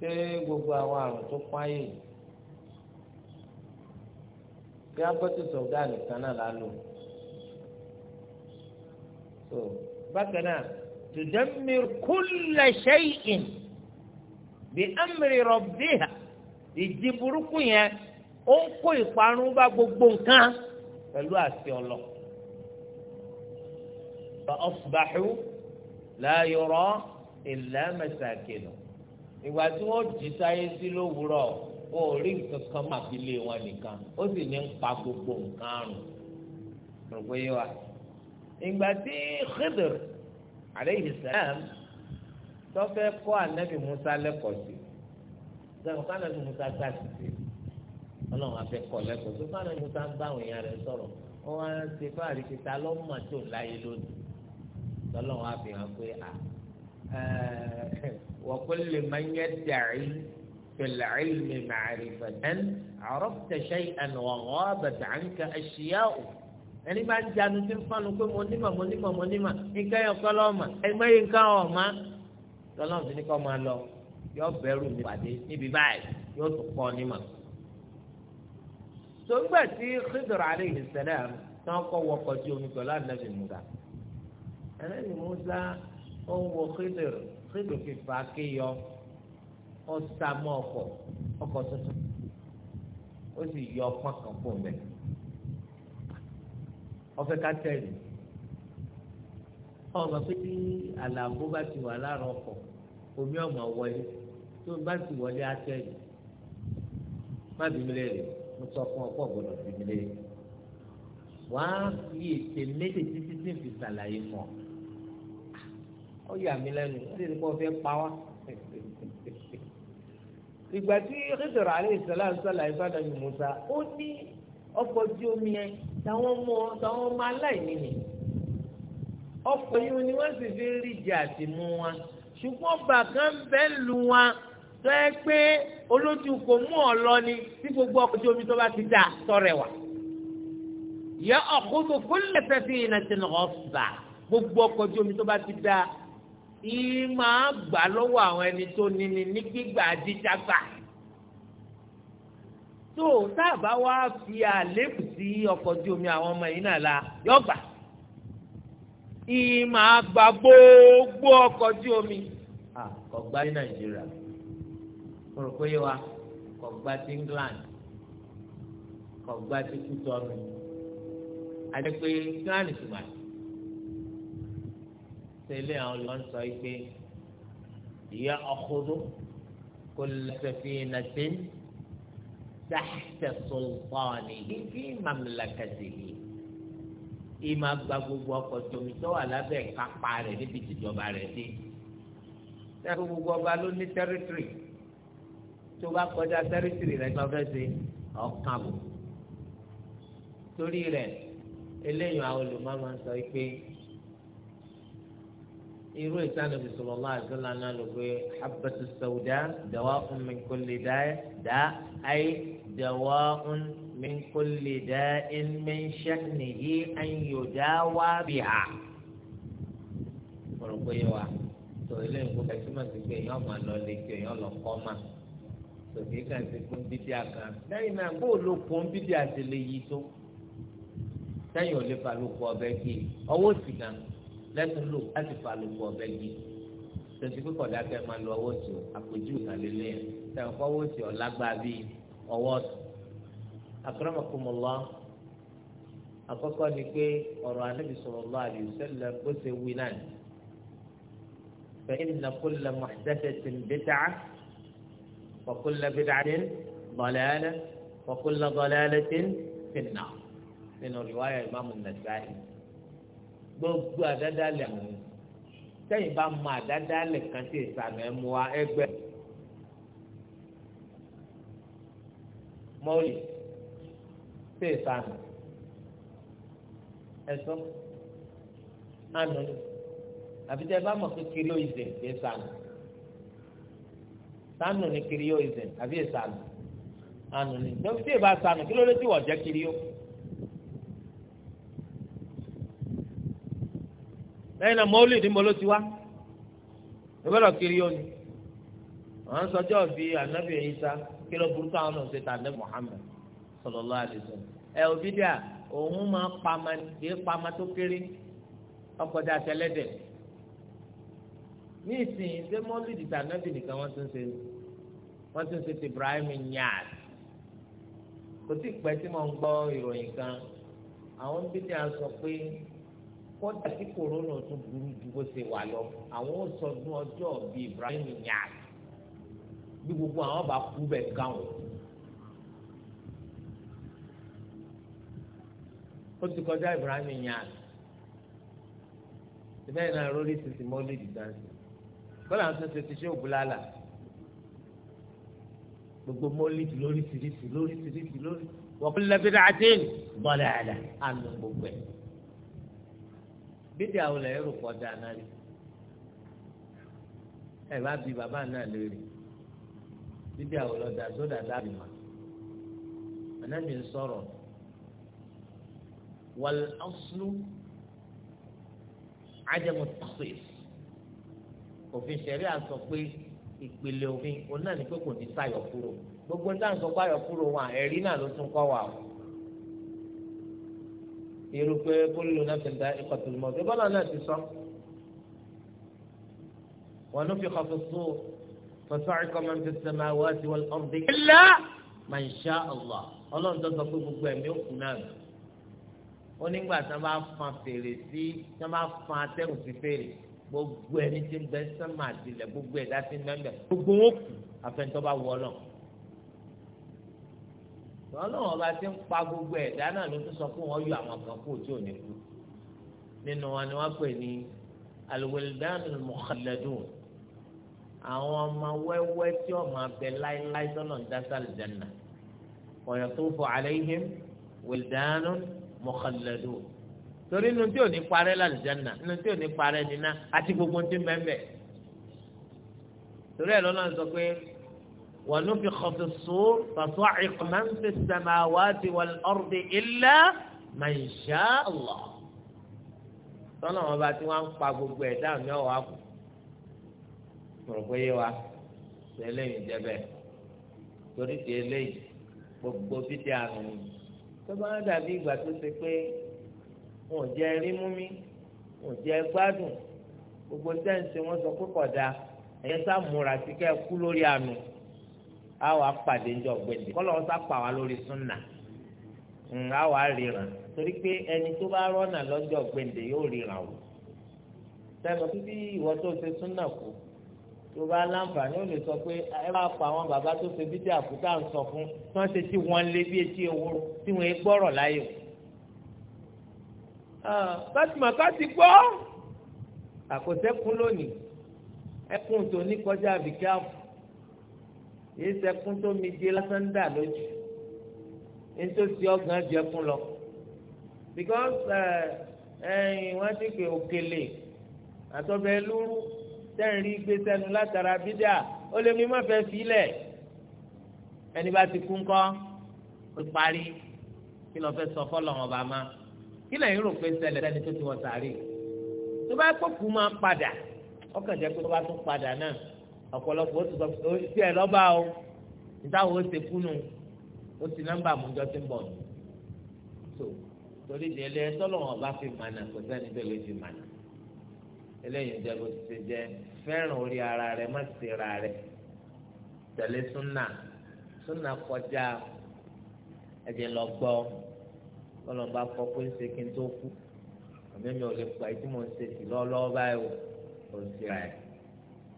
ṣé gbogbo àwọn àrùn tó páyé abọ́tù nìkan náà bákan náà تدمر كل شيء بأمر ربها ìjì burúkú yẹn ó ń kó ìparun فأصبحوا لا يرى إلا مساكنهم ìgbà tí wọ́n jí sáyé sí lówùúrọ̀ ó rí nǹkan kan má fi lé wọn nìkan ó sì ní ń pa gbogbo nǹkan rùn. ìgbà tí Khidr aleyhi salam tọ́fẹ́ kọ́ anabi musa lẹ́kọ̀ọ́ sí sẹ́wọ̀n ká anabi musa sá sí sí ọlọ́run afẹ́ kọ́ lẹ́kọ̀ọ́ tó ká anabi musa ń bá àwọn èèyàn rẹ̀ sọ̀rọ̀ wọ́n á ṣe fáàrí kíta lọ́mọ tó láyé lónìí tọ́lọ́run á hàn pé à wa kulli man yadda'i fil ilmi ma'rifatan 'arafta shay'an wa ghabat 'anka ashya'u ẹni bá ń janu tí ń fọnù pé mo nímọ̀ mo nímọ̀ mo nímọ̀ nǹkan yẹn kọ́ lọ́wọ́ mà ẹgbẹ́ yìí nǹkan ọ̀ má lọ́lọ́run ti ní kọ́ máa lọ yọ bẹ̀rù mi pàdé níbi báyìí yóò tún kọ́ nímọ̀. tó ń gbà tí Khidir alayhi salam tí wọ́n kọ́ wọkọ̀ tí omi pẹ̀lú ànábì Musa ànábì Musa ó ń wọ Khidir Khidir fìfà kéyọ ó sá mọ́ ọkọ̀ ọkọ̀ tuntun ó sì yọ ọpọ́n kan fún mi ọfẹ ká tẹ̀lé ọmọ pé tí àlàbó bá ti wà lára ọkọ̀ omi ọmọ wọlé tó bá ti wọlé á tẹ̀lé má bí mi lè rè mo sọ fún ọ̀pọ̀ gbọ́dọ̀ bí mi lè rè wàá fi ètè méjì títí tí n fi ṣàlàyé fún ọ ó yà mí lẹ́nu ó sì ní kó fẹ́ pa wá *laughs* ìgbà tí Khidir alayhi salam sọlá ìbàdàn yìí Musa ó ní ọkọ̀ ojú omi yẹn táwọn ọmọ táwọn ọmọ aláìní ni ọkọ̀ yìí ni wọ́n sì fi rí ìjà àti mú wọn ṣùgbọ́n bàkan bẹ́ lu wọn tó ẹ pé olójú kò mú ọ lọ ni tí gbogbo ọkọ̀ ojú omi tó bá ti dà tọrẹwà yẹ ọkọ̀ tó kó lẹ́sẹ̀ sí ìnàjẹ̀nà ọ̀sà gbogbo ọkọ̀ ojú omi tó bá ti dà yìí máa lọ́wọ́ àwọn ẹni tó ní ní ní gbígbà àdìjàgbà tó sábà wá fi àléébù sí ọkọ̀ ojú omi àwọn ọmọ yìí náà la yọ gbà ìmọ̀ àgbà gbogbo ọkọ̀ ojú omi kọ̀gbá ní nàìjíríà mo rò pé wa kọ̀gbá ti England kọ̀gbá ti kútọ́nù àti pé England ti wà tẹ́lẹ̀ àwọn lọ́n sọ pé ìyá ọkọ̀ tó kò lẹ́sẹ̀ fi nàìjíríà tahta sultanihi fi mamlakatihi ìmọ̀ àgbà gbogbo ọkọ̀ tómi tó wà lábẹ́ kápá rẹ̀ níbi tìjọba rẹ̀ dé sẹ́kù gbogbo ọba ló ní tẹ́rítírì tó bá kọjá tẹ́rítírì rẹ̀ gbọ́dọ̀ ṣe ọ̀kan bò torí rẹ̀ eléyìí àwọn olùmọ̀ọ́mọ́ sọ pé irú ìsáni bisalòlá àti lánàá ló pé habatu sawda dawa'un min kulli أي دواء من كل داء من شأنه أن يداوى بها ọ̀rọ̀pọ̀ yẹ wa tó ilé ìwé ti gbé èèyàn máa lọ lè gbé èèyàn lọ kọ́ mà tòkè kà ti kún bíbí àkàn lẹ́yìn náà bó ló kún bíbí àti lè yí tó sẹ́yìn ò lè fa lóko ọbẹ̀ gbé ọwọ́ sì gan lẹ́sùn lò láti fa lóko ọbẹ̀ gbé tonti pé kọ̀dá kẹ́ máa lo ọwọ́ tí o àpèjú ìkàlélẹ̀ yẹn sẹ́wọ̀n kọ́ ọwọ́ tí o lágbára bíi ọwọ́ tó. akramakumullah àkọ́kọ́ ni pé ọ̀rọ̀ Ànábì sallallahu alaihi wasallam bó ṣe wí náà ni. fa inna kulla muhdathatin bid'ah wa kulla bid'atin dalalah wa kulla dalalatin fin-nar nínú riwaya Imam an gbogbo àdáda lẹ́mú sẹ́yìn bá mọ àdáda lẹ́ẹ̀kan tí ìsàmì ẹ̀ mú wa ẹgbẹ́. mọ́ọ̀lì tí ìsàmì ẹ̀sọ́ àná àbí tẹ́ bá mọ̀ pé kirioism ti ìsàmì sànù ni kirioism àbí ìsàmì àná ni tó fi tí ì bá sànù kí ló dé tí wọ́n jẹ́ kirio. lẹ́yìn náà mọ́lì ìdí mọ́ló ti wá ìbọ̀dọ̀ kiri yóni àwọn ń sọjọ́ bíi anabi isa kí ló burúkú àwọn náà ṣe ní muhammed sallallahu alaihi wasallam ẹ òbí díà òun máa pama kì í pama tó kéré ọkọjá àtẹlẹdẹ ní ìsìn ṣé mọ́lì ìdí tànàbì nìkan wọ́n ti ń ṣe wọ́n ti ń ṣe ti ibrahim nyaad kò tí ì pẹ́ tí mo ń gbọ́ ìròyìn kan àwọn bídíà sọ pé kódà tí kòrónà tún burú ju bó ṣe wà lọ àwọn ó sọdún ọjọ́ bí Ibrahim Niass bí gbogbo àwọn bá kú bẹ̀ káwọn. ó ti kọjá Ibrahim Niass ìfẹ́ iná rólí sisi mọ́lì dìdánsì bọ́lá ń sọ́sọ́ ti ṣe òbúlálà gbogbo mọ́lì lóríṣiríṣi lóríṣiríṣi lórí wọ́n kún lẹ́bí dáadéèlì bọ́lá àdá àná gbogbo ẹ̀ bídí àwọn ọ̀lẹ́ rò pọ̀ dáná rí ẹ bá bi bàbá náà léèrè bídí àwọn ọ̀lọ́dà sódà dábì mà ànábì ń sọ̀rọ̀ wal aslu ajamu takhsis òfin ṣẹ̀rí àsọ pé ìpìlẹ̀ òfin onáà ní pé kò ní sáyọ̀ kúrò gbogbo táwọn sọ pé ayọ̀ kúrò wọn ẹ̀rí náà ló tún kọ́ wà o irú pé kúlù náà fi da ìkọ̀tún mọ́ bí bọ́lá náà ti sọ. wọn ló fi kọfí sùn fọsọ́ọ̀rì kọ́ máa ń fi sẹ́mà wá sí wọn ọ̀rùn ilá máa ń ṣá ọ̀lá ọlọ́run tó sọ pé gbogbo ẹ̀mí òkú náà nù. ó nígbà tí wọ́n bá fan fèrè sí tí bá fan atẹ́gùn sí fèrè gbogbo ẹni tí ń bẹ sẹ́mà àtìlẹ̀ gbogbo ẹ̀dá ti ń bẹ́ẹ̀ gbogbo wọn kù àfẹ́ntọ́ bá wọ ọlọ́run ọlọ́run ọba ti ń pa gbogbo ẹ̀dá náà ló tún sọ pé wọ́n yọ àwọn kan kú tí ò ní kú nínú wọn ni wọ́n pè ní alwildanul mukhalladun àwọn ọmọ wẹ́wẹ́ tí wọ́n máa bẹ láéláé sọ́nà dásàlì jẹ́nà wayatufu alayhim wildanun mukhalladun torí inú tí ò ní parẹ́ lálùjáná inú tí ò ní parẹ́ nínà àti gbogbo tí mẹ́mẹ́ torí ẹ̀ lọ́nà sọ pé. ونفخ في الصور فصعق من في السماوات والأرض إلا من شاء الله tọ́nà wọn bá tí wọ́n ń pa gbogbo ẹ̀dá ní ọ̀wá gbogbo fídí àrùn ni tó bá dàbí ìgbà tó ṣe pé wọn ò jẹ́ rí mú mi wọn ò jẹ́ gbádùn gbogbo sẹ́ǹsì wọn sọ pé kódà ẹ̀yẹ sá múra sí kẹ́ ẹ kú lórí àánú àwọn apàdé ńjọ gbèsè kọ́lọ́ ọ̀sá pa wá lórí súnà ńlá hmm, wà á ríran torí pé ẹni tó bá rọ́nà lọ́jọ́ gbèǹde yóò ríran o sẹ́nu bíbí ìwọ tó ṣe súnà kù tó bá láǹfààní ó lè sọ pé ẹ bá pa àwọn bàbá tó ṣe bídí àkútà ń sọ fún tí wọ́n ṣe tí wọ́n lé bí etí ewúro tí wọ́n gbọ́rọ̀ láyò. kásìmọ̀ kásì gbọ́ àkọsẹ́kùn lónìí ẹkùn tó ní kọjá àbíkẹ́ àbùkù yìí sẹkún tó mi dé lásán dà lójú nítòsí ọgàn jẹkún lọ because ẹ̀yìn eh, eh, wọn ti pè òkèlè àtọbẹ lúrú tẹ́ǹrí gbé sẹ́nu látara bídà ó lè mi má fẹ́ sílẹ̀ ẹni bá ti kú ńkọ́ ó parí kí lọ́ọ́ fẹ́ sọ fọ́lọ́ wọn bá má kí lẹ́yìn rò pé ṣẹlẹ̀ sẹ́ni tó ti wọ́n sàárè tó bá pọ̀ kú máa padà ọkàn jẹ́ pé tó bá tún padà náà ọ̀pọ̀lọpọ̀ ó ti sọ pé ṣé ẹ lọ́ba o nítawọn ó ṣe kúnnù ó ti nọ́mbà àmújọ ti ń bọ̀ ní. tó torí di ẹlẹ́yẹ tọ́lọ́wọ́n bá fi mànà kò sẹ́ni bẹ́ẹ̀ ló fi mànà eléyìí jẹ́ bó ti ṣe jẹ́ fẹ́ràn orí ara rẹ má ti ra rẹ tẹ̀lé súnà súnà kọjá ẹ̀jẹ̀ lọ gbọ́ kọ́lọ́n kọ́ pé ń ṣe kí n tó kú àmì mi ò lè pa ètí ṣe sí lọ́ọ́lọ́ọ́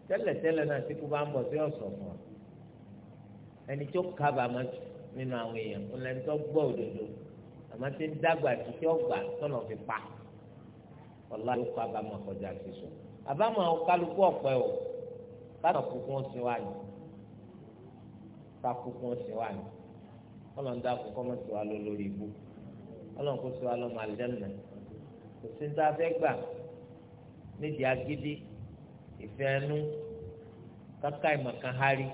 tẹ́lẹ̀tẹ́lẹ̀ náà tí kò bá ń bọ̀ sí ọ̀sọ̀ fún ọ ẹni tó kábàámọ̀ jù nínú àwọn èèyàn kò lẹ́ni tó gbọ́ òdodo àmọ́ tí ń dàgbà tí tí ó gbà tọ̀nà fi pa ọ̀la ló kọ́ àbámọ̀ kọjá sí so àbámọ̀ kálukú ọ̀pẹ o káàkiri kúkún sí wa ni káàkiri kúkún sí wa ni ọlọ́run dá kó kọ́mọ́ sí wa lọ lórí ibú ọlọ́run kó wa lọ́mọ àlùjànnà kò sí ní tá fẹ́ gbà nídìí agídí ìfẹ́ ẹnu káká ìmọ̀kan hárí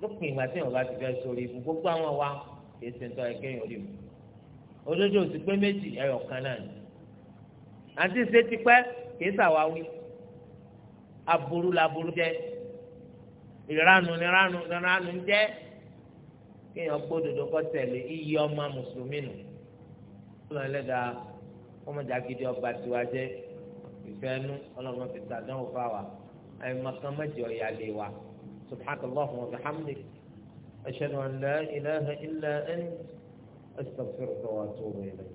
lópin ìgbà tí ìwọ̀n bá ti fẹ́ sórí ibù gbogbo àwọn wa kì í ṣe ń tọ́ ẹ kéèyàn rí mu olójú òsì pé méjì ẹyọ kan náà ni àti ṣe tipẹ́ kì í ṣàwáwí aburú laburú jẹ́ ìranu níranu níranu jẹ́ kéèyàn gbódòdó kọ́ tẹ̀lé iyì ọmọ mùsùlùmí nù. ọlọ́run ẹlẹ́dàá ọmọdé agídí ọba tiwa jẹ́ ìfẹ́ ẹnu ọlọ́run fi sàdánwò fà wá àyè màkàn mẹ́jọ ìyá lè wa subhanallah wa bihamdi ashhadu an la ilaha illa anta astaghfiruka wa atubu ilayk.